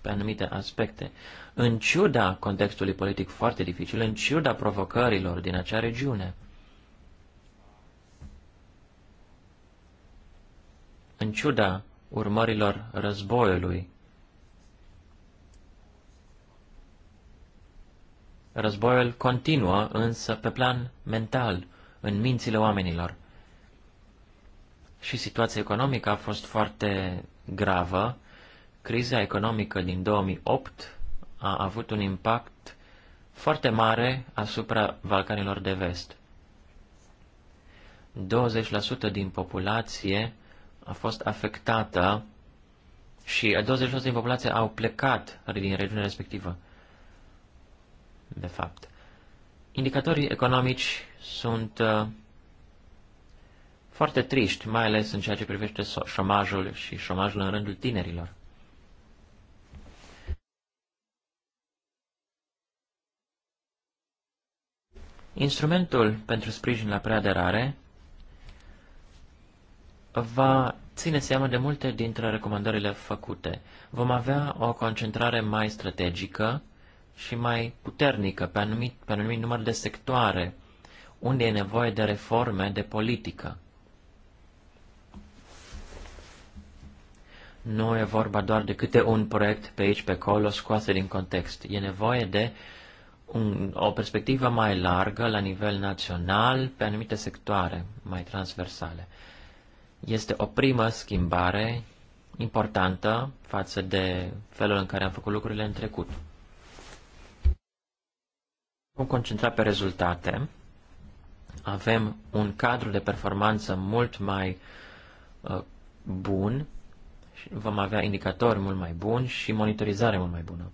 pe anumite aspecte. În ciuda contextului politic foarte dificil, în ciuda provocărilor din acea regiune, în ciuda urmărilor războiului. Războiul continuă, însă, pe plan mental, în mințile oamenilor. Și situația economică a fost foarte gravă. Criza economică din 2008 a avut un impact foarte mare asupra Balcanilor de Vest. 20% din populație a fost afectată și 26% din populație au plecat din regiunea respectivă, de fapt. Indicatorii economici sunt uh, foarte triști, mai ales în ceea ce privește șomajul și șomajul în rândul tinerilor. Instrumentul pentru sprijin la preaderare va ține seama de multe dintre recomandările făcute. Vom avea o concentrare mai strategică și mai puternică pe anumit, pe anumit număr de sectoare unde e nevoie de reforme de politică. Nu e vorba doar de câte un proiect pe aici, pe acolo, scoase din context. E nevoie de un, o perspectivă mai largă la nivel național pe anumite sectoare mai transversale. Este o primă schimbare importantă față de felul în care am făcut lucrurile în trecut. Vom concentra pe rezultate. Avem un cadru de performanță mult mai uh, bun, vom avea indicatori mult mai buni și monitorizare mult mai bună.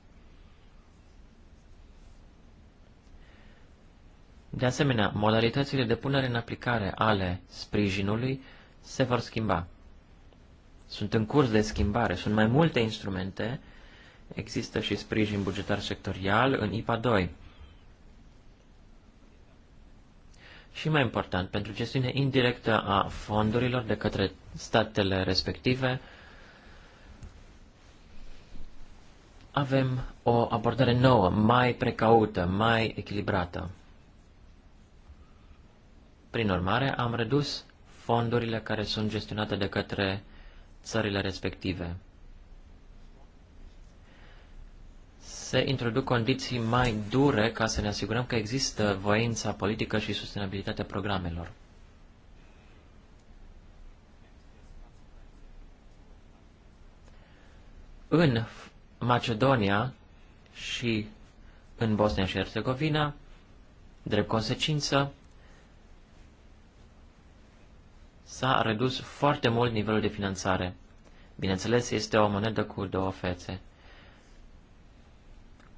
De asemenea, modalitățile de punere în aplicare ale sprijinului se vor schimba. Sunt în curs de schimbare, sunt mai multe instrumente, există și sprijin bugetar sectorial în IPA 2. Și mai important, pentru gestiune indirectă a fondurilor de către statele respective, avem o abordare nouă, mai precaută, mai echilibrată. Prin urmare, am redus fondurile care sunt gestionate de către țările respective. Se introduc condiții mai dure ca să ne asigurăm că există voința politică și sustenabilitatea programelor. În Macedonia și în Bosnia și Herzegovina, drept consecință, s-a redus foarte mult nivelul de finanțare. Bineînțeles, este o monedă cu două fețe.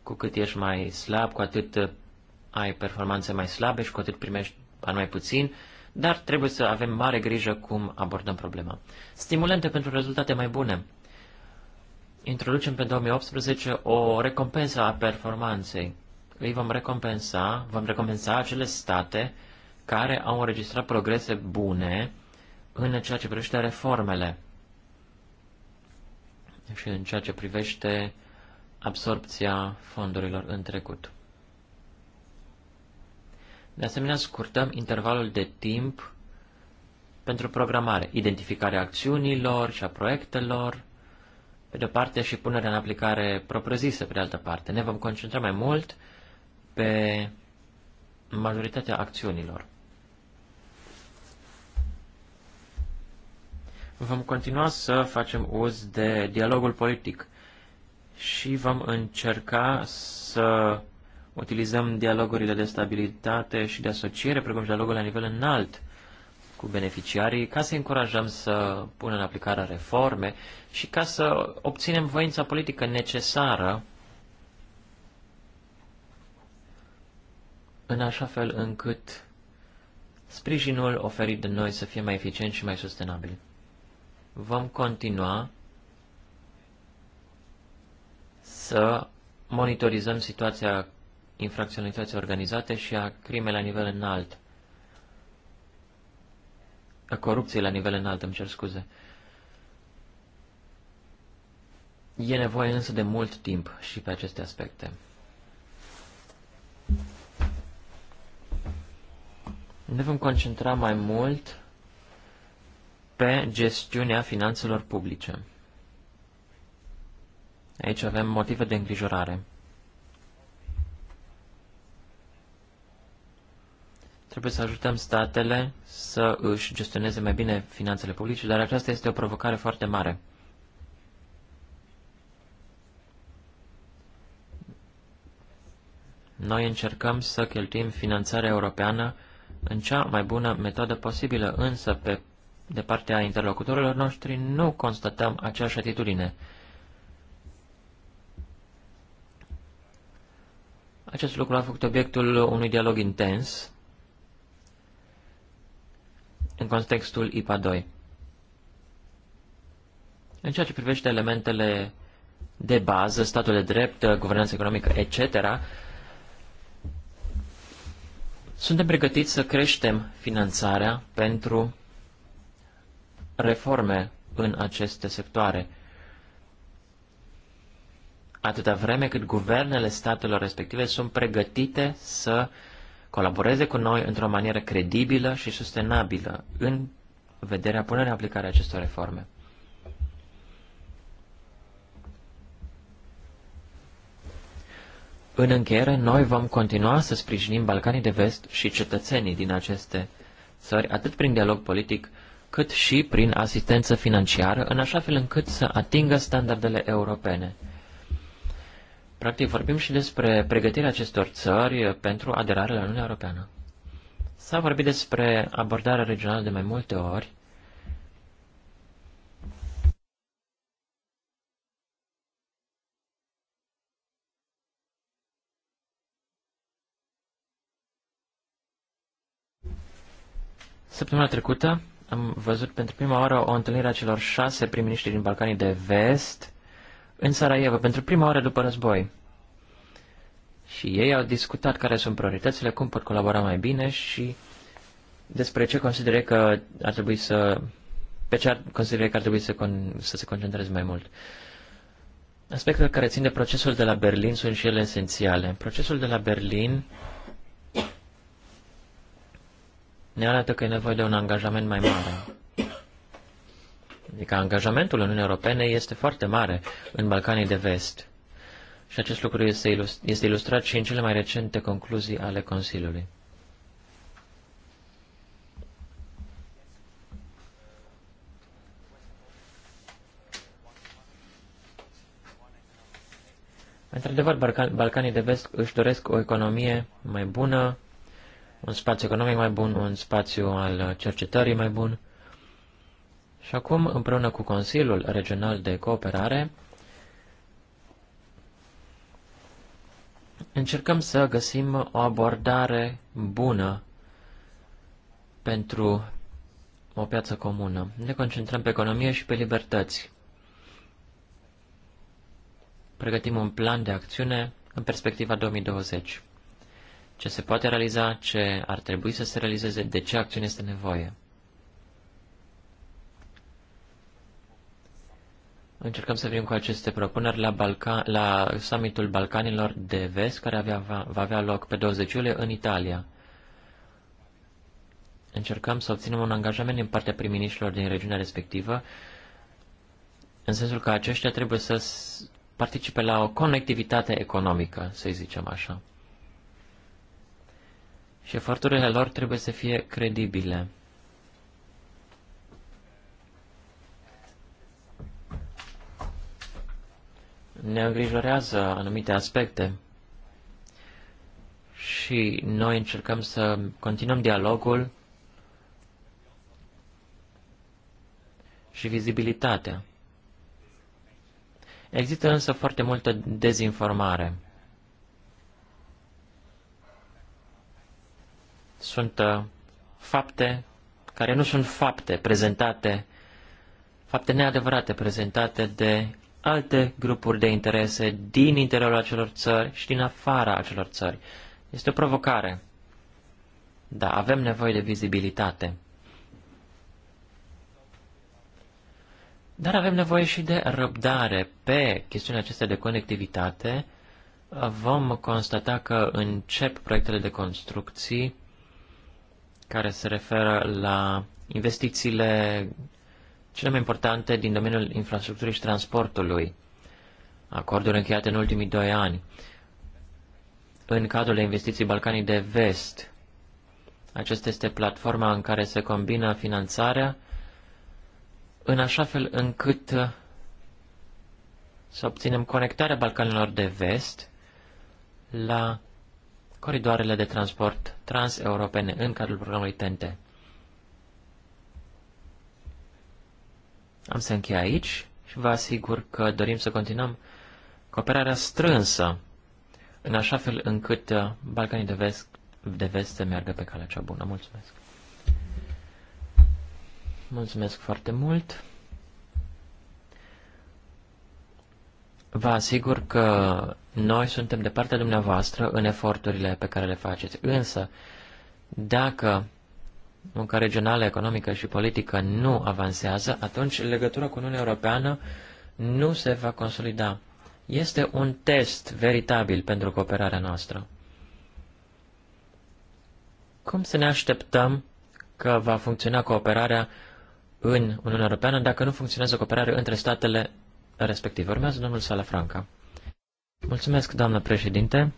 Cu cât ești mai slab, cu atât uh, ai performanțe mai slabe și cu atât primești bani mai puțin, dar trebuie să avem mare grijă cum abordăm problema. Stimulente pentru rezultate mai bune. Introducem pe 2018 o recompensă a performanței. Îi vom recompensa, vom recompensa acele state care au înregistrat progrese bune în ceea ce privește reformele și în ceea ce privește absorpția fondurilor în trecut. De asemenea, scurtăm intervalul de timp pentru programare, identificarea acțiunilor și a proiectelor, pe de-o parte, și punerea în aplicare propriu-zisă, pe de altă parte. Ne vom concentra mai mult pe majoritatea acțiunilor. Vom continua să facem uz de dialogul politic și vom încerca să utilizăm dialogurile de stabilitate și de asociere, precum și dialogul la nivel înalt cu beneficiarii, ca să încurajăm să punem în aplicare reforme și ca să obținem voința politică necesară în așa fel încât sprijinul oferit de noi să fie mai eficient și mai sustenabil vom continua să monitorizăm situația infracționalității organizate și a crimei la nivel înalt. A corupției la nivel înalt, îmi cer scuze. E nevoie însă de mult timp și pe aceste aspecte. Ne vom concentra mai mult pe gestiunea finanțelor publice. Aici avem motive de îngrijorare. Trebuie să ajutăm statele să își gestioneze mai bine finanțele publice, dar aceasta este o provocare foarte mare. Noi încercăm să cheltuim finanțarea europeană în cea mai bună metodă posibilă, însă pe de partea interlocutorilor noștri nu constatăm aceeași atitudine. Acest lucru a făcut obiectul unui dialog intens în contextul IPA 2. În ceea ce privește elementele de bază, statul de drept, guvernanță economică, etc., suntem pregătiți să creștem finanțarea pentru reforme în aceste sectoare. Atâta vreme cât guvernele statelor respective sunt pregătite să colaboreze cu noi într-o manieră credibilă și sustenabilă în vederea punerii în acestor reforme. În încheiere, noi vom continua să sprijinim Balcanii de Vest și cetățenii din aceste țări, atât prin dialog politic, cât și prin asistență financiară, în așa fel încât să atingă standardele europene. Practic vorbim și despre pregătirea acestor țări pentru aderarea la Uniunea Europeană. S-a vorbit despre abordarea regională de mai multe ori. Săptămâna trecută am văzut pentru prima oară o întâlnire a celor șase prim din Balcanii de Vest în Sarajevo, pentru prima oară după război. Și ei au discutat care sunt prioritățile, cum pot colabora mai bine și despre ce consideră că ar trebui să... pe ce ar consideră că ar trebui să, con, să se concentreze mai mult. Aspectele care țin de procesul de la Berlin sunt și ele esențiale. Procesul de la Berlin ne arată că e nevoie de un angajament mai mare. Adică angajamentul Uniunii Europene este foarte mare în Balcanii de Vest. Și acest lucru este, ilust- este ilustrat și în cele mai recente concluzii ale Consiliului. Într-adevăr, Balcanii de Vest își doresc o economie mai bună, un spațiu economic mai bun, un spațiu al cercetării mai bun. Și acum, împreună cu Consiliul Regional de Cooperare, încercăm să găsim o abordare bună pentru o piață comună. Ne concentrăm pe economie și pe libertăți. Pregătim un plan de acțiune în perspectiva 2020 ce se poate realiza, ce ar trebui să se realizeze, de ce acțiune este nevoie. Încercăm să venim cu aceste propuneri la, Balca- la summitul Balcanilor de Vest, care avea, va avea loc pe 20 iulie în Italia. Încercăm să obținem un angajament din partea prim din regiunea respectivă, în sensul că aceștia trebuie să participe la o conectivitate economică, să zicem așa și eforturile lor trebuie să fie credibile. Ne îngrijorează anumite aspecte și noi încercăm să continuăm dialogul și vizibilitatea. Există însă foarte multă dezinformare. sunt uh, fapte care nu sunt fapte prezentate, fapte neadevărate prezentate de alte grupuri de interese din interiorul acelor țări și din afara acelor țări. Este o provocare. Da, avem nevoie de vizibilitate. Dar avem nevoie și de răbdare. Pe chestiunea acestea de conectivitate uh, vom constata că încep proiectele de construcții care se referă la investițiile cele mai importante din domeniul infrastructurii și transportului, acorduri încheiate în ultimii doi ani, în cadrul investiției Balcanii de Vest. Aceasta este platforma în care se combină finanțarea în așa fel încât să obținem conectarea Balcanilor de Vest la coridoarele de transport transeuropene în cadrul programului TNT. Am să închei aici și vă asigur că dorim să continuăm cooperarea strânsă, în așa fel încât uh, Balcanii de Vest, de vest să meargă pe calea cea bună. Mulțumesc! Mulțumesc foarte mult! Vă asigur că noi suntem de partea dumneavoastră în eforturile pe care le faceți. Însă, dacă munca regională, economică și politică nu avansează, atunci legătura cu Uniunea Europeană nu se va consolida. Este un test veritabil pentru cooperarea noastră. Cum să ne așteptăm că va funcționa cooperarea în Uniunea Europeană dacă nu funcționează cooperarea între statele respective? Urmează domnul Franca. Mulțumesc, doamnă președinte.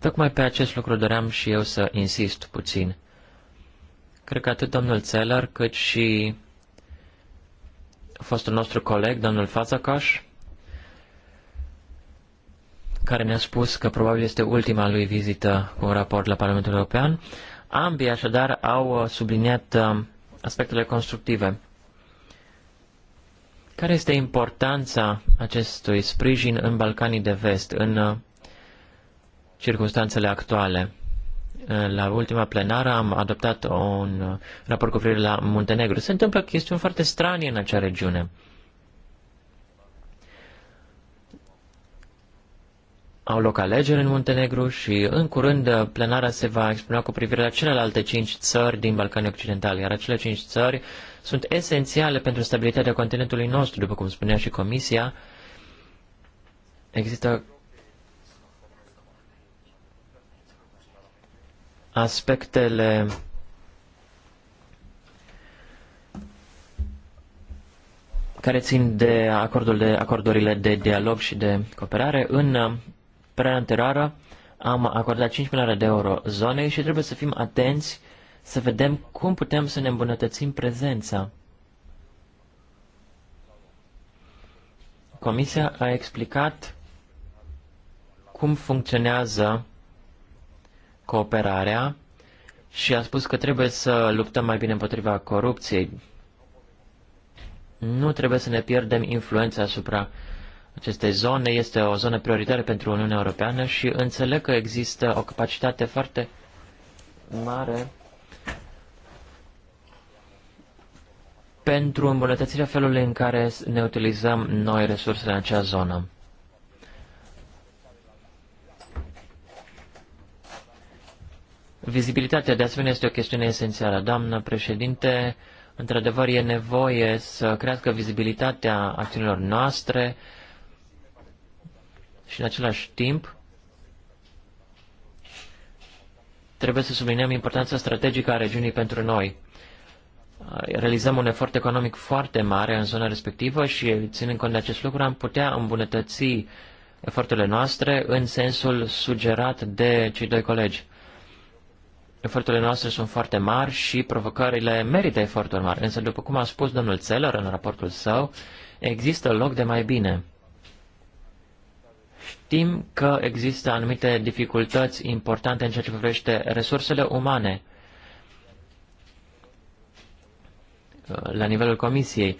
Tocmai pe acest lucru doream și eu să insist puțin. Cred că atât domnul Țeller, cât și fostul nostru coleg, domnul Fazakoș, care ne-a spus că probabil este ultima lui vizită cu un raport la Parlamentul European. Ambii așadar au subliniat uh, aspectele constructive care este importanța acestui sprijin în Balcanii de Vest, în uh, circunstanțele actuale? Uh, la ultima plenară am adoptat un uh, raport cu privire la Muntenegru. Se întâmplă chestiuni foarte stranie în acea regiune. Au loc alegeri în Muntenegru și în curând plenara se va exprima cu privire la celelalte cinci țări din Balcanii Occidentali, iar acele cinci țări uh, sunt esențiale pentru stabilitatea continentului nostru, după cum spunea și Comisia. Există aspectele care țin de, acordul de acordurile de dialog și de cooperare. În uh, prea anterioară am acordat 5 milioane de euro zonei și trebuie să fim atenți să vedem cum putem să ne îmbunătățim prezența. Comisia a explicat cum funcționează cooperarea și a spus că trebuie să luptăm mai bine împotriva corupției. Nu trebuie să ne pierdem influența asupra acestei zone. Este o zonă prioritară pentru Uniunea Europeană și înțeleg că există o capacitate foarte mare pentru îmbunătățirea felului în care ne utilizăm noi resursele în acea zonă. Vizibilitatea, de asemenea, este o chestiune esențială. Doamnă președinte, într-adevăr e nevoie să crească vizibilitatea acțiunilor noastre și, în același timp, trebuie să subliniem importanța strategică a regiunii pentru noi realizăm un efort economic foarte mare în zona respectivă și, ținând cont de acest lucru, am putea îmbunătăți eforturile noastre în sensul sugerat de cei doi colegi. Eforturile noastre sunt foarte mari și provocările merită eforturi mari, însă, după cum a spus domnul Țeller în raportul său, există loc de mai bine. Știm că există anumite dificultăți importante în ceea ce privește resursele umane, Uh, la nivelul comisiei.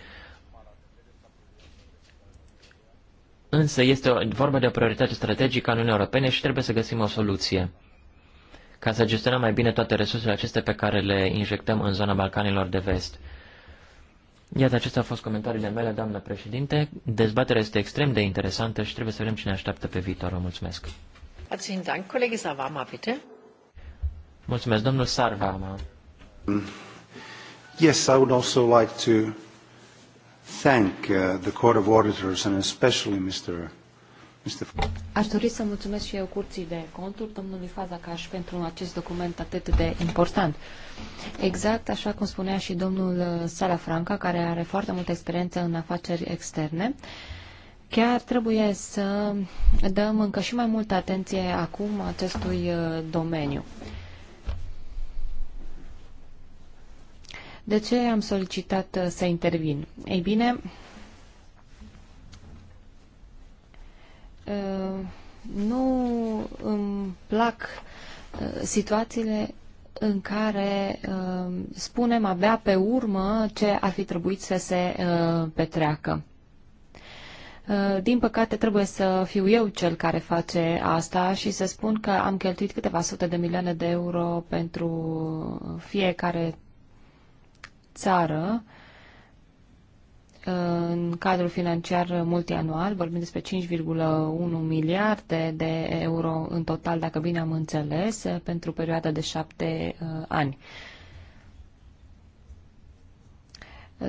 Însă este vorba de o prioritate strategică a Uniunii Europene și trebuie să găsim o soluție ca să gestionăm mai bine toate resursele acestea pe care le injectăm în zona Balcanilor de Vest. Iată, acestea au fost comentariile mele, doamnă președinte. Dezbaterea este extrem de interesantă și trebuie să vedem cine așteaptă pe viitor. Vă mulțumesc. Mulțumesc, domnul Sarvama. Yes, I would also like to thank uh, the Court of Auditors and especially Mr. Mr. Aș dori să mulțumesc și eu curții de conturi, domnului Fazakaș, pentru acest document atât de important. Exact așa cum spunea și domnul uh, Sara Franca, care are foarte multă experiență în afaceri externe, chiar trebuie să dăm încă și mai multă atenție acum acestui uh, domeniu. De ce am solicitat uh, să intervin? Ei bine, uh, nu îmi plac uh, situațiile în care spunem abia pe urmă ce ar fi trebuit să se petreacă. Din păcate, trebuie să fiu eu cel care face asta și să spun că am cheltuit câteva sute de milioane de euro pentru fiecare țară uh, în cadrul financiar multianual, vorbim despre 5,1 miliarde de euro în total, dacă bine am înțeles, uh, pentru perioada de șapte uh, ani.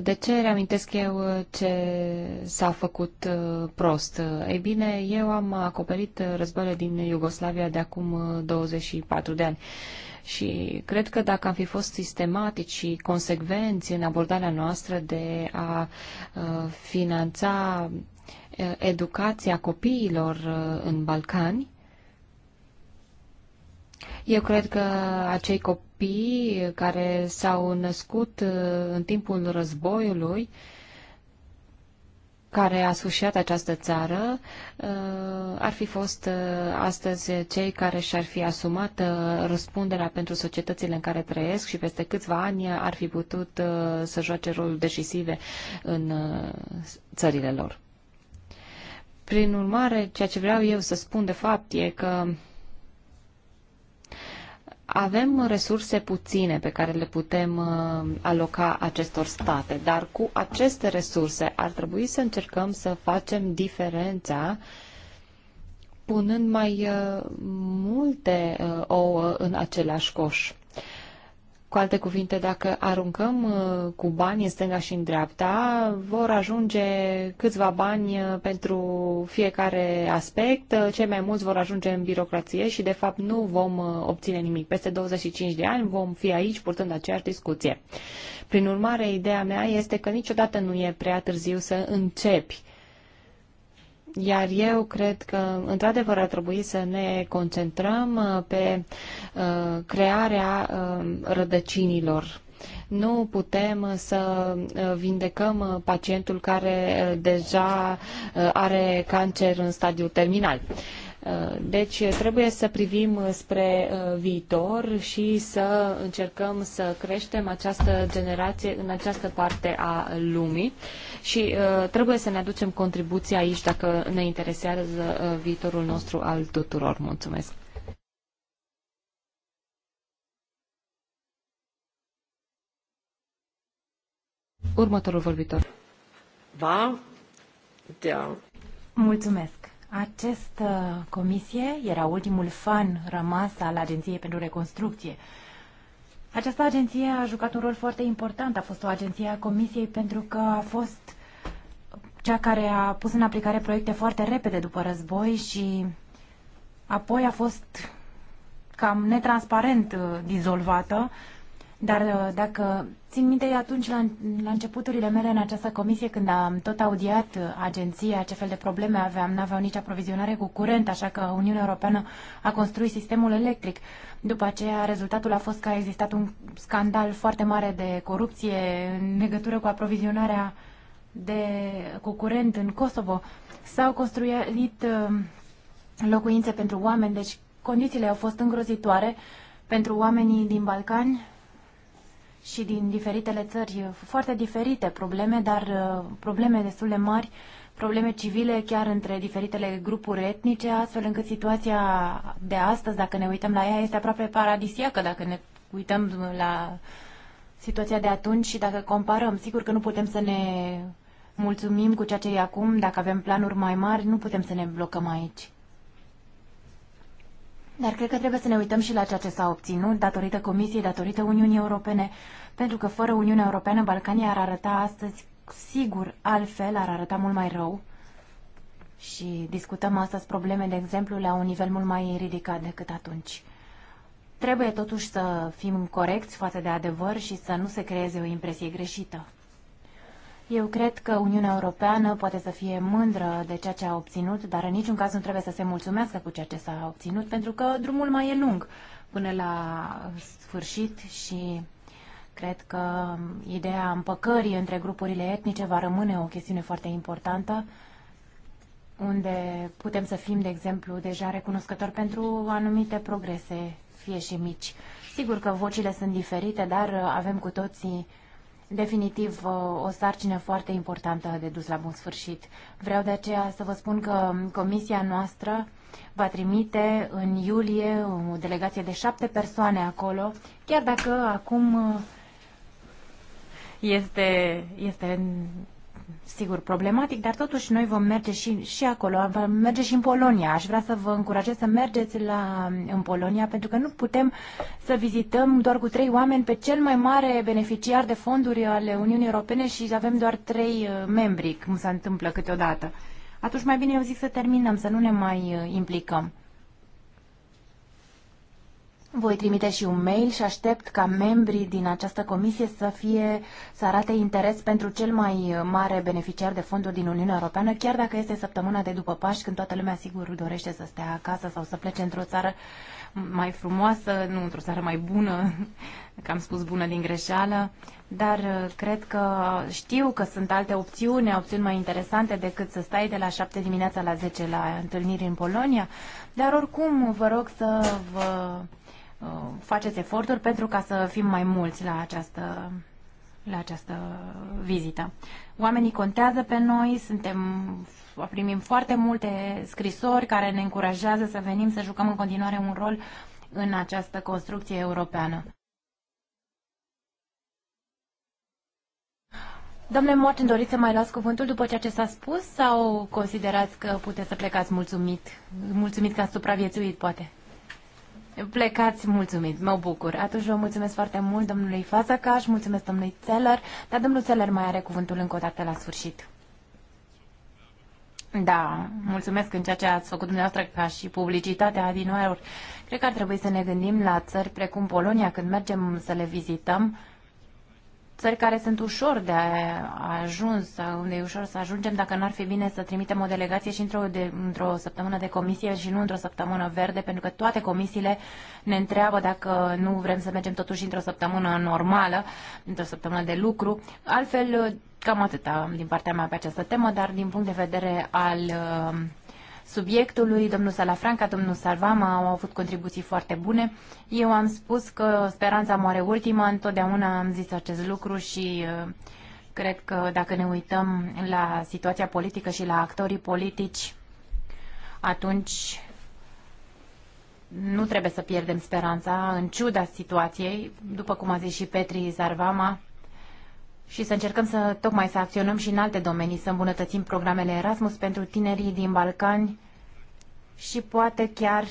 De ce reamintesc eu ce s-a făcut prost? Ei bine, eu am acoperit războiul din Iugoslavia de acum 24 de ani și cred că dacă am fi fost sistematici și consecvenți în abordarea noastră de a uh, finanța uh, educația copiilor uh, în Balcani, eu cred că acei copii care s-au născut în timpul războiului care a sușiat această țară uh, ar fi fost uh, astăzi cei care și-ar fi asumat uh, răspunderea pentru societățile în care trăiesc și peste câțiva ani ar fi putut să joace rolul decisive în țările lor. Prin urmare, ceea ce vreau eu să spun de fapt e că avem resurse puține pe care le putem uh, aloca acestor state, dar cu aceste resurse ar trebui să încercăm să facem diferența punând mai uh, multe uh, ouă în același coș. Cu alte cuvinte, dacă aruncăm uh, cu bani în stânga și în dreapta, vor ajunge câțiva bani uh, pentru fiecare aspect, uh, cei mai mulți vor ajunge în birocrație și, de fapt, nu vom obține nimic. Peste 25 de ani vom fi aici purtând aceeași discuție. Prin urmare, ideea mea este că niciodată nu e prea târziu să începi iar eu cred că, într-adevăr, ar trebui să ne concentrăm uh, pe uh, crearea uh, rădăcinilor nu putem să vindecăm pacientul care deja are cancer în stadiu terminal. Deci trebuie să privim spre viitor și să încercăm să creștem această generație în această parte a lumii și uh, trebuie să ne aducem contribuția aici dacă ne interesează uh, viitorul nostru al tuturor. Mulțumesc! Următorul vorbitor. Va, da. Mulțumesc. Această comisie era ultimul fan rămas al Agenției pentru Reconstrucție această agenție a jucat un rol foarte important, a fost o agenție a Comisiei pentru că a fost cea care a pus în aplicare proiecte foarte repede după război și apoi a fost cam netransparent uh, dizolvată dar uh, dacă țin minte atunci la, la începuturile mele în această comisie, când am tot audiat uh, agenția, ce fel de probleme aveam, n-aveau nici aprovizionare cu curent, așa că Uniunea Europeană a construit sistemul electric. După aceea, rezultatul a fost că a existat un scandal foarte mare de corupție în legătură cu aprovizionarea de, cu curent în Kosovo. S-au construit uh, locuințe pentru oameni, deci condițiile au fost îngrozitoare pentru oamenii din Balcani și din diferitele țări foarte diferite probleme, dar probleme destul de mari, probleme civile chiar între diferitele grupuri etnice, astfel încât situația de astăzi, dacă ne uităm la ea, este aproape paradisiacă dacă ne uităm la situația de atunci și dacă comparăm. Sigur că nu putem să ne mulțumim cu ceea ce e acum, dacă avem planuri mai mari, nu putem să ne blocăm aici. Dar cred că trebuie să ne uităm și la ceea ce s-a obținut datorită Comisiei, datorită Uniunii Europene, pentru că fără Uniunea Europeană Balcanii ar arăta astăzi sigur altfel, ar arăta mult mai rău. Și discutăm astăzi probleme, de exemplu, la un nivel mult mai ridicat decât atunci. Trebuie totuși să fim corecți față de adevăr și să nu se creeze o impresie greșită. Eu cred că Uniunea Europeană poate să fie mândră de ceea ce a obținut, dar în niciun caz nu trebuie să se mulțumească cu ceea ce s-a obținut, pentru că drumul mai e lung până la sfârșit și cred că ideea împăcării între grupurile etnice va rămâne o chestiune foarte importantă, unde putem să fim, de exemplu, deja recunoscători pentru anumite progrese, fie și mici. Sigur că vocile sunt diferite, dar avem cu toții definitiv uh, o sarcină foarte importantă de dus la bun sfârșit. Vreau de aceea să vă spun că um, comisia noastră va trimite în iulie o delegație de șapte persoane acolo, chiar dacă acum uh, este, este sigur, problematic, dar totuși noi vom merge și, și acolo, vom merge și în Polonia. Aș vrea să vă încurajez să mergeți la, în Polonia, pentru că nu putem să vizităm doar cu trei oameni pe cel mai mare beneficiar de fonduri ale Uniunii Europene și avem doar trei uh, membri, cum se întâmplă câteodată. Atunci mai bine eu zic să terminăm, să nu ne mai uh, implicăm. Voi trimite și un mail și aștept ca membrii din această comisie să fie să arate interes pentru cel mai mare beneficiar de fonduri din Uniunea Europeană, chiar dacă este săptămâna de după Paști, când toată lumea sigur dorește să stea acasă sau să plece într-o țară mai frumoasă, nu într-o țară mai bună, că am spus bună din greșeală, dar uh, cred că știu că sunt alte opțiuni, opțiuni mai interesante decât să stai de la 7 dimineața la 10 la întâlniri în Polonia, dar oricum vă rog să vă Uh, faceți eforturi pentru ca să fim mai mulți la această, la această vizită. Oamenii contează pe noi, suntem, primim foarte multe scrisori care ne încurajează să venim să jucăm în continuare un rol în această construcție europeană. Domnule Morten, doriți să mai luați cuvântul după ceea ce s-a spus sau considerați că puteți să plecați mulțumit? Mulțumit că ați supraviețuit, poate? plecați mulțumit, mă bucur. Atunci vă mulțumesc foarte mult domnului Fazăcaș, mulțumesc domnului Țeller, dar domnul Țeller mai are cuvântul încă o dată la sfârșit. Da, mulțumesc în ceea ce ați făcut dumneavoastră ca și publicitatea adinoauri. Cred că ar trebui să ne gândim la țări precum Polonia când mergem să le vizităm țări care sunt ușor de ajuns, unde e ușor să ajungem, dacă n-ar fi bine să trimitem o delegație și într-o, de, într-o săptămână de comisie și nu într-o săptămână verde, pentru că toate comisiile ne întreabă dacă nu vrem să mergem totuși într-o săptămână normală, într-o săptămână de lucru. Altfel, cam atâta din partea mea pe această temă, dar din punct de vedere al subiectului. Domnul Salafranca, domnul Salvama au avut contribuții foarte bune. Eu am spus că speranța moare ultima, întotdeauna am zis acest lucru și uh, cred că dacă ne uităm la situația politică și la actorii politici, atunci nu trebuie să pierdem speranța, în ciuda situației, după cum a zis și Petri Zarvama, și să încercăm să tocmai să acționăm și în alte domenii, să îmbunătățim programele Erasmus pentru tinerii din Balcani și poate chiar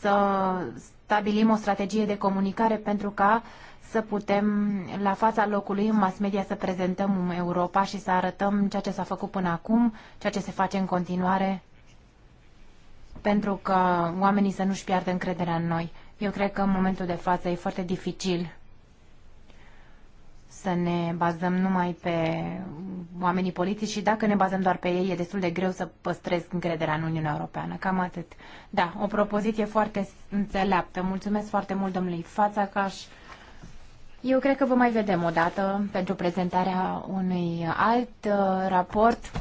să stabilim o strategie de comunicare pentru ca să putem la fața locului în mass media să prezentăm Europa și să arătăm ceea ce s-a făcut până acum, ceea ce se face în continuare pentru că oamenii să nu-și piardă încrederea în noi. Eu cred că în momentul de față e foarte dificil să ne bazăm numai pe oamenii politici și dacă ne bazăm doar pe ei, e destul de greu să păstrez încrederea în Uniunea Europeană. Cam atât. Da, o propoziție foarte înțeleaptă. Mulțumesc foarte mult, domnului Fața Caș. Eu cred că vă mai vedem o dată pentru prezentarea unui alt uh, raport.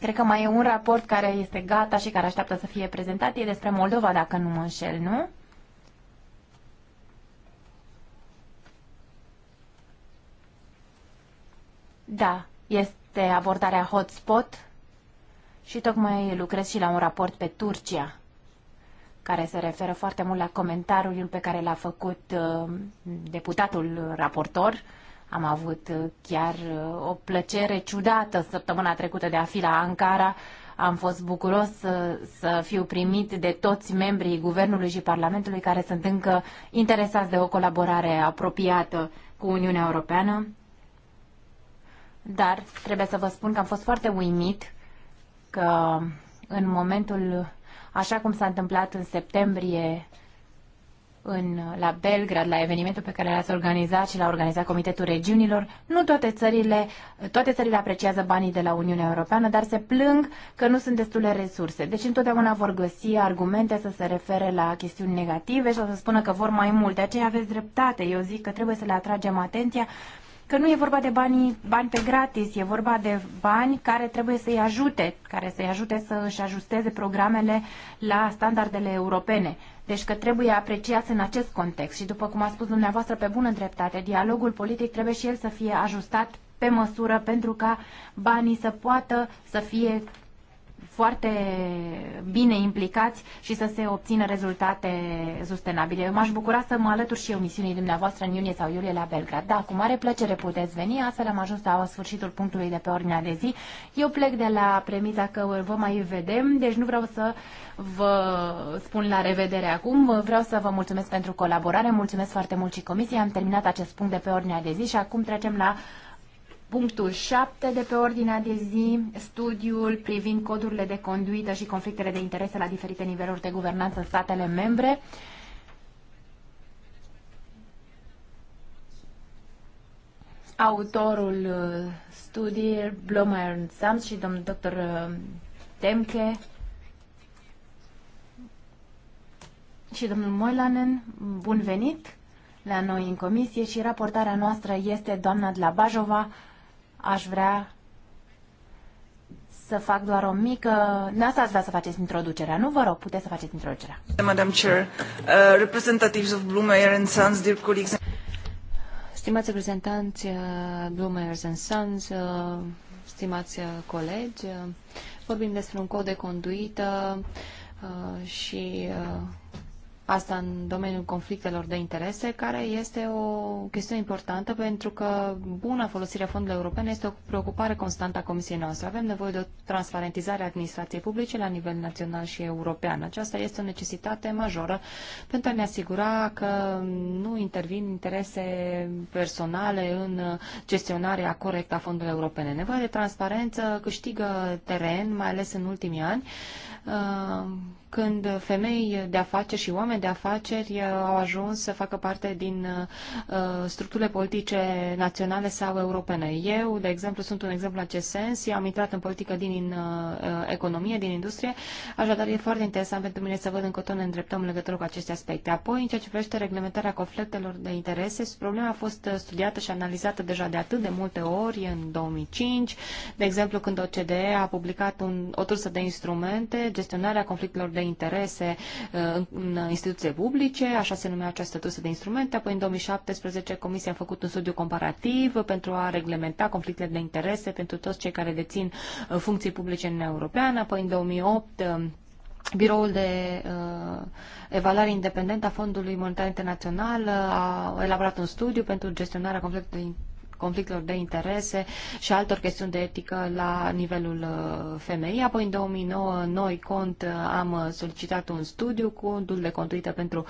Cred că mai e un raport care este gata și care așteaptă să fie prezentat. E despre Moldova, dacă nu mă înșel, nu? Da, este abordarea hotspot și tocmai lucrez și la un raport pe Turcia, care se referă foarte mult la comentariul pe care l-a făcut uh, deputatul raportor. Am avut uh, chiar uh, o plăcere ciudată săptămâna trecută de a fi la Ankara. Am fost bucuros să, să fiu primit de toți membrii Guvernului și Parlamentului care sunt încă interesați de o colaborare apropiată cu Uniunea Europeană dar trebuie să vă spun că am fost foarte uimit că în momentul, așa cum s-a întâmplat în septembrie în, la Belgrad, la evenimentul pe care l-ați organizat și l-a organizat Comitetul Regiunilor, nu toate țările, toate țările apreciază banii de la Uniunea Europeană, dar se plâng că nu sunt destule resurse. Deci întotdeauna vor găsi argumente să se refere la chestiuni negative și să spună că vor mai mult. De aceea aveți dreptate. Eu zic că trebuie să le atragem atenția că nu e vorba de banii, bani pe gratis, e vorba de bani care trebuie să-i ajute, care să-i ajute să își ajusteze programele la standardele europene. Deci că trebuie apreciat în acest context și după cum a spus dumneavoastră pe bună dreptate, dialogul politic trebuie și el să fie ajustat pe măsură pentru ca banii să poată să fie foarte bine implicați și să se obțină rezultate sustenabile. Eu m-aș bucura să mă alătur și eu misiunii dumneavoastră în iunie sau iulie la Belgrad. Da, cu mare plăcere puteți veni, astfel am ajuns la sfârșitul punctului de pe ordinea de zi. Eu plec de la premiza că vă mai vedem, deci nu vreau să vă spun la revedere acum. Vreau să vă mulțumesc pentru colaborare, mulțumesc foarte mult și comisiei. Am terminat acest punct de pe ordinea de zi și acum trecem la Punctul 7 de pe ordinea de zi, studiul privind codurile de conduită și conflictele de interese la diferite niveluri de guvernanță în statele membre. Autorul uh, studiei, Blomeyer Sams și domnul dr. Temke uh, și domnul Moilanen, bun venit la noi în comisie și raportarea noastră este doamna Dlabajova aș vrea să fac doar o mică... Nu asta ați vrea să faceți introducerea, nu? Vă rog, puteți să faceți introducerea. Madam Chair, uh, representatives of Blumeyer and Sons, dear colleagues... Stimați reprezentanți uh, Blumeyer and Sons, uh, stimați uh, colegi, uh, vorbim despre un cod de conduită uh, și Asta în domeniul conflictelor de interese, care este o chestiune importantă pentru că buna folosire a fondurilor europene este o preocupare constantă a Comisiei noastre. Avem nevoie de o transparentizare a administrației publice la nivel național și european. Aceasta este o necesitate majoră pentru a ne asigura că nu intervin interese personale în gestionarea corectă a fondurilor europene. Nevoia de transparență câștigă teren, mai ales în ultimii ani când femei de afaceri și oameni de afaceri uh, au ajuns să facă parte din uh, structurile politice naționale sau europene. Eu, de exemplu, sunt un exemplu în acest sens. Eu am intrat în politică din uh, economie, din industrie, așadar e foarte interesant pentru mine să văd încotro ne îndreptăm în legătură cu aceste aspecte. Apoi, în ceea ce privește reglementarea conflictelor de interese, problema a fost studiată și analizată deja de atât de multe ori în 2005, de exemplu când OCDE a publicat un, o tursă de instrumente, gestionarea conflictelor de de interese uh, în instituții publice, așa se numea această trusă de instrumente. Apoi, în 2017, Comisia a făcut un studiu comparativ pentru a reglementa conflictele de interese pentru toți cei care dețin uh, funcții publice în Uniunea Europeană. Apoi, în 2008, um, Biroul de uh, evaluare independentă a Fondului Monetar Internațional uh, a elaborat un studiu pentru gestionarea conflictului conflictelor de interese și altor chestiuni de etică la nivelul uh, femeii. Apoi, în 2009, noi cont uh, am uh, solicitat un studiu cu undul de conduită pentru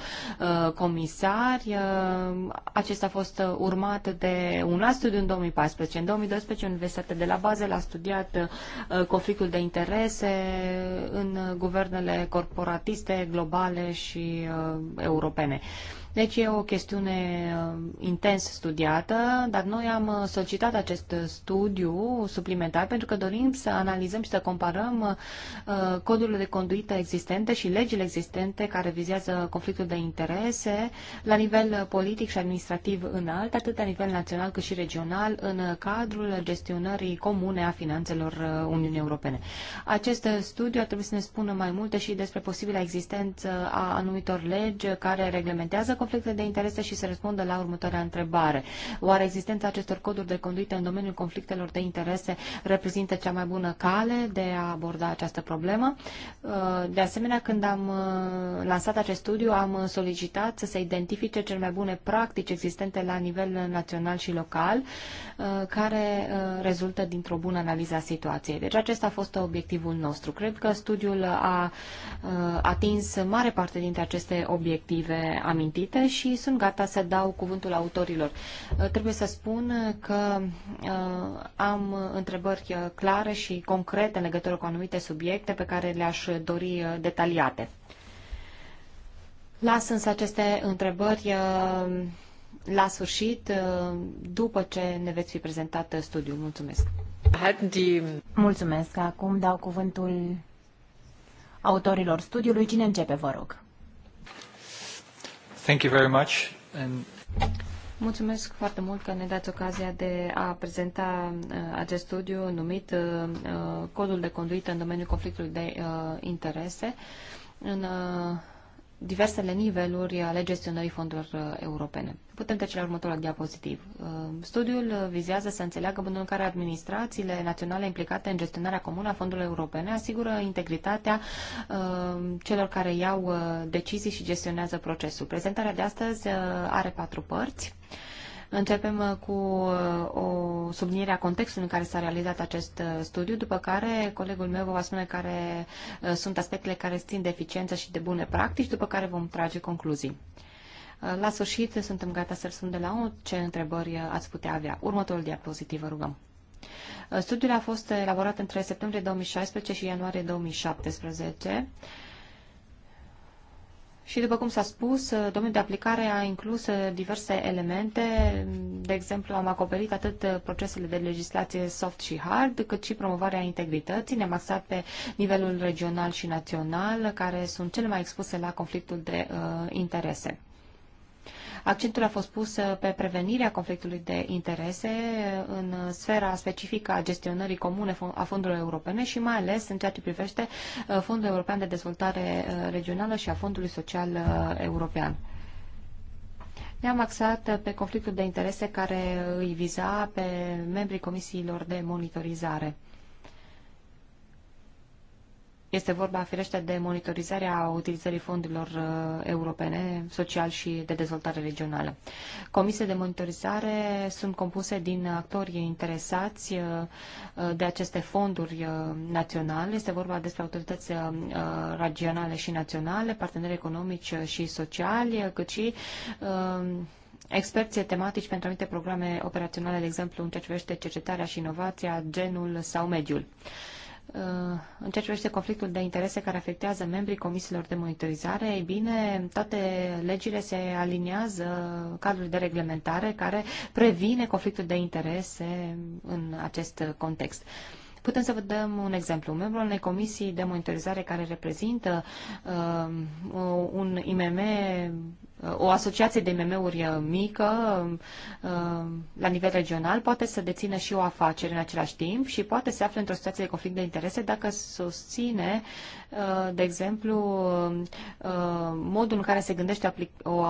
comisari. acesta a fost urmat de un alt studiu în 2014. În 2012, Universitatea de la bază l a studiat conflictul de interese în guvernele corporatiste, globale și europene. Uh, deci e o chestiune uh, intens studiată, dar noi am uh, solicitat acest studiu suplimentar pentru că dorim să analizăm și să comparăm uh, codurile de conduită existente și legile existente care vizează conflictul de interese la nivel politic și administrativ înalt, atât la nivel național cât și regional, în cadrul gestionării comune a finanțelor Uniunii Europene. Acest studiu ar trebui să ne spună mai multe și despre posibila existență a anumitor legi care reglementează conflictul conflicte de interese și să răspundă la următoarea întrebare. Oare existența acestor coduri de conduită în domeniul conflictelor de interese reprezintă cea mai bună cale de a aborda această problemă? Uh, de asemenea, când am uh, lansat acest studiu, am solicitat să se identifice cele mai bune practici existente la nivel național și local, uh, care rezultă dintr-o bună analiză a situației. Deci acesta a fost obiectivul nostru. Cred că studiul a atins mare parte dintre aceste obiective amintite amendamente și sunt gata să dau cuvântul autorilor. Uh, trebuie să spun că uh, am întrebări uh, clare și concrete în legătură cu anumite subiecte pe care le-aș dori detaliate. Las însă aceste întrebări la sfârșit, după ce ne veți fi prezentat studiul. Mulțumesc! Mulțumesc! Acum dau cuvântul autorilor studiului. Cine începe, vă rog? Thank you very much. And... Mulțumesc foarte mult că ne dați ocazia de a prezenta uh, acest studiu numit uh, uh, Codul de conduită în domeniul conflictului de interese. În diversele niveluri ale gestionării fondurilor uh, europene. Putem trece la următorul diapozitiv. Uh, studiul uh, vizează să înțeleagă modul în care administrațiile naționale implicate în gestionarea comună a fondurilor europene asigură integritatea celor care iau decizii și gestionează procesul. Prezentarea de astăzi are patru părți. Începem uh, cu uh, o subliniere a contextului în care s-a realizat acest uh, studiu, după care colegul meu vă va spune care sunt aspectele care țin de eficiență și de bune practici, după care vom trage concluzii. La sfârșit, suntem gata să răspundem la orice întrebări ați putea avea. Următorul diapozitiv, vă rugăm. Studiul a fost elaborat între septembrie 2016 și ianuarie 2017 și, după cum s-a spus, uh, domeniul de aplicare a inclus uh, diverse elemente. De exemplu, am acoperit atât uh, procesele de legislație soft și hard, cât și promovarea integrității. Ne-am axat pe nivelul regional și național, care sunt cele mai expuse la conflictul de uh, interese. Accentul a fost pus uh, pe prevenirea conflictului de interese uh, în uh, sfera specifică a gestionării comune a fondurilor europene și mai ales în ceea ce privește Fondul European de Dezvoltare Regională și a Fondului Social European. Ne-am axat pe conflictul de interese care îi viza pe membrii comisiilor de monitorizare. Este vorba, firește, de monitorizarea utilizării fondurilor uh, europene, social și de dezvoltare regională. Comisii de monitorizare sunt compuse din actori interesați uh, uh, de aceste fonduri naționale. Este vorba despre autorități regionale și naționale, parteneri economici și sociali, cât și experții tematici pentru anumite programe operaționale, de exemplu, în ceea ce privește cercetarea și inovația, genul sau mediul în ceea ce privește conflictul de interese care afectează membrii comisiilor de monitorizare, ei bine, toate legile se aliniază cadrului de reglementare care previne conflictul de interese în acest context. Putem să vă dăm un exemplu. Membrul unei comisii de monitorizare care reprezintă uh, un IMM o asociație de MM-uri uh, mică uh, la nivel regional poate să dețină și o afacere în același timp și poate să afle într-o situație de conflict de interese dacă susține, uh, de exemplu, modul în care se gândește o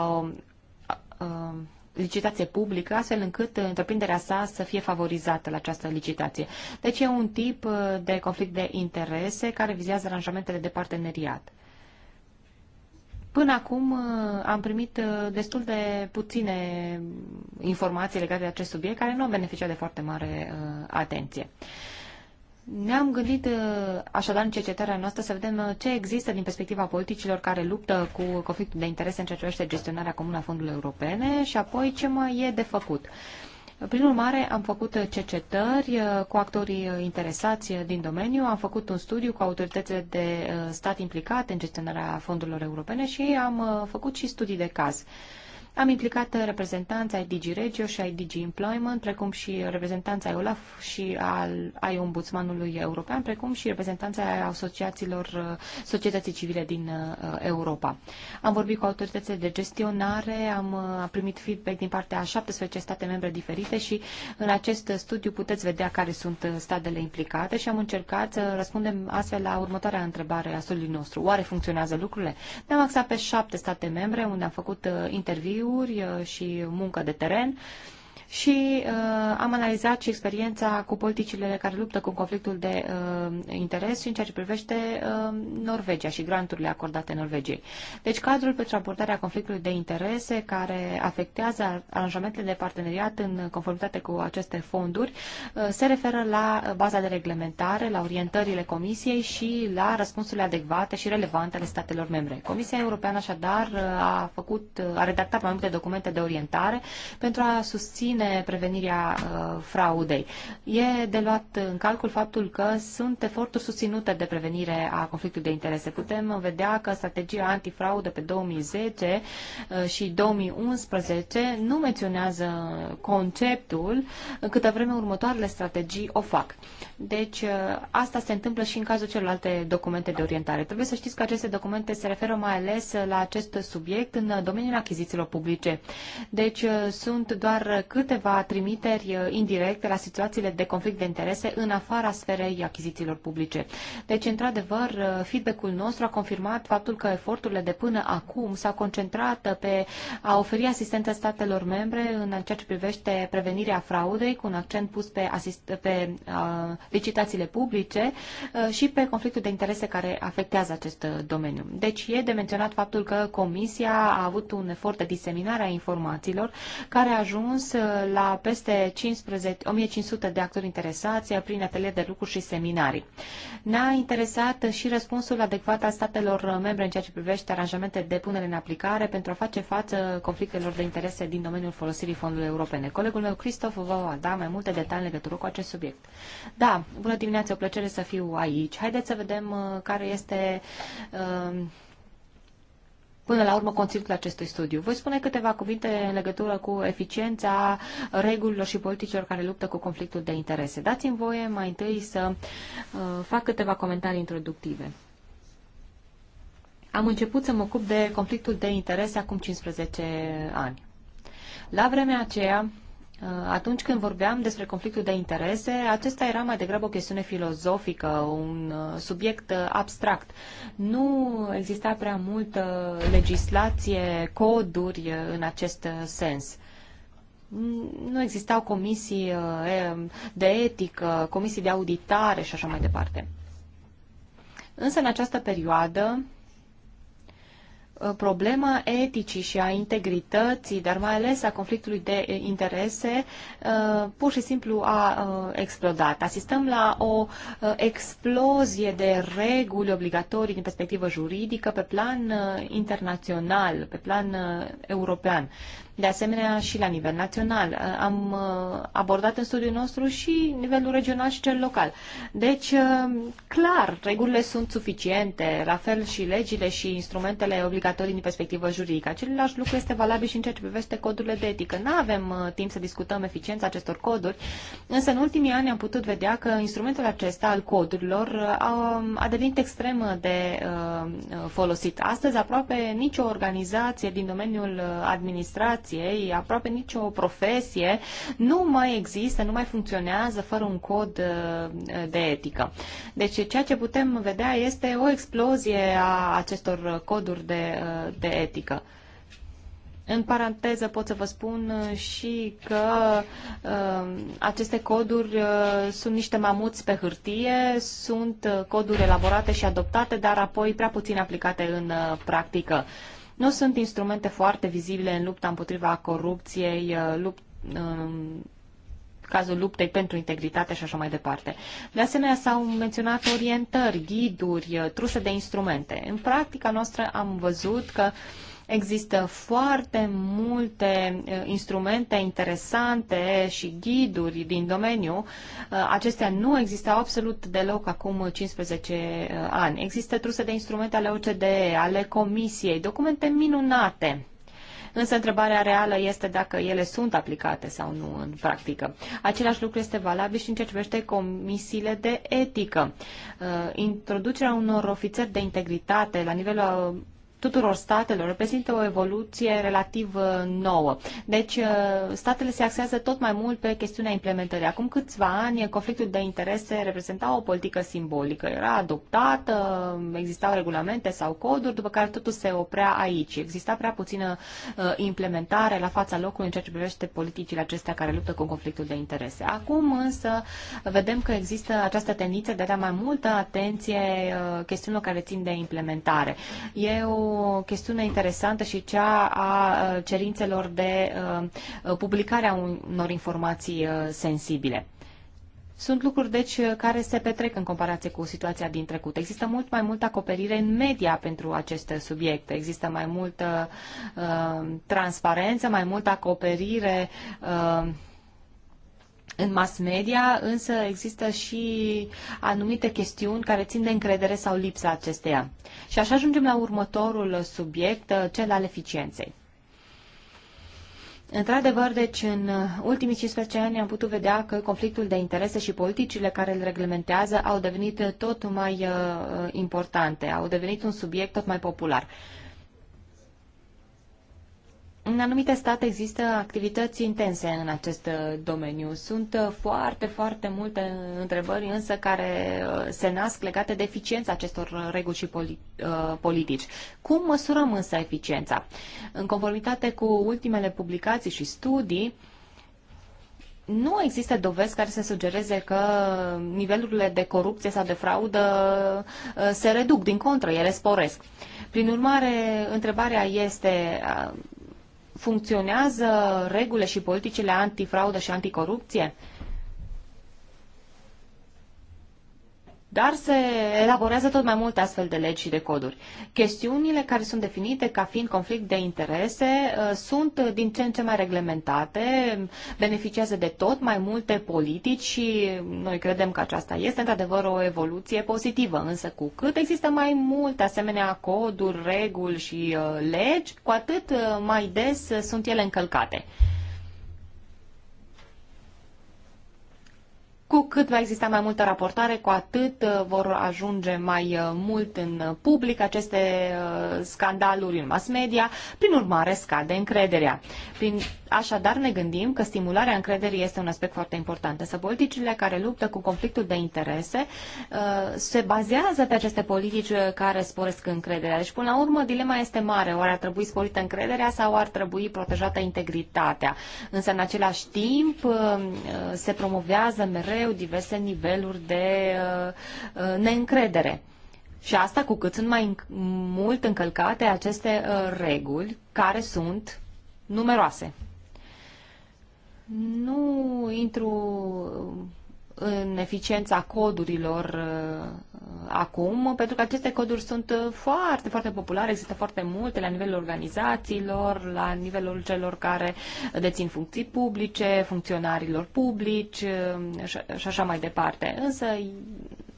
licitație publică, astfel încât întreprinderea sa să fie favorizată la această licitație. Deci e un tip de conflict de interese care vizează aranjamentele de parteneriat. Până acum uh, am primit uh, destul de puține informații legate de acest subiect, care nu au beneficiat de foarte mare uh, atenție. Ne-am gândit așadar în cercetarea noastră să vedem ce există din perspectiva politicilor care luptă cu conflictul de interese în ceea ce privește gestionarea comună a fondurilor europene și apoi ce mai e de făcut. Prin urmare, am făcut cercetări uh, cu actorii uh, interesați uh, din domeniu, am făcut un studiu cu autoritățile de stat implicate în gestionarea fondurilor europene și am făcut și studii de caz. Am implicat reprezentanța ai DigiRegio și ai DigiEmployment, precum și reprezentanța OLAF și al, ai Ombudsmanului European, precum și reprezentanța ai asociațiilor uh, societății civile din uh, Europa. Am vorbit cu autoritățile de gestionare, am, uh, am primit feedback din partea a 17 state membre diferite și în acest studiu puteți vedea care sunt statele implicate și am încercat să răspundem astfel la următoarea întrebare a studiului nostru. Oare funcționează lucrurile? Ne-am axat pe șapte state membre unde am făcut interviu interviuri uh, și muncă de teren și uh, am analizat și experiența cu politicile care luptă cu conflictul de uh, interes și în ceea ce privește uh, Norvegia și granturile acordate Norvegiei. Deci cadrul pentru abordarea conflictului de interese care afectează aranjamentele de parteneriat în conformitate cu aceste fonduri uh, se referă la baza de reglementare, la orientările Comisiei și la răspunsurile adecvate și relevante ale statelor membre. Comisia Europeană așadar uh, a făcut, uh, a redactat mai multe documente de orientare pentru a susține susține prevenirea uh, fraudei. E de luat în calcul faptul că sunt eforturi susținute de prevenire a conflictului de interese. Putem vedea că strategia antifraudă pe 2010 uh, și 2011 nu menționează conceptul câtă vreme următoarele strategii o fac. Deci uh, asta se întâmplă și în cazul celorlalte documente de orientare. Trebuie să știți că aceste documente se referă mai ales la acest subiect în domeniul achizițiilor publice. Deci uh, sunt doar câteva trimiteri uh, indirecte la situațiile de conflict de interese în afara sferei achizițiilor publice. Deci, într-adevăr, feedback-ul nostru a confirmat faptul că eforturile de până acum s-au concentrat pe a oferi asistență statelor membre în ceea ce privește prevenirea fraudei, cu un accent pus pe, asist- pe uh, licitațiile publice uh, și pe conflictul de interese care afectează acest uh, domeniu. Deci e de menționat faptul că Comisia a avut un efort de diseminare a informațiilor care a ajuns uh, la peste 15, 1500 de actori interesați prin atelier de lucru și seminarii. Ne-a interesat și răspunsul adecvat al statelor membre în ceea ce privește aranjamente de punere în aplicare pentru a face față conflictelor de interese din domeniul folosirii fondurilor europene. Colegul meu, Cristof, vă va da mai multe detalii în legătură cu acest subiect. Da, bună dimineața, o plăcere să fiu aici. Haideți să vedem uh, care este uh, până la urmă conținutul acestui studiu. Voi spune câteva cuvinte în legătură cu eficiența regulilor și politicilor care luptă cu conflictul de interese. Dați-mi voie mai întâi să uh, fac câteva comentarii introductive. Am început să mă ocup de conflictul de interese acum 15 ani. La vremea aceea, Uh, atunci când vorbeam despre conflictul de interese, acesta era mai degrabă o chestiune filozofică, un uh, subiect uh, abstract. Nu exista prea multă legislație, coduri în acest sens. Nu existau comisii de etică, comisii de auditare și așa mai departe. Însă în această perioadă, Uh, problema eticii și a integrității, dar mai ales a conflictului de interese, uh, pur și simplu a uh, explodat. Asistăm la o explozie de reguli obligatorii din perspectivă juridică pe plan internațional, pe plan european. De asemenea, și la nivel național. Uh, am uh, abordat în studiul nostru și nivelul regional și cel local. Deci, uh, clar, regulile sunt suficiente, la fel și legile și instrumentele obligatorii din perspectivă juridică. Același lucru este valabil și în ceea ce privește codurile de etică. Nu avem timp să discutăm eficiența acestor coduri, însă în ultimii ani am putut vedea că instrumentul acesta al codurilor a devenit extrem de folosit. Astăzi, aproape nicio organizație din domeniul administrației educației, aproape nicio profesie nu mai există, nu mai funcționează fără un cod uh, de etică. Deci ceea ce putem vedea este o explozie a acestor coduri de, uh, de etică. În paranteză pot să vă spun uh, și că uh, aceste coduri uh, sunt niște mamuți pe hârtie, sunt coduri elaborate și adoptate, dar apoi prea puțin aplicate în uh, practică. Uh, nu sunt instrumente foarte vizibile în lupta împotriva corupției, uh, lupt, um, cazul luptei pentru integritate și așa mai departe. De asemenea, s-au menționat orientări, ghiduri, uh, truse de instrumente. În practica noastră am văzut că uh, Există foarte multe instrumente interesante și ghiduri din domeniu. Acestea nu existau absolut deloc acum 15 ani. Există truse de instrumente ale OCDE, ale Comisiei, documente minunate. Însă întrebarea reală este dacă ele sunt aplicate sau nu în practică. Același lucru este valabil și în ceea ce privește comisiile de etică. Introducerea unor ofițeri de integritate la nivelul tuturor statelor reprezintă o evoluție relativ uh, nouă. Deci, uh, statele se axează tot mai mult pe chestiunea implementării. Acum câțiva ani, conflictul de interese reprezenta o politică simbolică. Era adoptată, existau regulamente sau coduri, după care totul se oprea aici. Exista prea puțină uh, implementare la fața locului în ceea ce privește politicile acestea care luptă cu conflictul de interese. Acum însă vedem că există această tendință de a da mai multă atenție chestiunilor care țin de implementare. Eu o chestiune interesantă și cea a cerințelor de publicare a unor informații sensibile. Sunt lucruri, deci, care se petrec în comparație cu situația din trecut. Există mult mai multă acoperire în media pentru acest subiect. Există mai multă uh, transparență, mai multă acoperire uh, în mass media, însă există și anumite chestiuni care țin de încredere sau lipsa acesteia. Și așa ajungem la următorul subiect, cel al eficienței. Într-adevăr, deci în ultimii 15 ani am putut vedea că conflictul de interese și politicile care îl reglementează au devenit tot mai uh, importante, au devenit un subiect tot mai popular. În anumite state există activități intense în acest uh, domeniu. Sunt uh, foarte, foarte multe uh, întrebări însă care se nasc legate de eficiența acestor reguli și politici. Cum măsurăm însă eficiența? În conformitate cu ultimele publicații și studii, nu există dovezi care să sugereze că nivelurile de corupție sau de fraudă se reduc, din contră, ele sporesc. Prin urmare, întrebarea este funcționează regulile și politicile antifraudă și anticorupție? Dar se elaborează tot mai multe astfel de legi și de coduri. Chestiunile care sunt definite ca fiind conflict de interese uh, sunt din ce în ce mai reglementate, beneficiază de tot mai multe politici și noi credem că aceasta este într-adevăr o evoluție pozitivă. Însă cu cât există mai multe asemenea coduri, reguli și uh, legi, cu atât uh, mai des sunt ele încălcate. Cu cât va exista mai multă raportare, cu atât uh, vor ajunge mai uh, mult în uh, public aceste scandaluri în mass media, prin urmare scade încrederea. Prin, așadar ne gândim că stimularea încrederii este un aspect foarte important. Să politicile care luptă cu conflictul de interese se bazează pe aceste politici care sporesc încrederea. Deci, până la urmă, dilema este mare. Oare ar trebui sporită încrederea sau ar trebui protejată integritatea? Însă, în același timp, se promovează mereu greu diverse niveluri de uh, uh, neîncredere. Și asta cu cât sunt mai mult încălcate aceste uh, reguli, care sunt numeroase. Nu intru în eficiența codurilor uh, acum, pentru că aceste coduri sunt uh, foarte, foarte populare, există foarte multe la nivelul organizațiilor, la nivelul celor care dețin funcții publice, funcționarilor publici uh, și așa mai departe. Însă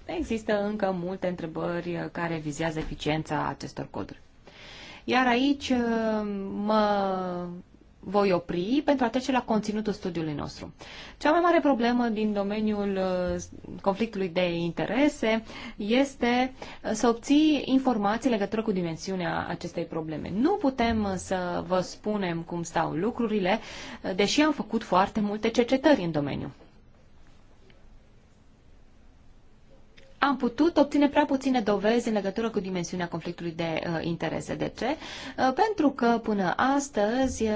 există încă multe întrebări care vizează eficiența acestor coduri. Iar aici mă voi opri pentru a trece la conținutul studiului nostru. Cea mai mare problemă din domeniul uh, conflictului de interese este uh, să obții informații legătură cu dimensiunea acestei probleme. Nu putem uh, să vă spunem cum stau lucrurile, deși am făcut foarte multe cercetări în domeniu. am putut obține prea puține dovezi în legătură cu dimensiunea conflictului de uh, interese. De ce? Uh, pentru că până astăzi uh,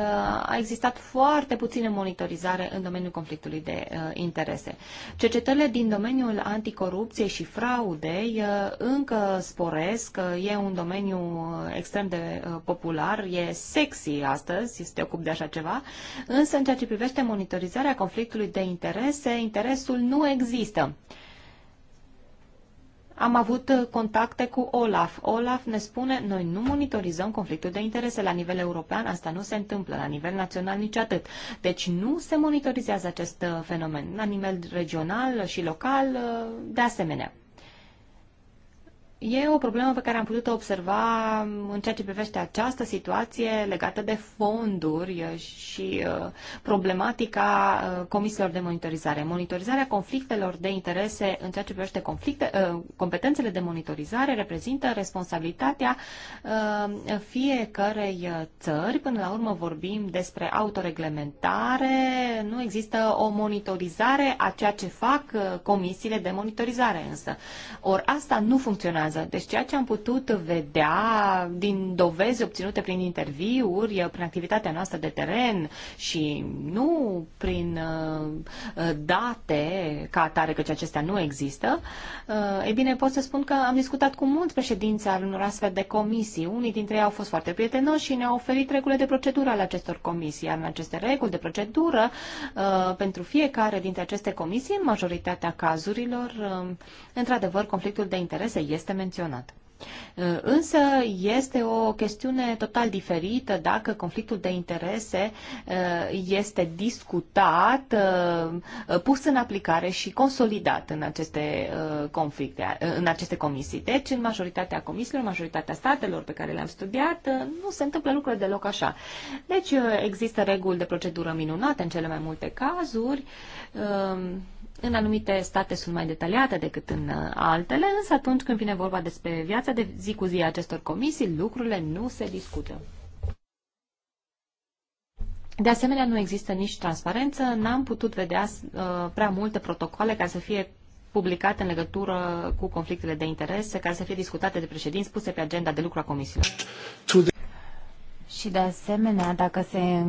a existat foarte puține monitorizare în domeniul conflictului de uh, interese. Cercetările din domeniul anticorupției și fraudei uh, încă sporesc, uh, e un domeniu uh, extrem de uh, popular, e sexy astăzi, să ocup de așa ceva, însă în ceea ce privește monitorizarea conflictului de interese, interesul nu există. Uh, am avut uh, contacte cu Olaf. Olaf ne spune, noi nu monitorizăm conflictul de interese la nivel european, asta nu se întâmplă, la nivel național nici atât. Deci nu se monitorizează acest uh, fenomen, la nivel regional și local, uh, de asemenea. E o problemă pe care am putut observa în ceea ce privește această situație legată de fonduri și uh, problematica uh, comisiilor de monitorizare. Monitorizarea conflictelor de interese în ceea ce privește conflicte, uh, competențele de monitorizare reprezintă responsabilitatea fiecărei țări. Până la urmă vorbim despre autoreglementare, nu există o monitorizare a ceea ce fac comisiile de monitorizare însă. Ori asta nu funcționează funcționează. Deci ceea ce am putut vedea din dovezi obținute prin interviuri, prin activitatea noastră de teren și nu prin uh, date ca atare, căci acestea nu există, uh, e bine, pot să spun că am discutat cu mulți președinți al unor astfel de comisii. Unii dintre ei au fost foarte prietenoși și ne-au oferit regulile de procedură ale acestor comisii, iar în aceste reguli de procedură uh, pentru fiecare dintre aceste comisii, în majoritatea cazurilor, într-adevăr, conflictul de interese este menționat menționat. Uh, însă este o chestiune total diferită dacă conflictul de interese uh, este discutat, uh, pus în aplicare și consolidat în aceste conflicte, în aceste comisii. Deci, în majoritatea comisiilor, majoritatea statelor pe care le-am studiat, nu se întâmplă lucrurile deloc așa. Deci, există reguli de procedură minunate în cele mai multe cazuri în anumite state sunt mai detaliate decât în uh, altele, însă atunci când vine vorba despre viața de zi cu zi a acestor comisii, lucrurile nu se discută. De asemenea, nu există nici transparență, n-am putut vedea uh, prea multe protocoale care să fie publicate în legătură cu conflictele de interese, care să fie discutate de președinți, puse pe agenda de lucru a comisiilor. Și de asemenea, dacă se,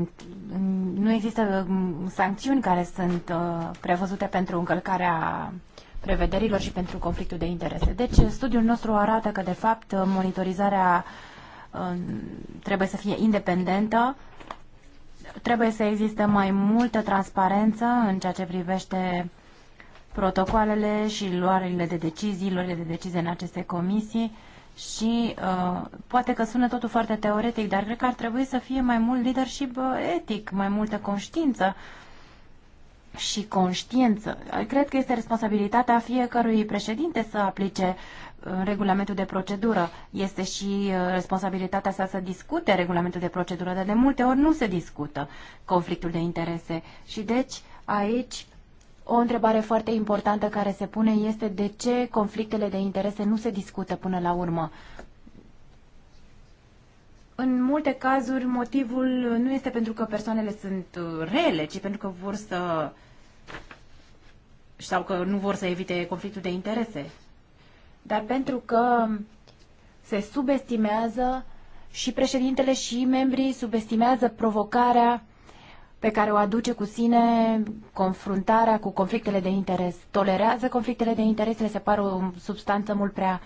nu există um, sancțiuni care sunt uh, prevăzute pentru încălcarea prevederilor și pentru conflictul de interese. Deci, studiul nostru arată că, de fapt, monitorizarea um, trebuie să fie independentă, trebuie să existe mai multă transparență în ceea ce privește protocoalele și luările de decizii, luările de decizie în aceste comisii, și uh, poate că sună totul foarte teoretic, dar cred că ar trebui să fie mai mult leadership uh, etic, mai multă conștiință și conștiință. Cred că este responsabilitatea fiecărui președinte să aplice uh, regulamentul de procedură. Este și uh, responsabilitatea sa să discute regulamentul de procedură, dar de multe ori nu se discută conflictul de interese. Și deci aici o întrebare foarte importantă care se pune este de ce conflictele de interese nu se discută până la urmă. În multe cazuri, motivul nu este pentru că persoanele sunt uh, rele, ci pentru că vor să sau că nu vor să evite conflictul de interese, dar pentru că se subestimează și președintele și membrii subestimează provocarea pe care o aduce cu sine confruntarea cu conflictele de interes. Tolerează conflictele de interes, le se pare o substanță mult prea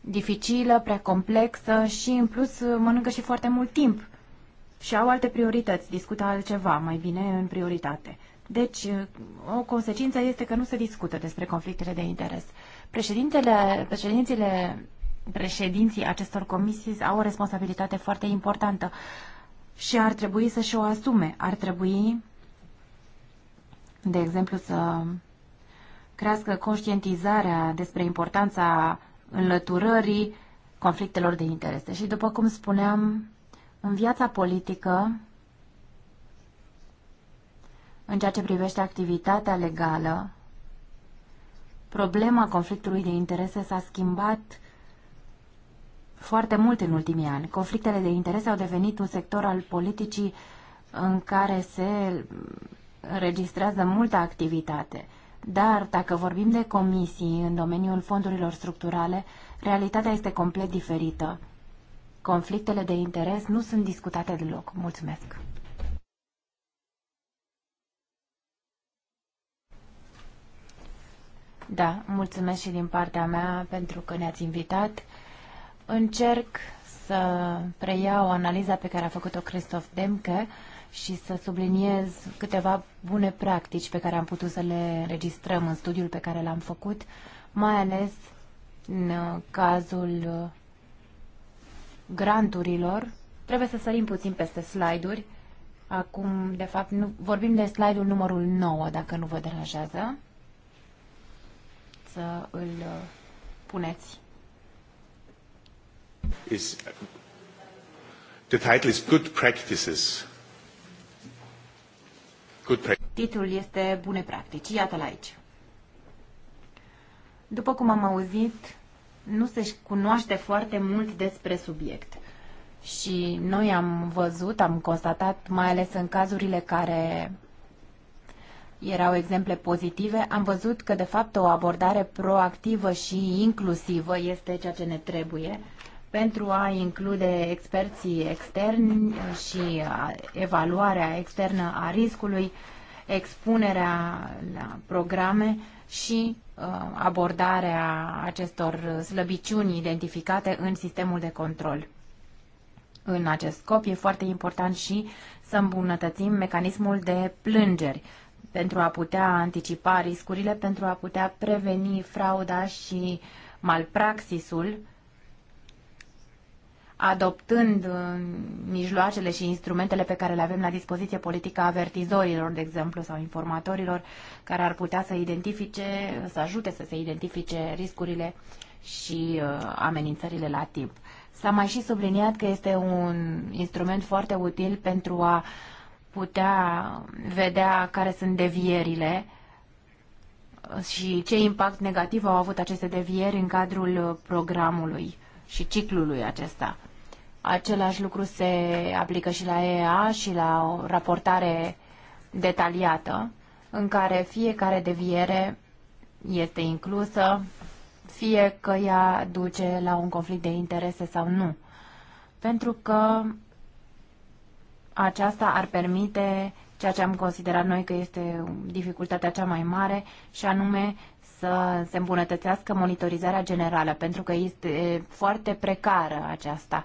dificilă, prea complexă și, în plus, mănâncă și foarte mult timp. Și au alte priorități, discută altceva mai bine în prioritate. Deci, o consecință este că nu se discută despre conflictele de interes. Președintele, președințile, președinții acestor comisii au o responsabilitate foarte importantă și ar trebui să și o asume. Ar trebui, de exemplu, să crească conștientizarea despre importanța înlăturării conflictelor de interese. Și după cum spuneam, în viața politică, în ceea ce privește activitatea legală, problema conflictului de interese s-a schimbat foarte mult în ultimii ani. Conflictele de interes au devenit un sector al politicii în care se înregistrează multă activitate. Dar, dacă vorbim de comisii în domeniul fondurilor structurale, realitatea este complet diferită. Conflictele de interes nu sunt discutate deloc. Mulțumesc! Da, mulțumesc și din partea mea pentru că ne-ați invitat. Încerc să preiau analiza pe care a făcut-o Christoph Demke și să subliniez câteva bune practici pe care am putut să le registrăm în studiul pe care l-am făcut, mai ales în cazul granturilor. Trebuie să sărim puțin peste slide-uri. Acum, de fapt, nu, vorbim de slide-ul numărul 9, dacă nu vă deranjează. Să îl puneți Is, the title is Good Practices. Good practices. Titlul este Bune practici. Iată-l aici. După cum am auzit, nu se cunoaște foarte mult despre subiect. Și noi am văzut, am constatat, mai ales în cazurile care erau exemple pozitive, am văzut că, de fapt, o abordare proactivă și inclusivă este ceea ce ne trebuie pentru a include experții externi și uh, evaluarea externă a riscului, expunerea la programe și uh, abordarea acestor slăbiciuni identificate în sistemul de control. În acest scop e foarte important și să îmbunătățim mecanismul de plângeri pentru a putea anticipa riscurile, pentru a putea preveni frauda și malpraxisul adoptând uh, mijloacele și instrumentele pe care le avem la dispoziție politica avertizorilor, de exemplu, sau informatorilor, care ar putea să identifice, să ajute să se identifice riscurile și uh, amenințările la timp. S-a mai și subliniat că este un instrument foarte util pentru a putea vedea care sunt devierile și ce impact negativ au avut aceste devieri în cadrul programului și ciclului acesta. Același lucru se aplică și la EA și la o raportare detaliată în care fiecare deviere este inclusă, fie că ea duce la un conflict de interese sau nu. Pentru că aceasta ar permite ceea ce am considerat noi că este dificultatea cea mai mare, și anume să se îmbunătățească monitorizarea generală, pentru că este foarte precară aceasta.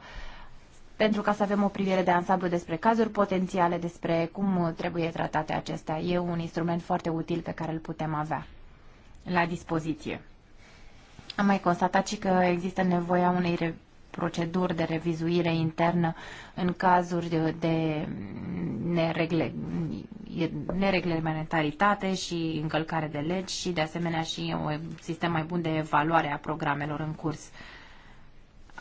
Pentru ca să avem o privire de ansamblu despre cazuri potențiale, despre cum trebuie tratate acestea, e un instrument foarte util pe care îl putem avea la dispoziție. Am mai constatat și că există nevoia unei proceduri de revizuire internă în cazuri de, de neregle, nereglementaritate și încălcare de legi și de asemenea și un sistem mai bun de evaluare a programelor în curs.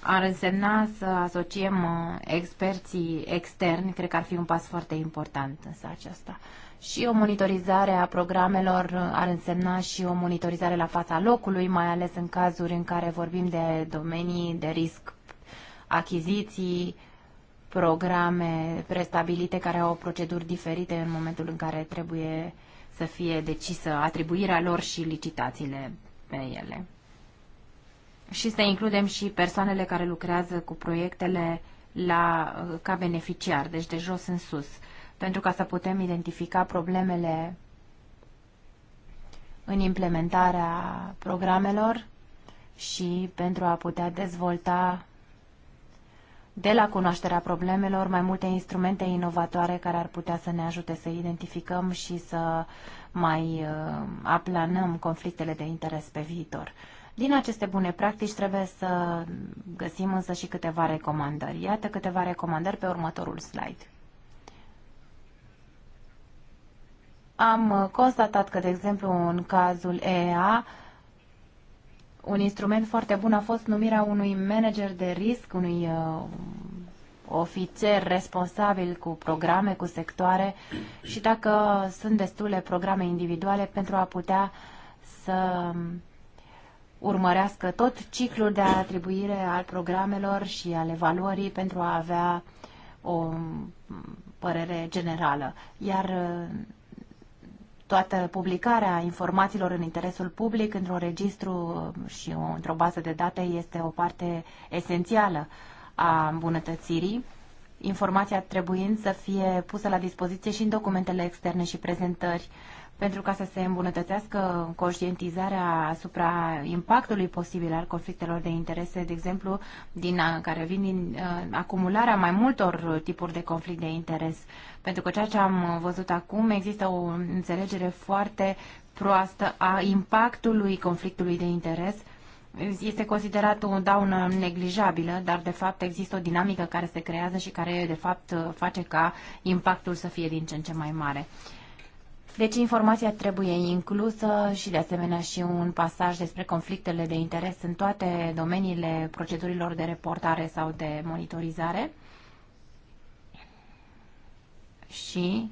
Ar însemna să asociem uh, experții externi, cred că ar fi un pas foarte important însă aceasta. Și o monitorizare a programelor uh, ar însemna și o monitorizare la fața locului, mai ales în cazuri în care vorbim de domenii de risc achiziții, programe prestabilite care au proceduri diferite în momentul în care trebuie să fie decisă atribuirea lor și licitațiile pe ele. Și să includem și persoanele care lucrează cu proiectele la, ca beneficiar, deci de jos în sus, pentru ca să putem identifica problemele în implementarea programelor și pentru a putea dezvolta de la cunoașterea problemelor, mai multe instrumente inovatoare care ar putea să ne ajute să identificăm și să mai uh, aplanăm conflictele de interes pe viitor. Din aceste bune practici trebuie să găsim însă și câteva recomandări. Iată câteva recomandări pe următorul slide. Am constatat că, de exemplu, în cazul EEA, un instrument foarte bun a fost numirea unui manager de risc, unui uh, ofițer responsabil cu programe, cu sectoare și dacă sunt destule programe individuale pentru a putea să urmărească tot ciclul de atribuire al programelor și al evaluării pentru a avea o părere generală. Iar uh, toată publicarea informațiilor în interesul public într-un registru um, și într-o bază de date este o parte esențială a îmbunătățirii, informația trebuind să fie pusă la dispoziție și în documentele externe și prezentări pentru ca să se îmbunătățească conștientizarea asupra impactului posibil al conflictelor de interese, de exemplu, din, uh, care vin din uh, acumularea mai multor tipuri de conflict de interes. Pentru că ceea ce am văzut acum există o înțelegere foarte proastă a impactului conflictului de interes este considerat o daună neglijabilă, dar de fapt există o dinamică care se creează și care de fapt face ca impactul să fie din ce în ce mai mare. Deci informația trebuie inclusă și de asemenea și un pasaj despre conflictele de interes în toate domeniile procedurilor de reportare sau de monitorizare. Și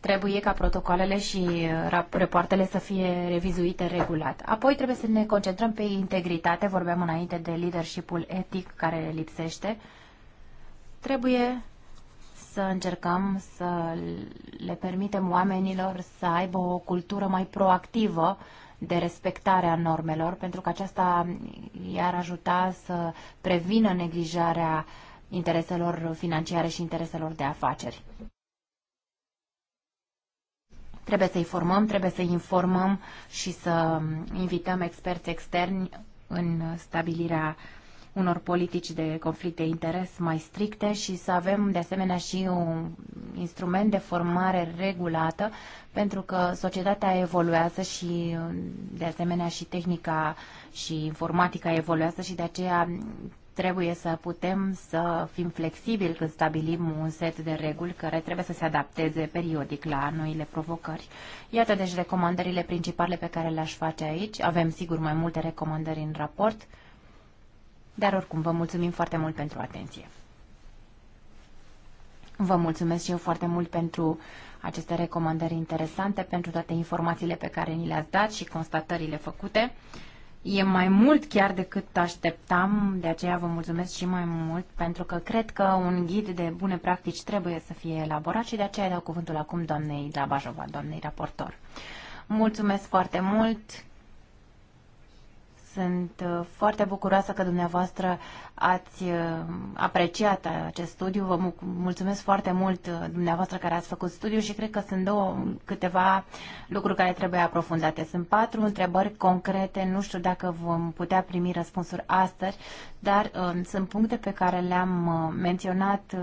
trebuie ca protocoalele și uh, rapoartele să fie revizuite regulat. Apoi trebuie să ne concentrăm pe integritate, vorbeam înainte de leadership etic care lipsește. Trebuie să încercăm să le permitem oamenilor să aibă o cultură mai proactivă de respectare a normelor, pentru că aceasta i-ar ajuta să prevină neglijarea intereselor financiare și intereselor de afaceri. Trebuie să-i formăm, trebuie să-i informăm și să invităm experți externi în stabilirea uh, unor politici de conflict de interes mai stricte și să avem de asemenea și un instrument de formare regulată pentru că societatea evoluează și de asemenea și tehnica și informatica evoluează și de aceea trebuie să putem să fim flexibili când stabilim un set de reguli care trebuie să se adapteze periodic la noile provocări. Iată deci recomandările principale pe care le-aș face aici. Avem sigur mai multe recomandări în raport dar oricum, vă mulțumim foarte mult pentru atenție. Vă mulțumesc și eu foarte mult pentru aceste recomandări interesante, pentru toate informațiile pe care ni le-ați dat și constatările făcute. E mai mult chiar decât așteptam, de aceea vă mulțumesc și mai mult, pentru că cred că un ghid de bune practici trebuie să fie elaborat și de aceea dau cuvântul acum doamnei Labajova, doamnei raportor. Mulțumesc foarte mult! Sunt uh, foarte bucuroasă că dumneavoastră ați uh, apreciat acest studiu. Vă mulțumesc foarte mult uh, dumneavoastră care ați făcut studiu și cred că sunt două, câteva lucruri care trebuie aprofundate. Sunt patru întrebări concrete, nu știu dacă vom putea primi răspunsuri astăzi, dar sunt puncte pe care le-am menționat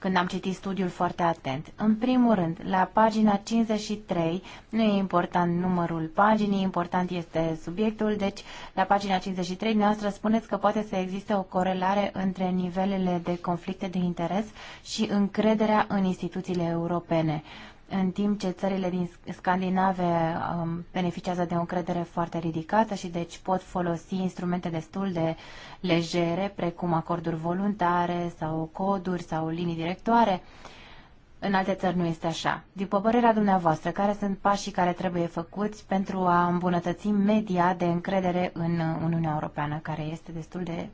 când am citit studiul foarte atent. În primul rând, la pagina 53, nu e important numărul paginii, important este subiectul, deci la pagina 53 noastră spuneți că poate să existe o corelare între nivelele de conflicte de interes și încrederea în instituțiile europene. Uh, în timp ce țările din Scandinave um, beneficiază de o încredere foarte ridicată și deci pot folosi instrumente destul de legere, precum acorduri voluntare sau coduri sau linii directoare. În alte țări nu este așa. După părerea dumneavoastră, care sunt pașii care trebuie făcuți pentru a îmbunătăți media de încredere în Uniunea Europeană, care este destul de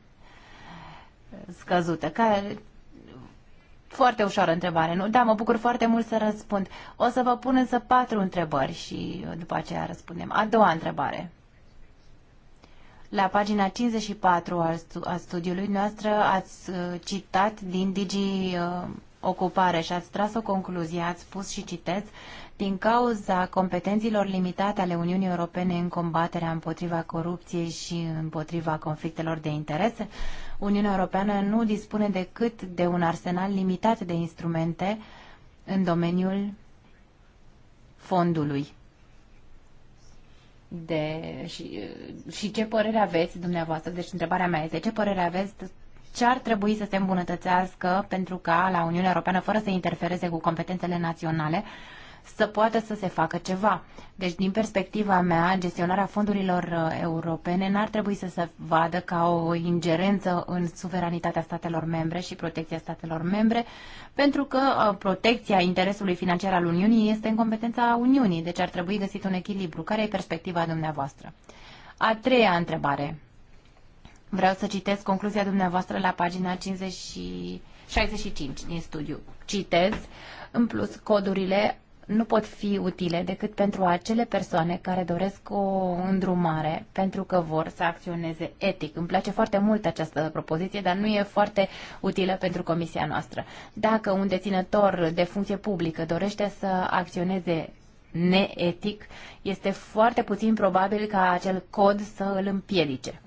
scăzută? Care, foarte ușoară întrebare, nu? Da, mă bucur foarte mult să răspund. O să vă pun însă patru întrebări și uh, după aceea răspundem. A doua întrebare. La pagina 54 a studiului noastră ați uh, citat din Digi uh, Ocupare și ați tras o concluzie, ați spus și citeți, din cauza competențiilor limitate ale Uniunii Europene în combaterea împotriva corupției și împotriva conflictelor de interese, Uniunea Europeană nu dispune decât de un arsenal limitat de instrumente în domeniul fondului. De, și, și ce părere aveți dumneavoastră? Deci întrebarea mea este ce părere aveți ce ar trebui să se îmbunătățească pentru ca la Uniunea Europeană, fără să interfereze cu competențele naționale, să poată să se facă ceva. Deci, din perspectiva mea, gestionarea fondurilor uh, europene n-ar trebui să se vadă ca o ingerență în suveranitatea statelor membre și protecția statelor membre, pentru că uh, protecția interesului financiar al Uniunii este în competența Uniunii, deci ar trebui găsit un echilibru. Care e perspectiva dumneavoastră? A treia întrebare. Vreau să citesc concluzia dumneavoastră la pagina 50 și 65 din studiu. Citez, în plus, codurile nu pot fi utile decât pentru acele persoane care doresc o îndrumare pentru că vor să acționeze etic. Îmi place foarte mult această propoziție, dar nu e foarte utilă pentru comisia noastră. Dacă un deținător de funcție publică dorește să acționeze neetic, este foarte puțin probabil ca acel cod să îl împiedice.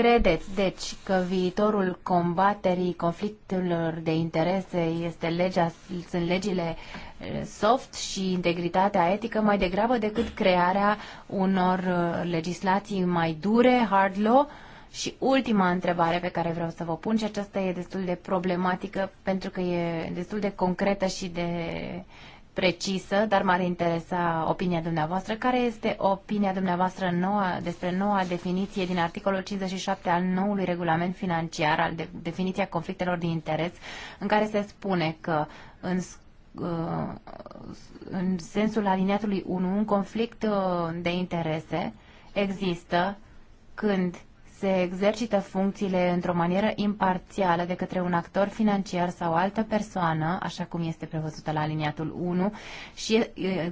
Credeți, deci, că viitorul combaterii conflictelor de interese este legea, sunt legile uh, soft și integritatea etică mai degrabă decât crearea unor uh, legislații mai dure, hard law? Și ultima întrebare pe care vreau să vă pun și aceasta e destul de problematică pentru că e destul de concretă și de precisă, dar m-ar interesa opinia dumneavoastră. Care este opinia dumneavoastră noua, despre noua definiție din articolul 57 al noului regulament financiar, al de, definiția conflictelor de interes, în care se spune că în uh, în sensul aliniatului 1, un conflict uh, de interese există când se exercită funcțiile într-o manieră imparțială de către un actor financiar sau altă persoană, așa cum este prevăzută la aliniatul 1, și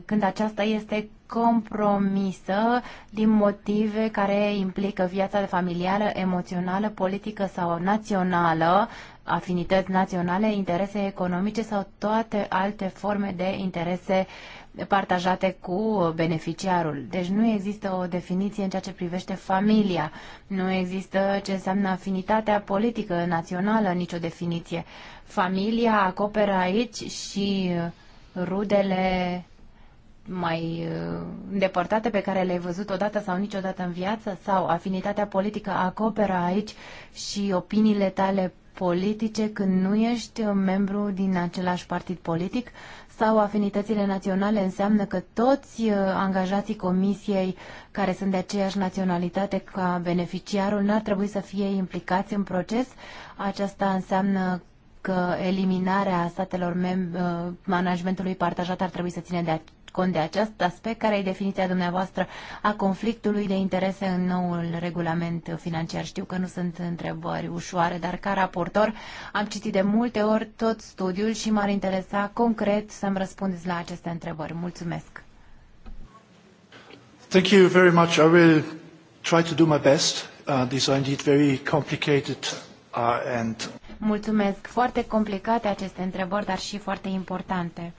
când aceasta este compromisă din motive care implică viața familială, emoțională, politică sau națională, afinități naționale, interese economice sau toate alte forme de interese uh, partajate cu beneficiarul. Deci nu există o definiție în ceea ce privește familia, nu există ce înseamnă afinitatea politică națională, nicio definiție. Familia acoperă aici și rudele mai uh, îndepărtate pe care le-ai văzut odată sau niciodată în viață sau afinitatea politică acoperă aici și opiniile tale politice când nu ești membru din același partid politic sau afinitățile naționale înseamnă că toți uh, angajații comisiei care sunt de aceeași naționalitate ca beneficiarul n-ar trebui să fie implicați în proces. Aceasta înseamnă că eliminarea statelor mem- uh, managementului partajat ar trebui să ține de cont de acest aspect? Care e definiția dumneavoastră a conflictului de interese în noul regulament financiar? Știu că nu sunt întrebări ușoare, dar ca raportor am citit de multe ori tot studiul și m-ar interesa concret să-mi răspundeți la aceste întrebări. Mulțumesc! Thank you very much. I will try to do my best. Uh, these are indeed very complicated uh, and Mulțumesc. Foarte complicate aceste întrebări, dar și foarte importante.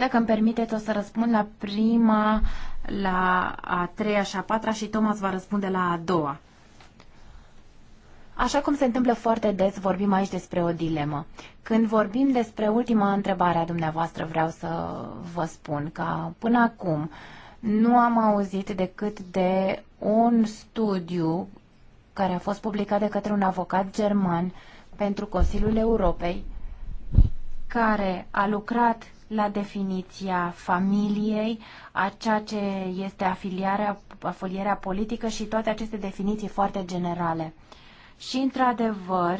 Dacă îmi permiteți, o să răspund la prima, la a treia și a patra și Thomas va răspunde la a doua. Așa cum se întâmplă foarte des, vorbim aici despre o dilemă. Când vorbim despre ultima întrebare a dumneavoastră, vreau să vă spun că până acum nu am auzit decât de un studiu care a fost publicat de către un avocat german pentru Consiliul Europei, care a lucrat la definiția familiei, a ceea ce este afilierea, afilierea politică și toate aceste definiții foarte generale. Și, într-adevăr,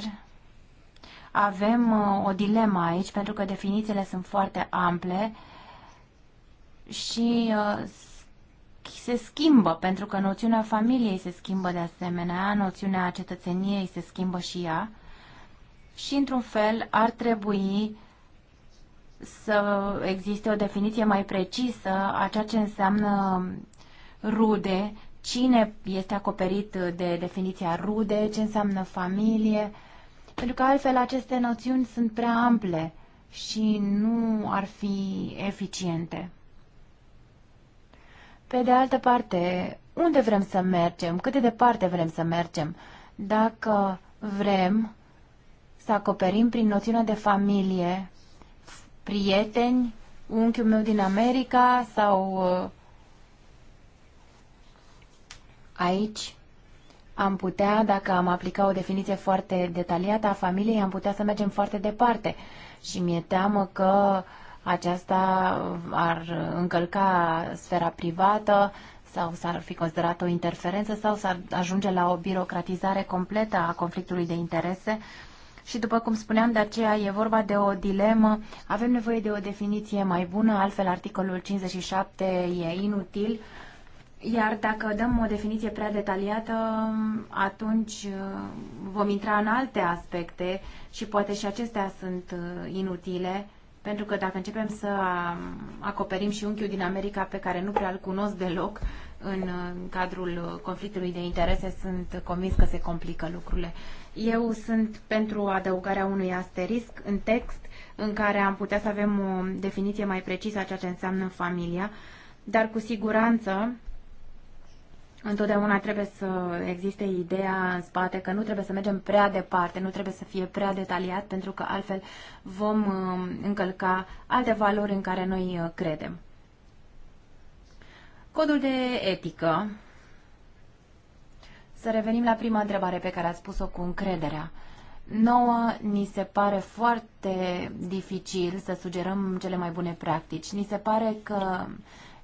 avem uh, o dilemă aici, pentru că definițiile sunt foarte ample și uh, se schimbă, pentru că noțiunea familiei se schimbă de asemenea, noțiunea cetățeniei se schimbă și ea și, într-un fel, ar trebui să existe o definiție mai precisă a ceea ce înseamnă rude, cine este acoperit de definiția rude, ce înseamnă familie, pentru că altfel aceste noțiuni sunt prea ample și nu ar fi eficiente. Pe de altă parte, unde vrem să mergem, cât de departe vrem să mergem, dacă vrem să acoperim prin noțiunea de familie prieteni, unchiul meu din America sau uh, aici am putea, dacă am aplica o definiție foarte detaliată a familiei, am putea să mergem foarte departe. Și mi-e teamă că aceasta ar încălca sfera privată sau s-ar fi considerat o interferență sau s-ar ajunge la o birocratizare completă a conflictului de interese și, după cum spuneam, de aceea e vorba de o dilemă. Avem nevoie de o definiție mai bună, altfel articolul 57 e inutil. Iar dacă dăm o definiție prea detaliată, atunci uh, vom intra în alte aspecte și poate și acestea sunt uh, inutile, pentru că dacă începem să um, acoperim și unchiul din America pe care nu prea îl cunosc deloc în uh, cadrul conflictului de interese, sunt convins că se complică lucrurile. Eu sunt pentru adăugarea unui asterisc în text în care am putea să avem o definiție mai precisă a ceea ce înseamnă familia, dar cu siguranță întotdeauna trebuie să existe ideea în spate că nu trebuie să mergem prea departe, nu trebuie să fie prea detaliat, pentru că altfel vom uh, încălca alte valori în care noi uh, credem. Codul de etică să revenim la prima întrebare pe care ați spus-o cu încrederea. Nouă ni se pare foarte dificil să sugerăm cele mai bune practici. Ni se pare că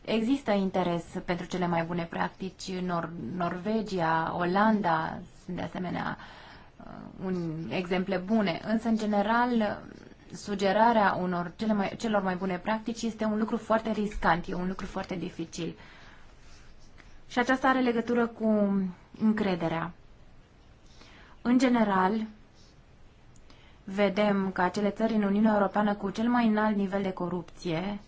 există interes pentru cele mai bune practici. Nor- Norvegia, Olanda sunt de asemenea uh, un exemple bune, însă în general sugerarea unor cele mai, celor mai bune practici este un lucru foarte riscant, e un lucru foarte dificil. Și aceasta are legătură cu încrederea. În general, vedem că acele țări în Uniunea Europeană cu cel mai înalt nivel de corupție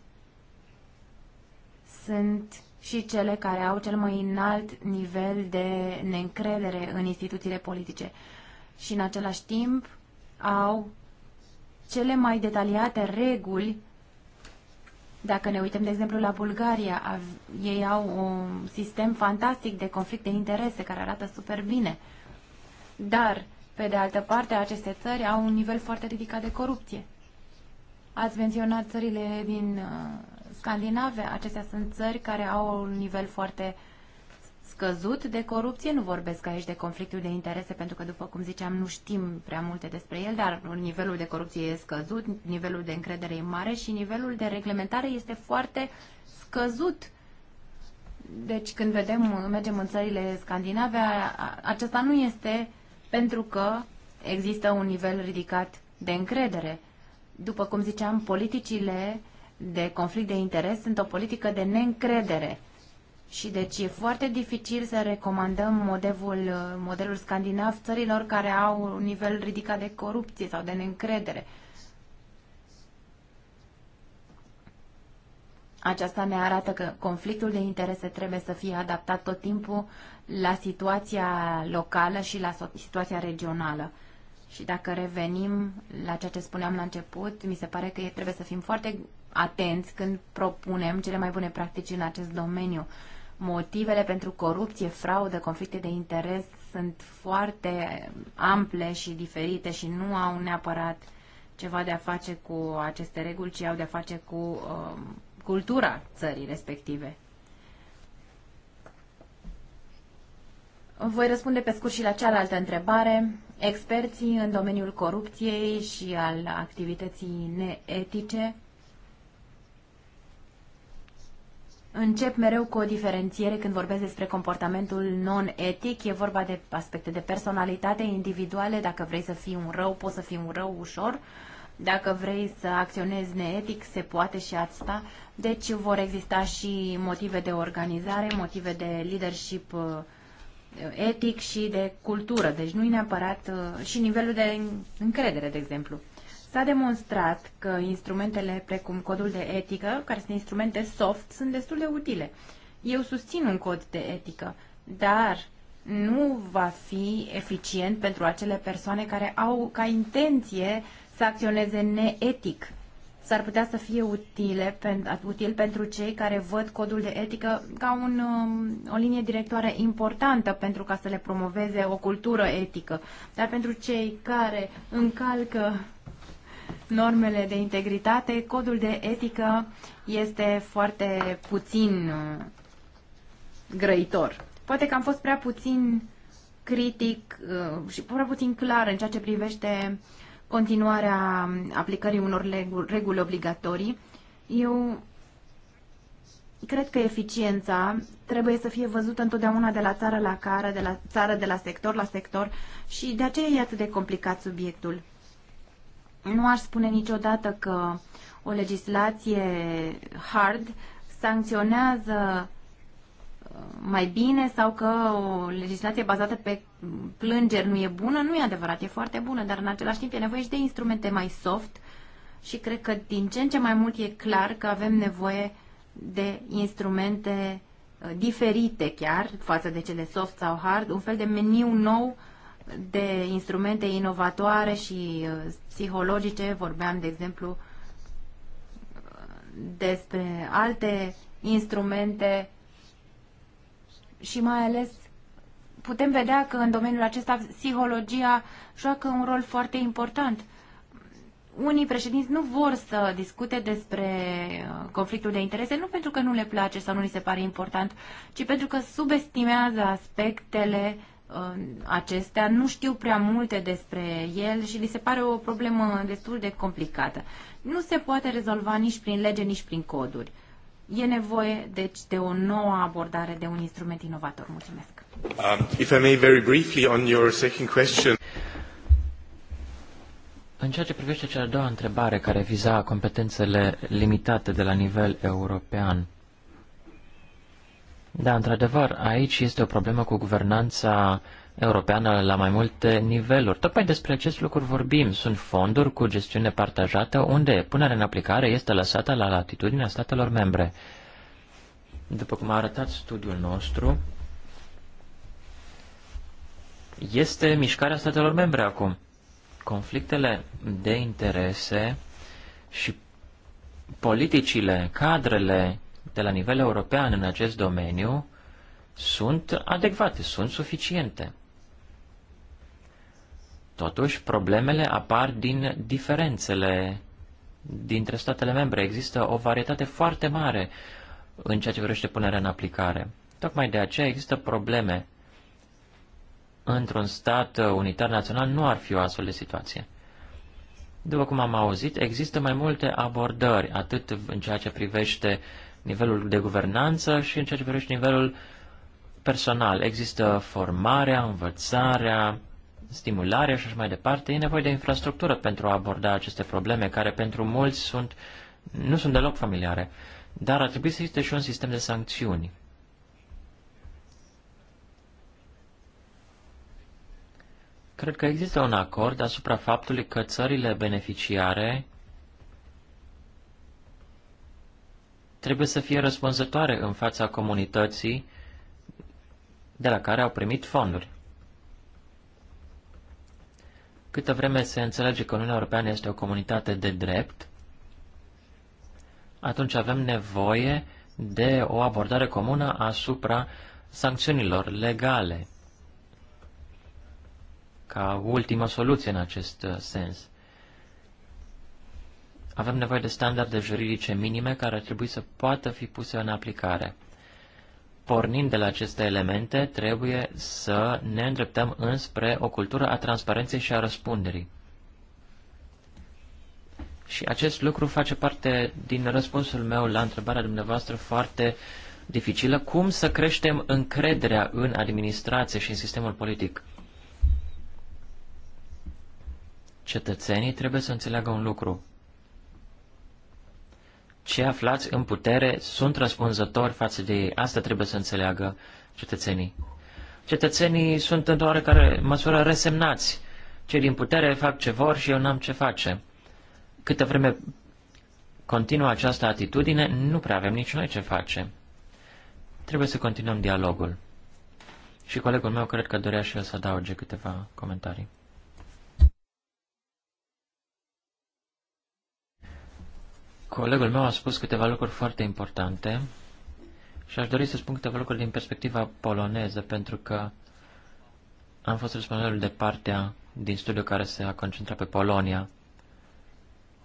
sunt și cele care au cel mai înalt nivel de neîncredere în instituțiile politice și în același timp au cele mai detaliate reguli dacă ne uităm, de exemplu, la Bulgaria, ei au un sistem fantastic de conflict de interese care arată super bine. Dar, pe de altă parte, aceste țări au un nivel foarte ridicat de corupție. Ați menționat țările din uh, Scandinave. Acestea sunt țări care au un nivel foarte uh, scăzut de corupție. Nu vorbesc aici de conflictul de interese, pentru că, după cum ziceam, nu știm prea multe despre el, dar nivelul de corupție e scăzut, nivelul de încredere e mare și nivelul de reglementare este foarte scăzut. Deci când vedem, mergem în țările scandinave, acesta nu este pentru că există un nivel ridicat de încredere. După cum ziceam, politicile de conflict de interes sunt o politică de neîncredere și deci e foarte dificil să recomandăm modelul, modelul scandinav țărilor care au un nivel ridicat de corupție sau de neîncredere. Aceasta ne arată că conflictul de interese trebuie să fie adaptat tot timpul la situația locală și la situația regională. Și dacă revenim la ceea ce spuneam la început, mi se pare că trebuie să fim foarte atenți când propunem cele mai bune practici în acest domeniu motivele pentru corupție, fraudă, conflicte de interes sunt foarte ample și diferite și nu au neapărat ceva de a face cu aceste reguli, ci au de a face cu uh, cultura țării respective. Voi răspunde pe scurt și la cealaltă întrebare. Experții în domeniul corupției și al activității neetice încep mereu cu o diferențiere când vorbesc despre comportamentul non-etic. E vorba de aspecte de personalitate individuale. Dacă vrei să fii un rău, poți să fii un rău ușor. Dacă vrei să acționezi neetic, se poate și asta. Deci vor exista și motive de organizare, motive de leadership uh, etic și de cultură. Deci nu e neapărat uh, și nivelul de încredere, de exemplu. S-a demonstrat că instrumentele precum codul de etică, care sunt instrumente soft, sunt destul de utile. Eu susțin un cod de etică, dar nu va fi eficient pentru acele persoane care au ca intenție să acționeze neetic. S-ar putea să fie utile, util pentru cei care văd codul de etică ca un, um, o linie directoare importantă pentru ca să le promoveze o cultură etică. Dar pentru cei care încalcă normele de integritate, codul de etică este foarte puțin uh, grăitor. Poate că am fost prea puțin critic uh, și prea puțin clar în ceea ce privește continuarea aplicării unor reguli obligatorii. Eu cred că eficiența trebuie să fie văzută întotdeauna de la țară la țară, de la țară, de la sector la sector și de aceea e atât de complicat subiectul. Nu aș spune niciodată că o legislație hard sancționează uh, mai bine sau că o legislație bazată pe plângeri nu e bună, nu e adevărat, e foarte bună, dar în același timp e nevoie și de instrumente mai soft și cred că din ce în ce mai mult e clar că avem nevoie de instrumente uh, diferite chiar față de cele soft sau hard, un fel de meniu nou de instrumente inovatoare și uh, psihologice, vorbeam, de exemplu, despre alte instrumente și mai ales putem vedea că în domeniul acesta psihologia joacă un rol foarte important. Unii președinți nu vor să discute despre uh, conflictul de interese, nu pentru că nu le place sau nu li se pare important, ci pentru că subestimează aspectele acestea nu știu prea multe despre el și li se pare o problemă destul de complicată. Nu se poate rezolva nici prin lege, nici prin coduri. E nevoie, deci, de o nouă abordare, de un instrument inovator. Mulțumesc. Um, if I may very briefly on your second question. În ceea ce privește cea a doua întrebare care viza competențele limitate de la nivel european, da, într-adevăr, aici este o problemă cu guvernanța europeană la mai multe niveluri. Tocmai despre acest lucru vorbim. Sunt fonduri cu gestiune partajată unde punerea în aplicare este lăsată la latitudinea statelor membre. După cum a arătat studiul nostru, este mișcarea statelor membre acum. Conflictele de interese și politicile, cadrele de la nivel european în acest domeniu sunt adecvate, sunt suficiente. Totuși, problemele apar din diferențele dintre statele membre. Există o varietate foarte mare în ceea ce privește punerea în aplicare. Tocmai de aceea există probleme. Într-un stat unitar național nu ar fi o astfel de situație. După cum am auzit, există mai multe abordări, atât în ceea ce privește nivelul de guvernanță și în ceea ce privește nivelul personal. Există formarea, învățarea, stimularea și așa mai departe. E nevoie de infrastructură pentru a aborda aceste probleme care pentru mulți sunt, nu sunt deloc familiare. Dar ar trebui să existe și un sistem de sancțiuni. Cred că există un acord asupra faptului că țările beneficiare trebuie să fie răspunzătoare în fața comunității de la care au primit fonduri. Câtă vreme se înțelege că Uniunea Europeană este o comunitate de drept, atunci avem nevoie de o abordare comună asupra sancțiunilor legale, ca ultimă soluție în acest uh, sens. Avem nevoie de standarde juridice minime care ar trebui să poată fi puse în aplicare. Pornind de la aceste elemente, trebuie să ne îndreptăm înspre o cultură a transparenței și a răspunderii. Și acest lucru face parte din răspunsul meu la întrebarea dumneavoastră foarte dificilă, cum să creștem încrederea în administrație și în sistemul politic. Cetățenii trebuie să înțeleagă un lucru cei aflați în putere sunt răspunzători față de ei. Asta trebuie să înțeleagă cetățenii. Cetățenii sunt în oarecare măsură resemnați. Cei din putere fac ce vor și eu n-am ce face. Câtă vreme continuă această atitudine, nu prea avem nici noi ce face. Trebuie să continuăm dialogul. Și colegul meu cred că dorea și el să adauge câteva comentarii. Colegul meu a spus câteva lucruri foarte importante și aș dori să spun câteva lucruri din perspectiva poloneză, pentru că am fost responsabil de partea din studiu care se a concentrat pe Polonia.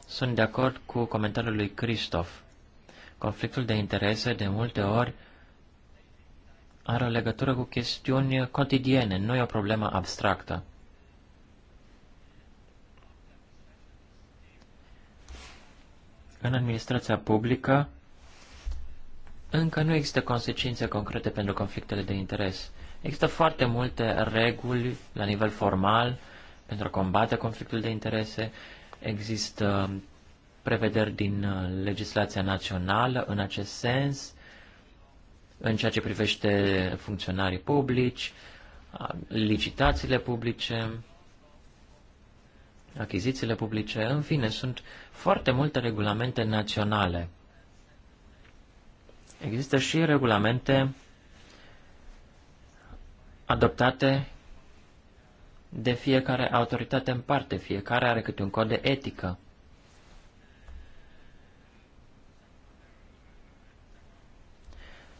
Sunt de acord cu comentariul lui Christoph. Conflictul de interese, de multe ori, are o legătură cu chestiuni cotidiene, nu e o problemă abstractă. în administrația publică încă nu există consecințe concrete pentru conflictele de interes. Există foarte multe reguli la nivel formal pentru a combate conflictul de interese. Există prevederi din uh, legislația națională în acest sens, în ceea ce privește funcționarii publici, licitațiile publice, achizițiile publice, în fine, sunt foarte multe regulamente naționale. Există și regulamente adoptate de fiecare autoritate în parte, fiecare are câte un cod de etică.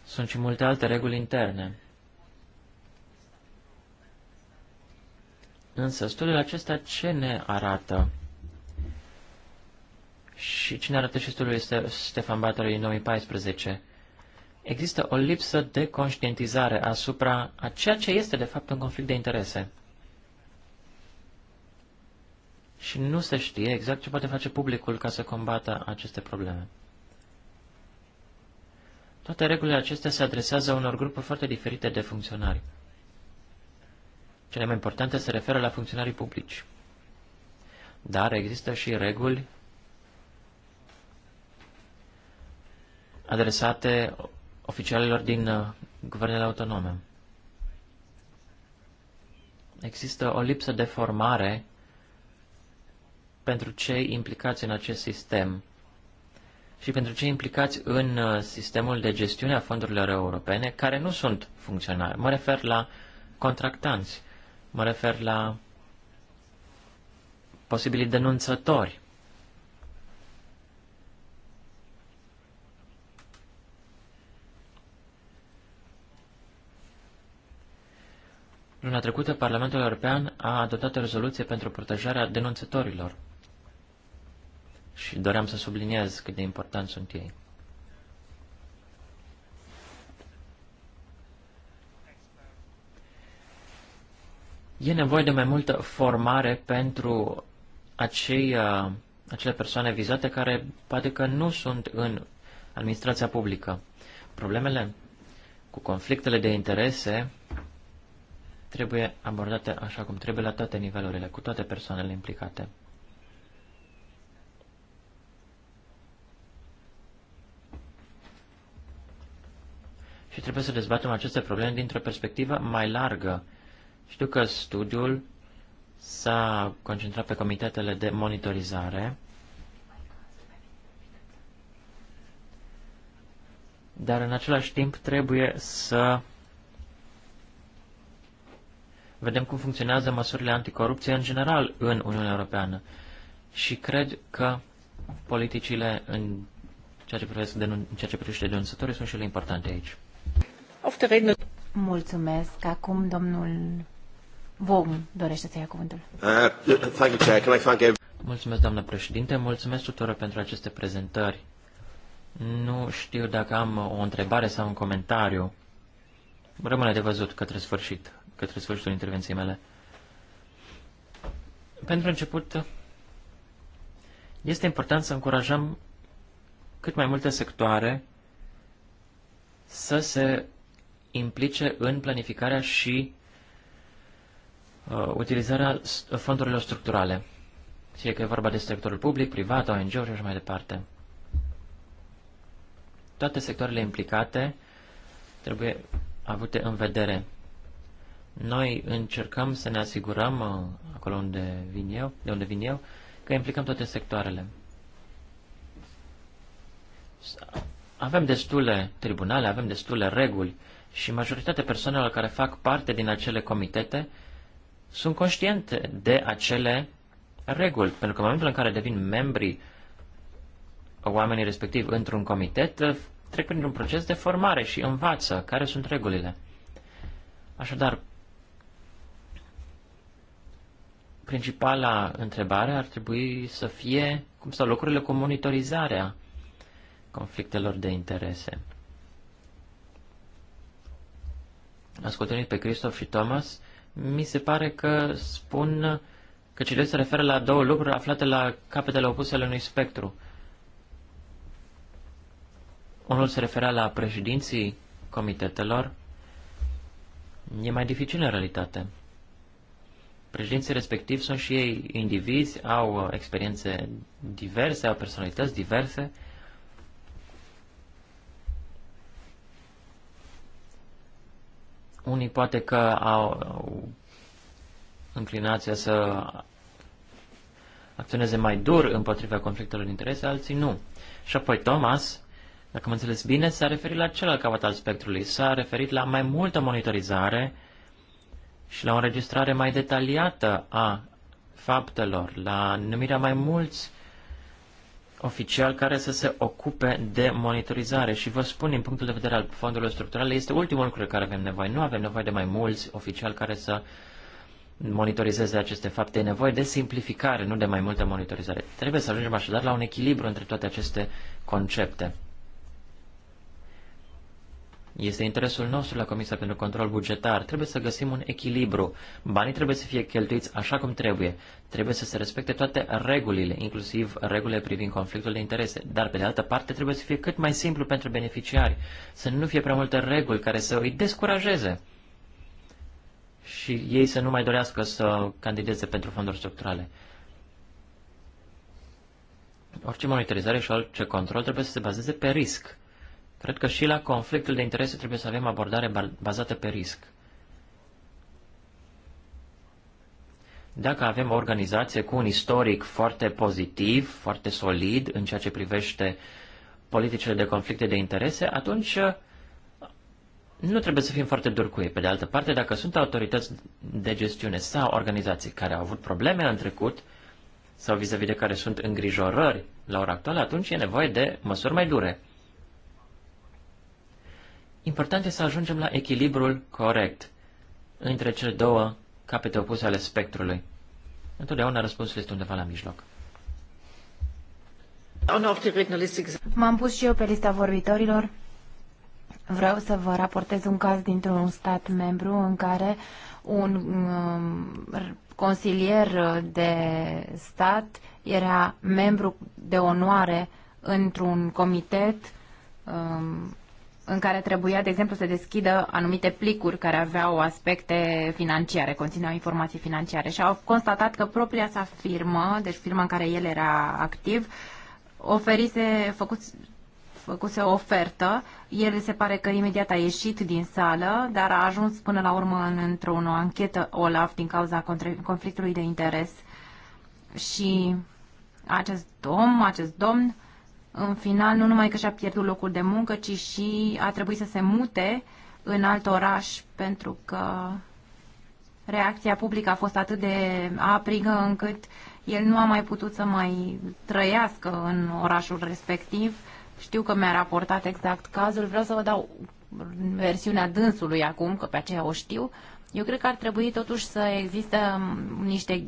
Sunt și multe alte reguli interne. Însă, studiul acesta ce ne arată? și cine arată și studiul este Stefan Bartolo din 2014. Există o lipsă de conștientizare asupra a ceea ce este de fapt un conflict de interese. Și nu se știe exact ce poate face publicul ca să combată aceste probleme. Toate regulile acestea se adresează unor grupuri foarte diferite de funcționari. Cele mai importante se referă la funcționarii publici. Dar există și reguli adresate oficialilor din uh, guvernele autonome. Există o lipsă de formare pentru cei implicați în acest sistem și pentru cei implicați în uh, sistemul de gestiune a fondurilor europene care nu sunt funcționari. Mă refer la contractanți, mă refer la posibili denunțători. Luna trecută, Parlamentul European a adoptat o rezoluție pentru protejarea denunțătorilor și doream să subliniez cât de important sunt ei. E nevoie de mai multă formare pentru acei, uh, acele persoane vizate care poate că nu sunt în administrația publică. Problemele cu conflictele de interese trebuie abordate așa cum trebuie la toate nivelurile, cu toate persoanele implicate. Și trebuie să dezbatem aceste probleme dintr-o perspectivă mai largă. Știu că studiul s-a concentrat pe comitetele de monitorizare, dar în același timp trebuie să vedem cum funcționează măsurile anticorupție în general în Uniunea Europeană. Și cred că politicile în ceea ce, privește de, în ceea ce privește denunțătorii sunt și ele importante aici. Mulțumesc. Acum domnul Vogn dorește să ia cuvântul. Uh, Mulțumesc, doamnă președinte. Mulțumesc tuturor pentru aceste prezentări. Nu știu dacă am o întrebare sau un comentariu. Rămâne de văzut către sfârșit către sfârșitul intervenției mele. Pentru început, este important să încurajăm cât mai multe sectoare să se implice în planificarea și uh, utilizarea fondurilor structurale. Fie că e vorba de sectorul public, privat, ONG-uri și așa mai departe. Toate sectoarele implicate trebuie avute în vedere. Noi încercăm să ne asigurăm, uh, acolo unde vin eu, de unde vin eu, că implicăm toate sectoarele. Avem destule tribunale, avem destule reguli și majoritatea persoanelor care fac parte din acele comitete sunt conștiente de acele reguli, pentru că în momentul în care devin membri oamenii respectiv într-un comitet, uh, trec printr-un proces de formare și învață care sunt regulile. Așadar, principala întrebare ar trebui să fie cum stau lucrurile cu monitorizarea conflictelor de interese. Ascultând pe Christoph și Thomas, mi se pare că spun că cele se referă la două lucruri aflate la capetele opuse ale unui spectru. Unul se referă la președinții comitetelor. E mai dificil în realitate. Președinții respectiv sunt și ei indivizi, au uh, experiențe diverse, au personalități diverse. Unii poate că au, înclinația să acționeze mai dur împotriva conflictelor de interese, alții nu. Și apoi Thomas, dacă mă înțeles bine, s-a referit la celălalt capăt al spectrului, s-a referit la mai multă monitorizare și la o înregistrare mai detaliată a faptelor, la numirea mai mulți oficial care să se ocupe de monitorizare. Și vă spun, din punctul de vedere al fondurilor structurale, este ultimul lucru de care avem nevoie. Nu avem nevoie de mai mulți oficiali care să monitorizeze aceste fapte. E nevoie de simplificare, nu de mai multă monitorizare. Trebuie să ajungem așadar la un echilibru între toate aceste concepte. Este interesul nostru la Comisia pentru Control Bugetar. Trebuie să găsim un echilibru. Banii trebuie să fie cheltuiți așa cum trebuie. Trebuie să se respecte toate regulile, inclusiv regulile privind conflictul de interese. Dar, pe de altă parte, trebuie să fie cât mai simplu pentru beneficiari. Să nu fie prea multe reguli care să îi descurajeze. Și ei să nu mai dorească să candideze pentru fonduri structurale. Orice monitorizare și orice control trebuie să se bazeze pe risc Cred că și la conflictul de interese trebuie să avem abordare bazată pe risc. Dacă avem o organizație cu un istoric foarte pozitiv, foarte solid în ceea ce privește politicile de conflicte de interese, atunci uh, nu trebuie să fim foarte dur cu ei. Pe de altă parte, dacă sunt autorități de gestiune sau organizații care au avut probleme în trecut sau vis-a-vis -vis de care sunt îngrijorări la ora actuală, atunci e nevoie de măsuri mai dure. Important este să ajungem la echilibrul corect între cele două capete opuse ale spectrului. Întotdeauna răspunsul este undeva la mijloc. M-am pus și eu pe lista vorbitorilor. Vreau să vă raportez un caz dintr-un stat membru în care un um, consilier de stat era membru de onoare într-un comitet um, în care trebuia, de exemplu, să deschidă anumite plicuri care aveau aspecte financiare, conțineau informații financiare și au constatat că propria sa firmă, deci firma în care el era activ, oferise, făcut, făcuse o ofertă. El se pare că imediat a ieșit din sală, dar a ajuns până la urmă în, într-o anchetă OLAF din cauza conflictului de interes. Și acest om, acest domn, în final nu numai că și-a pierdut locul de muncă, ci și a trebuit să se mute în alt oraș pentru că reacția publică a fost atât de aprigă încât el nu a mai putut să mai trăiască în orașul respectiv. Știu că mi-a raportat exact cazul, vreau să vă dau versiunea dânsului acum, că pe aceea o știu. Eu cred că ar trebui totuși să există niște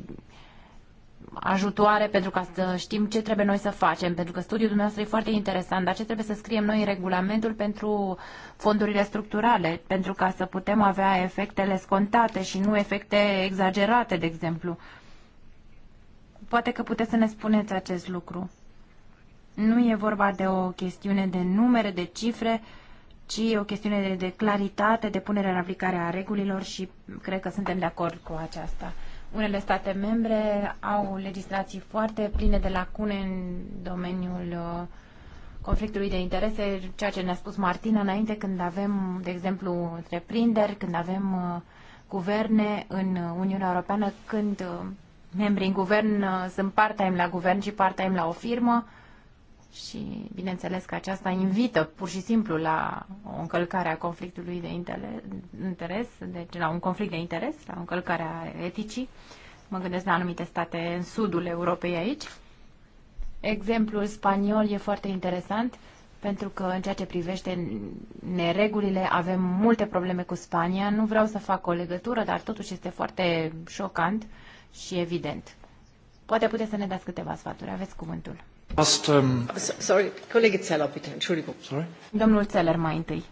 ajutoare pentru ca să știm ce trebuie noi să facem, pentru că studiul dumneavoastră e foarte interesant, dar ce trebuie să scriem noi în regulamentul pentru fondurile structurale, pentru ca să putem avea efectele scontate și nu efecte exagerate, de exemplu. Poate că puteți să ne spuneți acest lucru. Nu e vorba de o chestiune de numere, de cifre, ci e o chestiune de, de claritate, de punere în aplicare a regulilor și cred că suntem de acord cu aceasta. Unele state membre au legislații foarte pline de lacune în domeniul uh, conflictului de interese, ceea ce ne-a spus Martina înainte când avem, de exemplu, întreprinderi, când avem uh, guverne în Uniunea Europeană, când uh, membrii în guvern sunt part-time la guvern și part-time la o firmă, și bineînțeles că aceasta invită pur și simplu la o încălcare a conflictului de interes, deci la un conflict de interes, la o încălcare a eticii. Mă gândesc la anumite state în sudul Europei aici. Exemplul spaniol e foarte interesant pentru că în ceea ce privește neregulile avem multe probleme cu Spania. Nu vreau să fac o legătură, dar totuși este foarte șocant și evident. Poate puteți să ne dați câteva sfaturi. Aveți cuvântul. Um, sorry, Domnul Țeler mai întâi.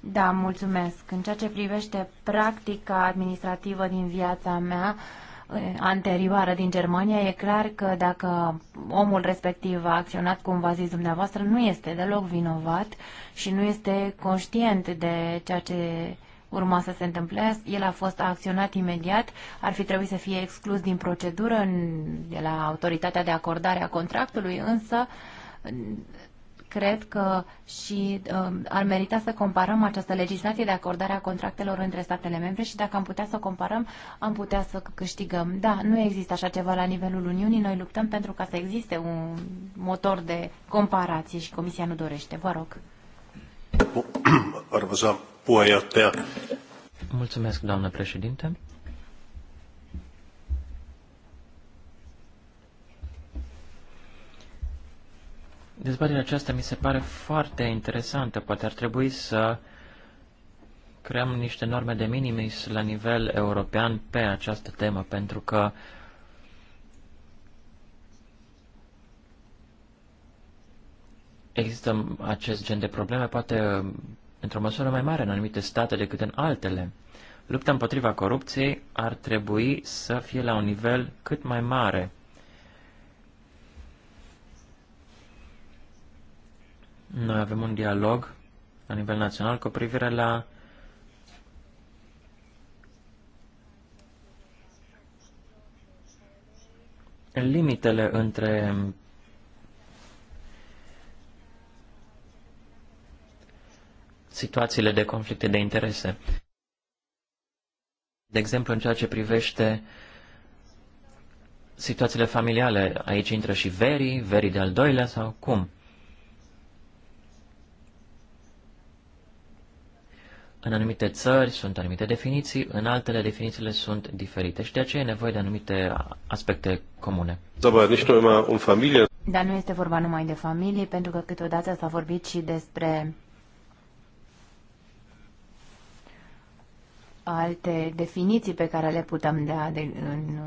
Da, mulțumesc. În ceea ce privește practica administrativă din viața mea anterioară din Germania, e clar că dacă omul respectiv a acționat cum v-a zis dumneavoastră, nu este deloc vinovat și nu este conștient de ceea ce urma să se întâmple. El a fost acționat imediat, ar fi trebuit să fie exclus din procedură în, de la autoritatea de acordare a contractului, însă cred că și uh, ar merita să comparăm această legislație de acordare a contractelor între statele membre și dacă am putea să o comparăm, am putea să câștigăm. Da, nu există așa ceva la nivelul Uniunii, noi luptăm pentru ca să existe un motor de comparație și Comisia nu dorește. Vă rog puheenjohtaja. Mulțumesc, doamnă președinte. Dezbaterea aceasta mi se pare foarte interesantă. Poate ar trebui să creăm niște norme de minimis la nivel european pe această temă, pentru că există acest gen de probleme. Poate într-o măsură mai mare în anumite state decât în altele. Lupta împotriva corupției ar trebui să fie la un nivel cât mai mare. Noi avem un dialog la nivel național cu privire la limitele între situațiile de conflicte de interese. De exemplu, în ceea ce privește situațiile familiale, aici intră și verii, verii de-al doilea sau cum? În anumite țări sunt anumite definiții, în altele definițiile sunt diferite și de aceea e nevoie de anumite aspecte comune. Dar nu este vorba numai de familie, pentru că câteodată s-a vorbit și despre alte definiții pe care le putem da de, în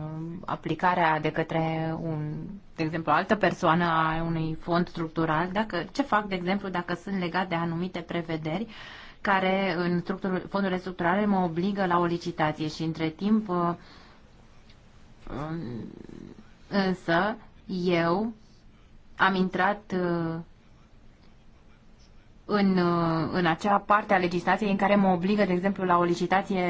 aplicarea de către un, de exemplu, altă persoană a unui fond structural, dacă, ce fac, de exemplu, dacă sunt legat de anumite prevederi care în structur, fondurile structurale mă obligă la o licitație și între timp uh, um, însă eu am intrat uh, în, în acea parte a legislației în care mă obligă, de exemplu, la o licitație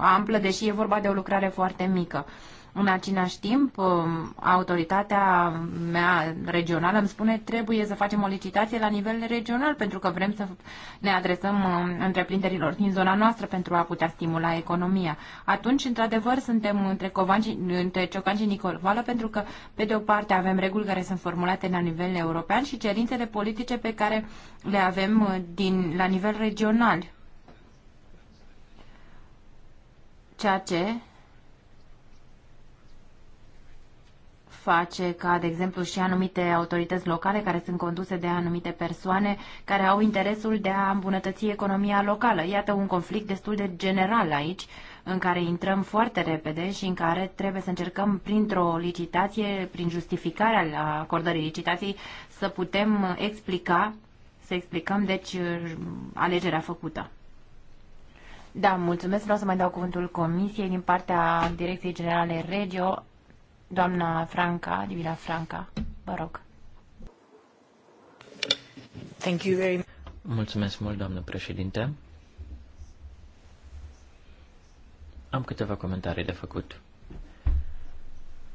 amplă, deși e vorba de o lucrare foarte mică. Uh, în același timp, um, autoritatea mea regională îmi spune trebuie să facem o licitație la nivel regional pentru că vrem să ne adresăm um, întreprinderilor din zona noastră pentru a putea stimula economia. Atunci, într-adevăr, suntem între, covan între Ciocan și Nicolvală pentru că, pe de o parte, avem reguli care sunt formulate la nivel european și cerințele politice pe care le avem uh, din, la nivel regional. Ceea ce face ca, de exemplu, și anumite autorități locale care sunt conduse de anumite persoane care au interesul de a îmbunătăți economia locală. Iată un conflict destul de general aici, în care intrăm foarte repede și în care trebuie să încercăm printr-o licitație, prin justificarea acordării licitației, să putem explica, să explicăm, deci, alegerea făcută. Da, mulțumesc. Vreau să mai dau cuvântul Comisiei din partea Direcției Generale Regio. Doamna Franca, Divina Franca, vă rog. Thank you very much. Mulțumesc mult, doamnă președinte. Am câteva comentarii de făcut.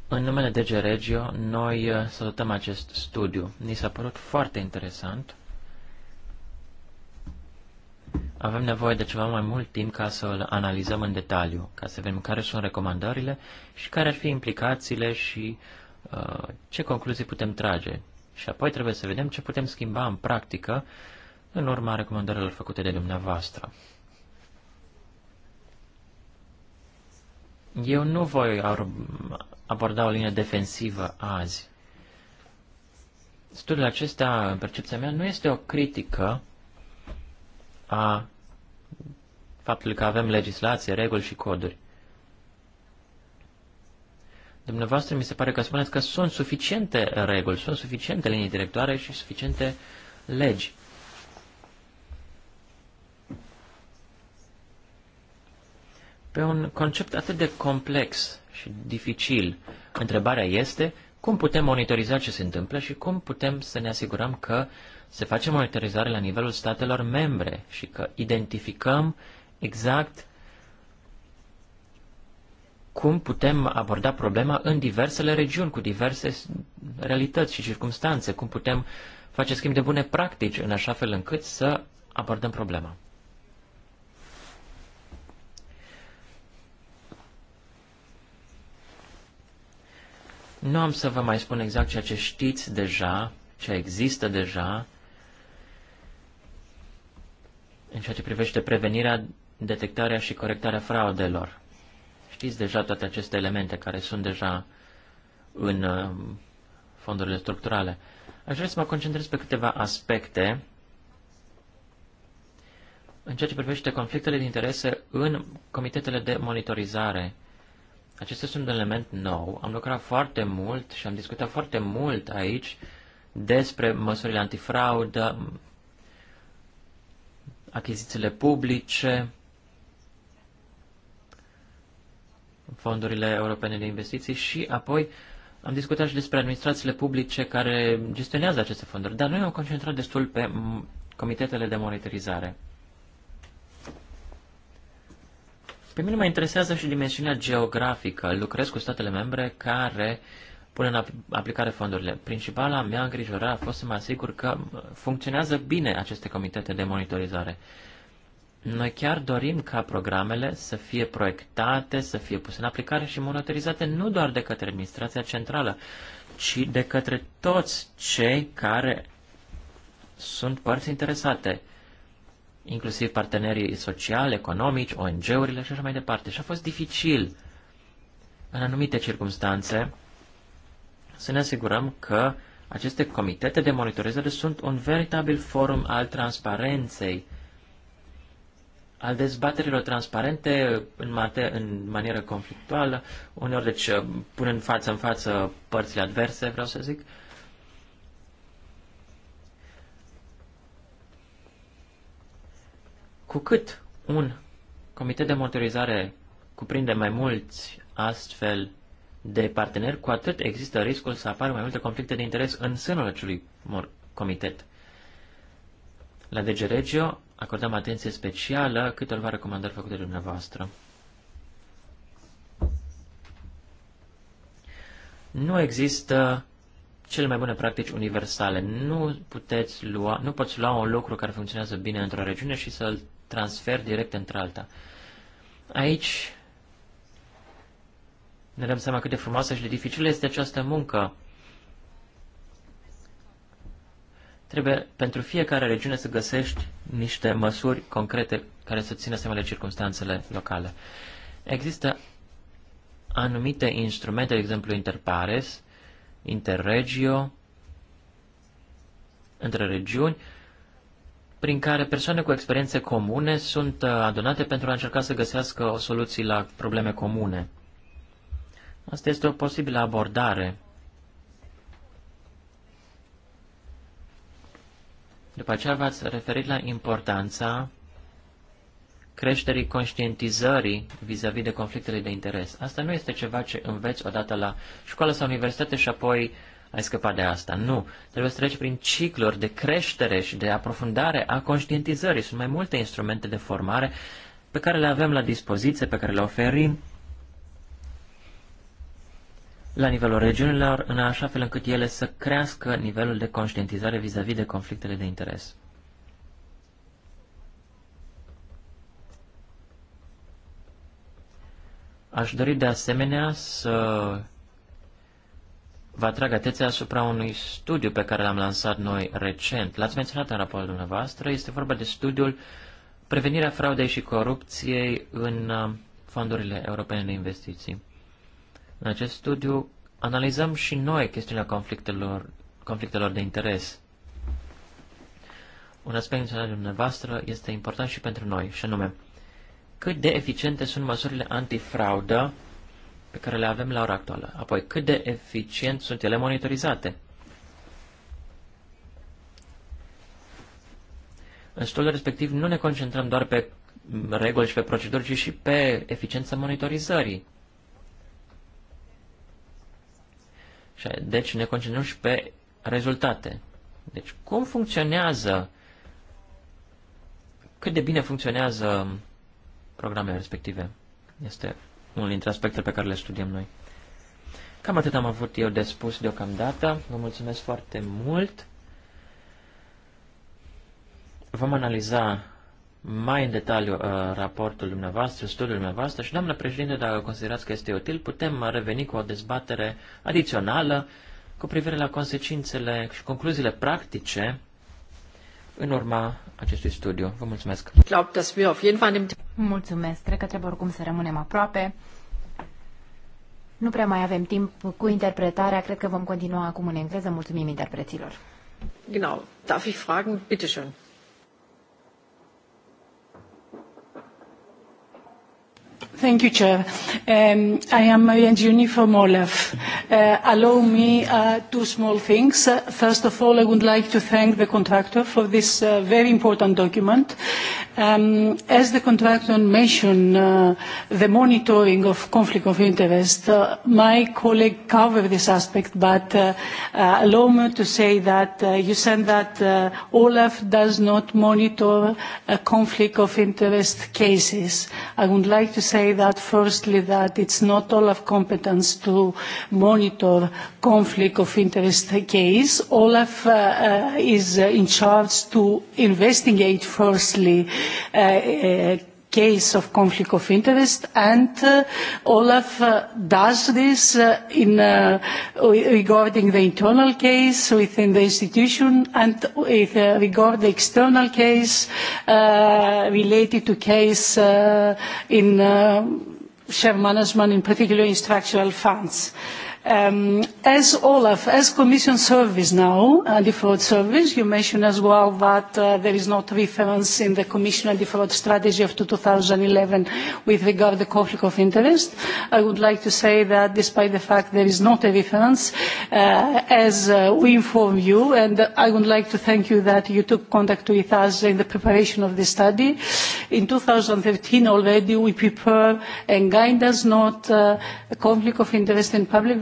În numele DG Regio, noi uh, salutăm acest studiu. Ni s-a părut foarte interesant avem nevoie de ceva mai mult timp ca să îl analizăm în detaliu, ca să vedem care sunt recomandările și care ar fi implicațiile și uh, ce concluzii putem trage. Și apoi trebuie să vedem ce putem schimba în practică în urma recomandărilor făcute de dumneavoastră. Eu nu voi aborda o linie defensivă azi. Studiul acesta, în percepția mea, nu este o critică a faptului că avem legislație, reguli și coduri. Dumneavoastră mi se pare că spuneți că sunt suficiente reguli, sunt suficiente linii directoare și suficiente legi. Pe un concept atât de complex și dificil, întrebarea este cum putem monitoriza ce se întâmplă și cum putem să ne asigurăm că uh, se face monitorizare la nivelul statelor membre și că identificăm exact cum putem aborda problema în diversele regiuni, cu diverse realități și circunstanțe, cum putem face schimb de bune practici în așa fel încât să abordăm problema. Nu am să vă mai spun exact ceea ce știți deja, ce există deja, în ceea ce privește prevenirea, detectarea și corectarea fraudelor. Știți deja toate aceste elemente care sunt deja în uh, fondurile structurale. Aș vrea să mă concentrez pe câteva aspecte în ceea ce privește conflictele de interese în comitetele de monitorizare. Acestea sunt un element nou. Am lucrat foarte mult și am discutat foarte mult aici despre măsurile antifraudă, achizițiile publice, fondurile europene de investiții și apoi am discutat și despre administrațiile publice care gestionează aceste fonduri, dar noi am concentrat destul pe comitetele de monitorizare. Pe mine mă interesează și dimensiunea geografică. Lucrez cu statele membre care uh, pune în aplicare fondurile. Principala mea îngrijorare a fost să mă asigur că funcționează bine aceste comitete de monitorizare. Noi chiar dorim ca programele să fie proiectate, să fie puse în aplicare și monitorizate nu doar de către administrația centrală, ci de către toți cei care sunt părți interesate, inclusiv partenerii sociali, economici, ONG-urile și așa mai departe. Și a fost dificil în anumite circunstanțe să ne asigurăm că aceste comitete de monitorizare sunt un veritabil forum al transparenței, al dezbaterilor transparente în, mate- în manieră conflictuală, uneori deci punând față în față părțile adverse, vreau să zic, cu cât un comitet de monitorizare cuprinde mai mulți astfel de parteneri, cu atât există riscul să apară mai multe conflicte de interes în sânul acelui comitet. La DG Regio acordăm atenție specială câtorva recomandări făcute de dumneavoastră. Nu există cele mai bune practici universale. Nu puteți lua, nu poți lua un lucru care funcționează bine într-o regiune și să-l transferi direct într-alta. Aici ne dăm seama cât de frumoasă și de dificilă este această muncă. Trebuie pentru fiecare regiune să găsești niște măsuri concrete care să țină seama de circunstanțele locale. Există anumite instrumente, de exemplu interpares, interregio, între regiuni, prin care persoane cu experiențe comune sunt uh, adunate pentru a încerca să găsească o soluție la probleme comune. Asta este o posibilă abordare. După aceea v-ați referit la importanța creșterii conștientizării vis-a-vis -vis de conflictele de interes. Asta nu este ceva ce înveți odată la școală sau universitate și apoi ai scăpat de asta. Nu. Trebuie să treci prin cicluri de creștere și de aprofundare a conștientizării. Sunt mai multe instrumente de formare pe care le avem la dispoziție, pe care le oferim la nivelul regiunilor, în așa fel încât ele să crească nivelul de conștientizare vis-a-vis -vis de conflictele de interes. Aș dori de asemenea să vă atrag atenția asupra unui studiu pe care l-am lansat noi recent. L-ați menționat în raportul dumneavoastră. Este vorba de studiul Prevenirea fraudei și corupției în uh, fondurile europene de investiții. În acest studiu analizăm și noi chestiunea conflictelor, conflictelor de interes. Un aspect menționat de dumneavoastră este important și pentru noi, și anume, cât de eficiente sunt măsurile antifraudă pe care le avem la ora actuală, apoi cât de eficient sunt ele monitorizate. În studiul respectiv nu ne concentrăm doar pe reguli și pe proceduri, ci și pe eficiența monitorizării. deci ne concentrăm și pe rezultate. Deci cum funcționează, cât de bine funcționează programele respective. Este unul dintre aspectele pe care le studiem noi. Cam atât am avut eu de spus deocamdată. Vă mulțumesc foarte mult. Vom analiza mai în detaliu uh, raportul dumneavoastră, studiul dumneavoastră și, doamnă președinte, dacă considerați că este util, putem reveni cu o dezbatere adițională cu privire la consecințele și concluziile practice în urma acestui studiu. Vă mulțumesc! Mulțumesc! Cred că trebuie oricum să rămânem aproape. Nu prea mai avem timp cu interpretarea. Cred că vom continua acum în engleză. Mulțumim interpreților! Genau. Darf ich fragen? Bitte schön. Thank you, Chair. Um, I am Eugenie from OLAF. Uh, allow me uh, two small things. Uh, first of all, I would like to thank the contractor for this uh, very important document. Um, as the contractor mentioned, uh, the monitoring of conflict of interest, uh, my colleague covered this aspect, but uh, uh allow me to say that uh, you said that uh, Olaf does not monitor conflict of interest cases. I would like to say that firstly that it's not Olaf competence to monitor conflict of interest case. Olaf is in charge to investigate firstly Uh, uh, case of conflict of interest and uh, Olaf uh, does this uh, in, uh, regarding the internal case within the institution and with regard the external case related to case in share management, in particular in structural funds. Um, as Olaf, as Commission Service now, anti-fraud uh, service, you mentioned as well that uh, there is not reference in the Commission anti-fraud strategy of 2011 with regard to conflict of interest. I would like to say that despite the fact there is not a reference, uh, as uh, we inform you, and I would like to thank you that you took contact with us in the preparation of this study. In 2013 already we prepared a guidance note, uh, a conflict of interest in public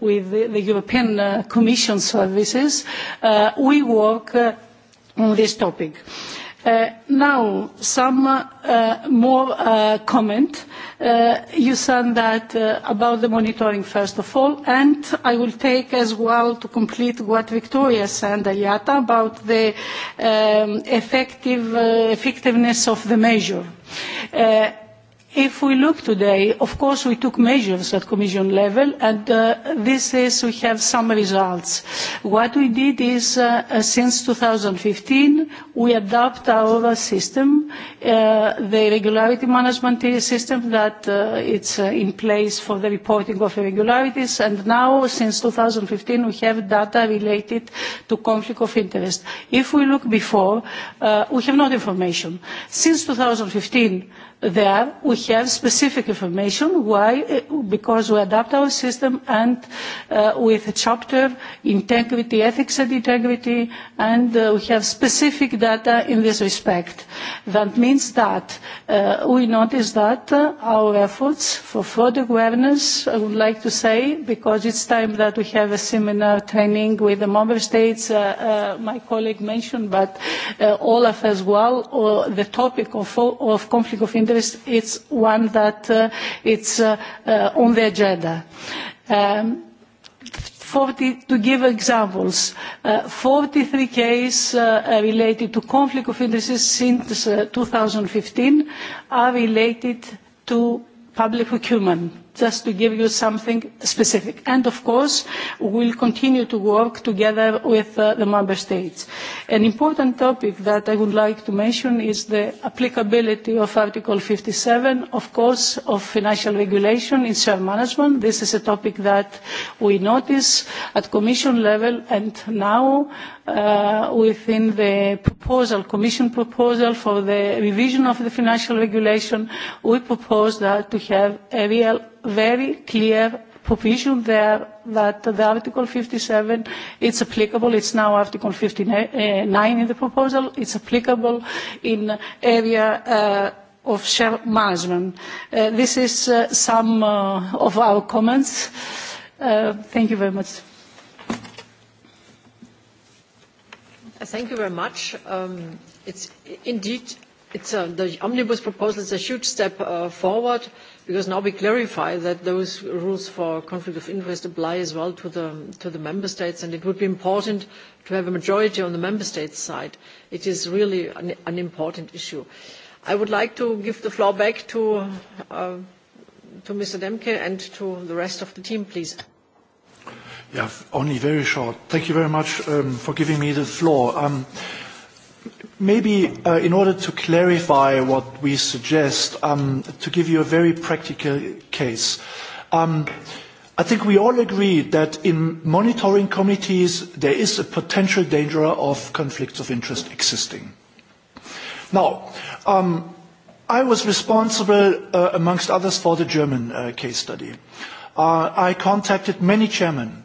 with the, the European uh, Commission services, uh, we work uh, on this topic. Uh, now, some uh, more uh, comment. Uh, you said that uh, about the monitoring, first of all, and I will take as well to complete what Victoria said, Aliata, about the um, effective, uh, effectiveness of the measure. Uh, If we look today, of course, we took measures at Commission level, and uh, this is we have some results. What we did is, uh, uh since 2015, we adapted our system, uh, the regularity management system that uh, it's uh, in place for the reporting of irregularities, and now, since 2015, we have data related to conflict of interest. If we look before, uh, we have not information. Since 2015, there we have specific information why uh, because we adapt our system and uh, with a chapter integrity ethics and integrity and uh, we have specific data in this respect that means that uh, we notice that uh, our efforts for fraud awareness i would like to say because it's time that we have a seminar training with the member states uh, my colleague mentioned but olaf as well or the topic of, of conflict of interest interest, it's one that uh, it's uh, uh, on the agenda. Um, 40, to give examples, uh, 43 cases uh, uh, related to conflict of interests since uh, 2015 are related to public procurement just to give you something specific. And of course, we'll continue to work together with uh, the member states. An important topic that I would like to mention is the applicability of Article 57, of course, of financial regulation in share management. This is a topic that we notice at Commission level and now uh, within the proposal, Commission proposal for the revision of the financial regulation, we propose that to have a real very clear provision there that the Article 57 it's applicable. It's now Article 59 in the proposal. It's applicable in area uh, of share management. Uh, this is uh, some uh, of our comments. Uh, thank you very much. Thank you very much. Um, it's indeed it's a, the omnibus proposal is a huge step uh, forward because now we clarify that those rules for conflict of interest apply as well to the, to the member states, and it would be important to have a majority on the member states' side. It is really an, an important issue. I would like to give the floor back to, uh, to Mr. Demke and to the rest of the team, please. Yeah, only very short. Thank you very much um, for giving me the floor. Um, Maybe uh, in order to clarify what we suggest, um, to give you a very practical case, um, I think we all agree that in monitoring committees there is a potential danger of conflicts of interest existing. Now, um, I was responsible, uh, amongst others, for the German uh, case study. Uh, I contacted many chairmen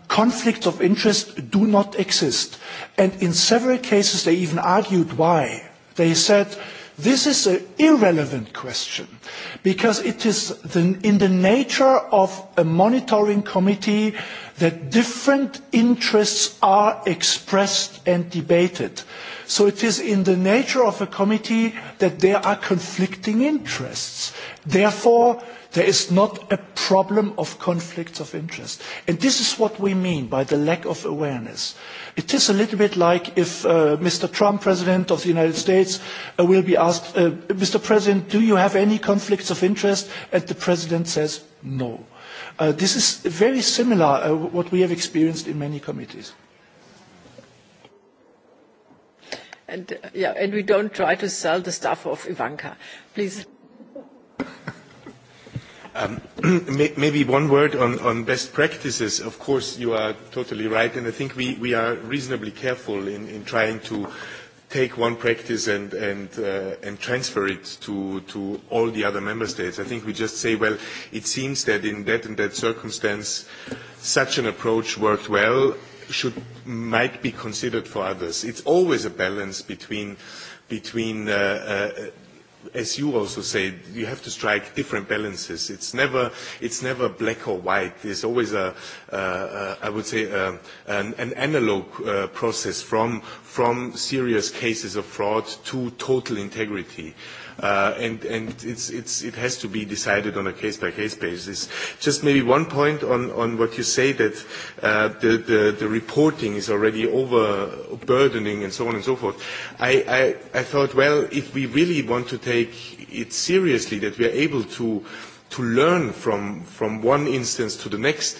conflicts of interest do not exist. And in several cases, they even argued why. They said, this is an irrelevant question because it is the, in the nature of a monitoring committee that different interests are expressed and debated. So it is in the nature of a committee that there are conflicting interests. Therefore, there is not a problem of conflicts of interest. And this is what we mean by the lack of awareness. It is a little bit like if uh, Mr. Trump, President of the United States, uh, will be asked, uh, Mr. President, do you have any conflicts of interest? And the President says, no. Uh, this is very similar to uh, what we have experienced in many committees. and uh, yeah, and we don't try to sell the stuff of Ivanka. Please. Um, maybe one word on, on best practices. Of course, you are totally right, and I think we, we are reasonably careful in, in trying to take one practice and, and, uh, and transfer it to, to all the other member states. I think we just say, well, it seems that in that and that circumstance, such an approach worked well should might be considered for others. It's always a balance between between uh, uh, as you also say, you have to strike different balances. It's never, it's never black or white. There's always a, uh, uh, I would say, a, uh, an, an analog uh, process from, from serious cases of fraud to total integrity. Uh, and and it's, it's, it has to be decided on a case-by-case basis. Just maybe one point on, on what you say that uh, the, the, the reporting is already overburdening and so on and so forth. I, I, I thought, well, if we really want to take it seriously, that we are able to to learn from, from one instance to the next,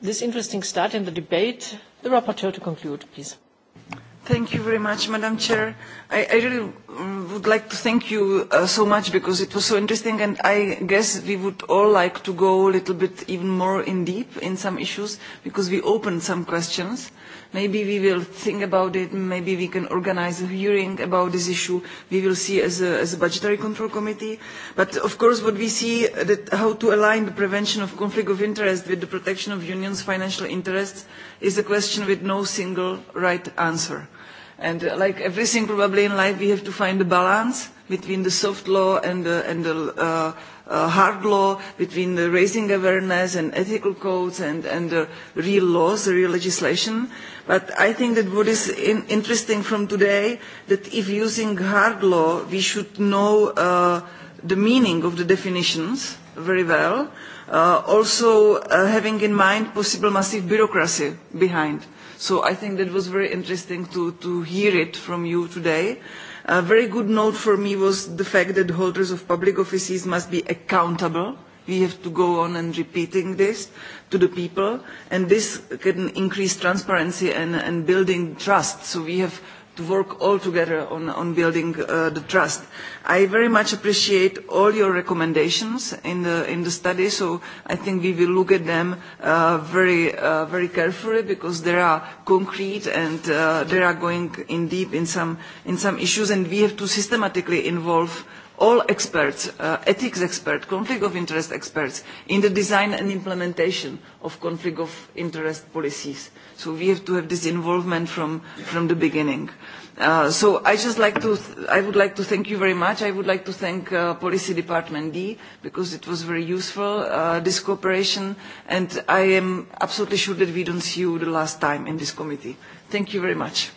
this interesting start in the debate. The rapporteur to conclude, please. Thank you very much, Madam Chair. I, I really would like to thank you uh, so much because it was so interesting and I guess we would all like to go a little bit even more in deep in some issues because we opened some questions. Maybe we will think about it. Maybe we can organize a hearing about this issue. We will see as a, as a budgetary control committee. But of course, what we see that how to align the prevention of conflict of interest with the protection of unions' financial interests is a question with no single right answer. And uh, like everything probably in life, we have to find a balance between the soft law and the, and the uh, uh, hard law, between the raising awareness and ethical codes and, and the real laws, the real legislation. But I think that what is in interesting from today, that if using hard law, we should know uh, the meaning of the definitions very well, uh, also uh, having in mind possible massive bureaucracy behind. So I think that was very interesting to, to hear it from you today. A uh, very good note for me was the fact that holders of public offices must be accountable we have to go on and repeating this to the people and this can increase transparency and, and building trust so we have to work all together on, on building uh, the trust. I very much appreciate all your recommendations in the, in the study, so I think we will look at them uh, very, uh, very carefully because they are concrete and uh, they are going in deep in some, in some issues and we have to systematically involve uh, all experts, uh, ethics experts, conflict of interest experts, in the design and implementation of conflict of interest policies. So we have to have this involvement from, from the beginning. Uh, so I just like to, I would like to thank you very much. I would like to thank uh, Policy Department D because it was very useful, uh, this cooperation, and I am absolutely sure that we don't see you the last time in this committee. Thank you very much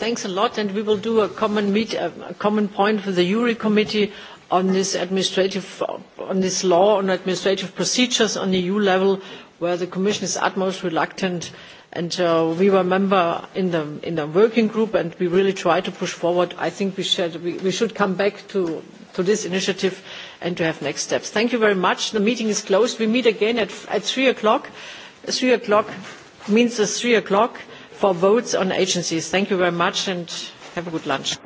thanks a lot, and we will do a common meet, a common point for the URI committee on this administrative, on this law on administrative procedures on EU level, where the Commission is utmost reluctant. And uh, we were a member in the in the working group, and we really try to push forward. I think we should we, we should come back to to this initiative and to have next steps. Thank you very much. The meeting is closed. We meet again at at three o'clock. Three o'clock means it's three o'clock for votes on agencies. Thank you very much and have a good lunch.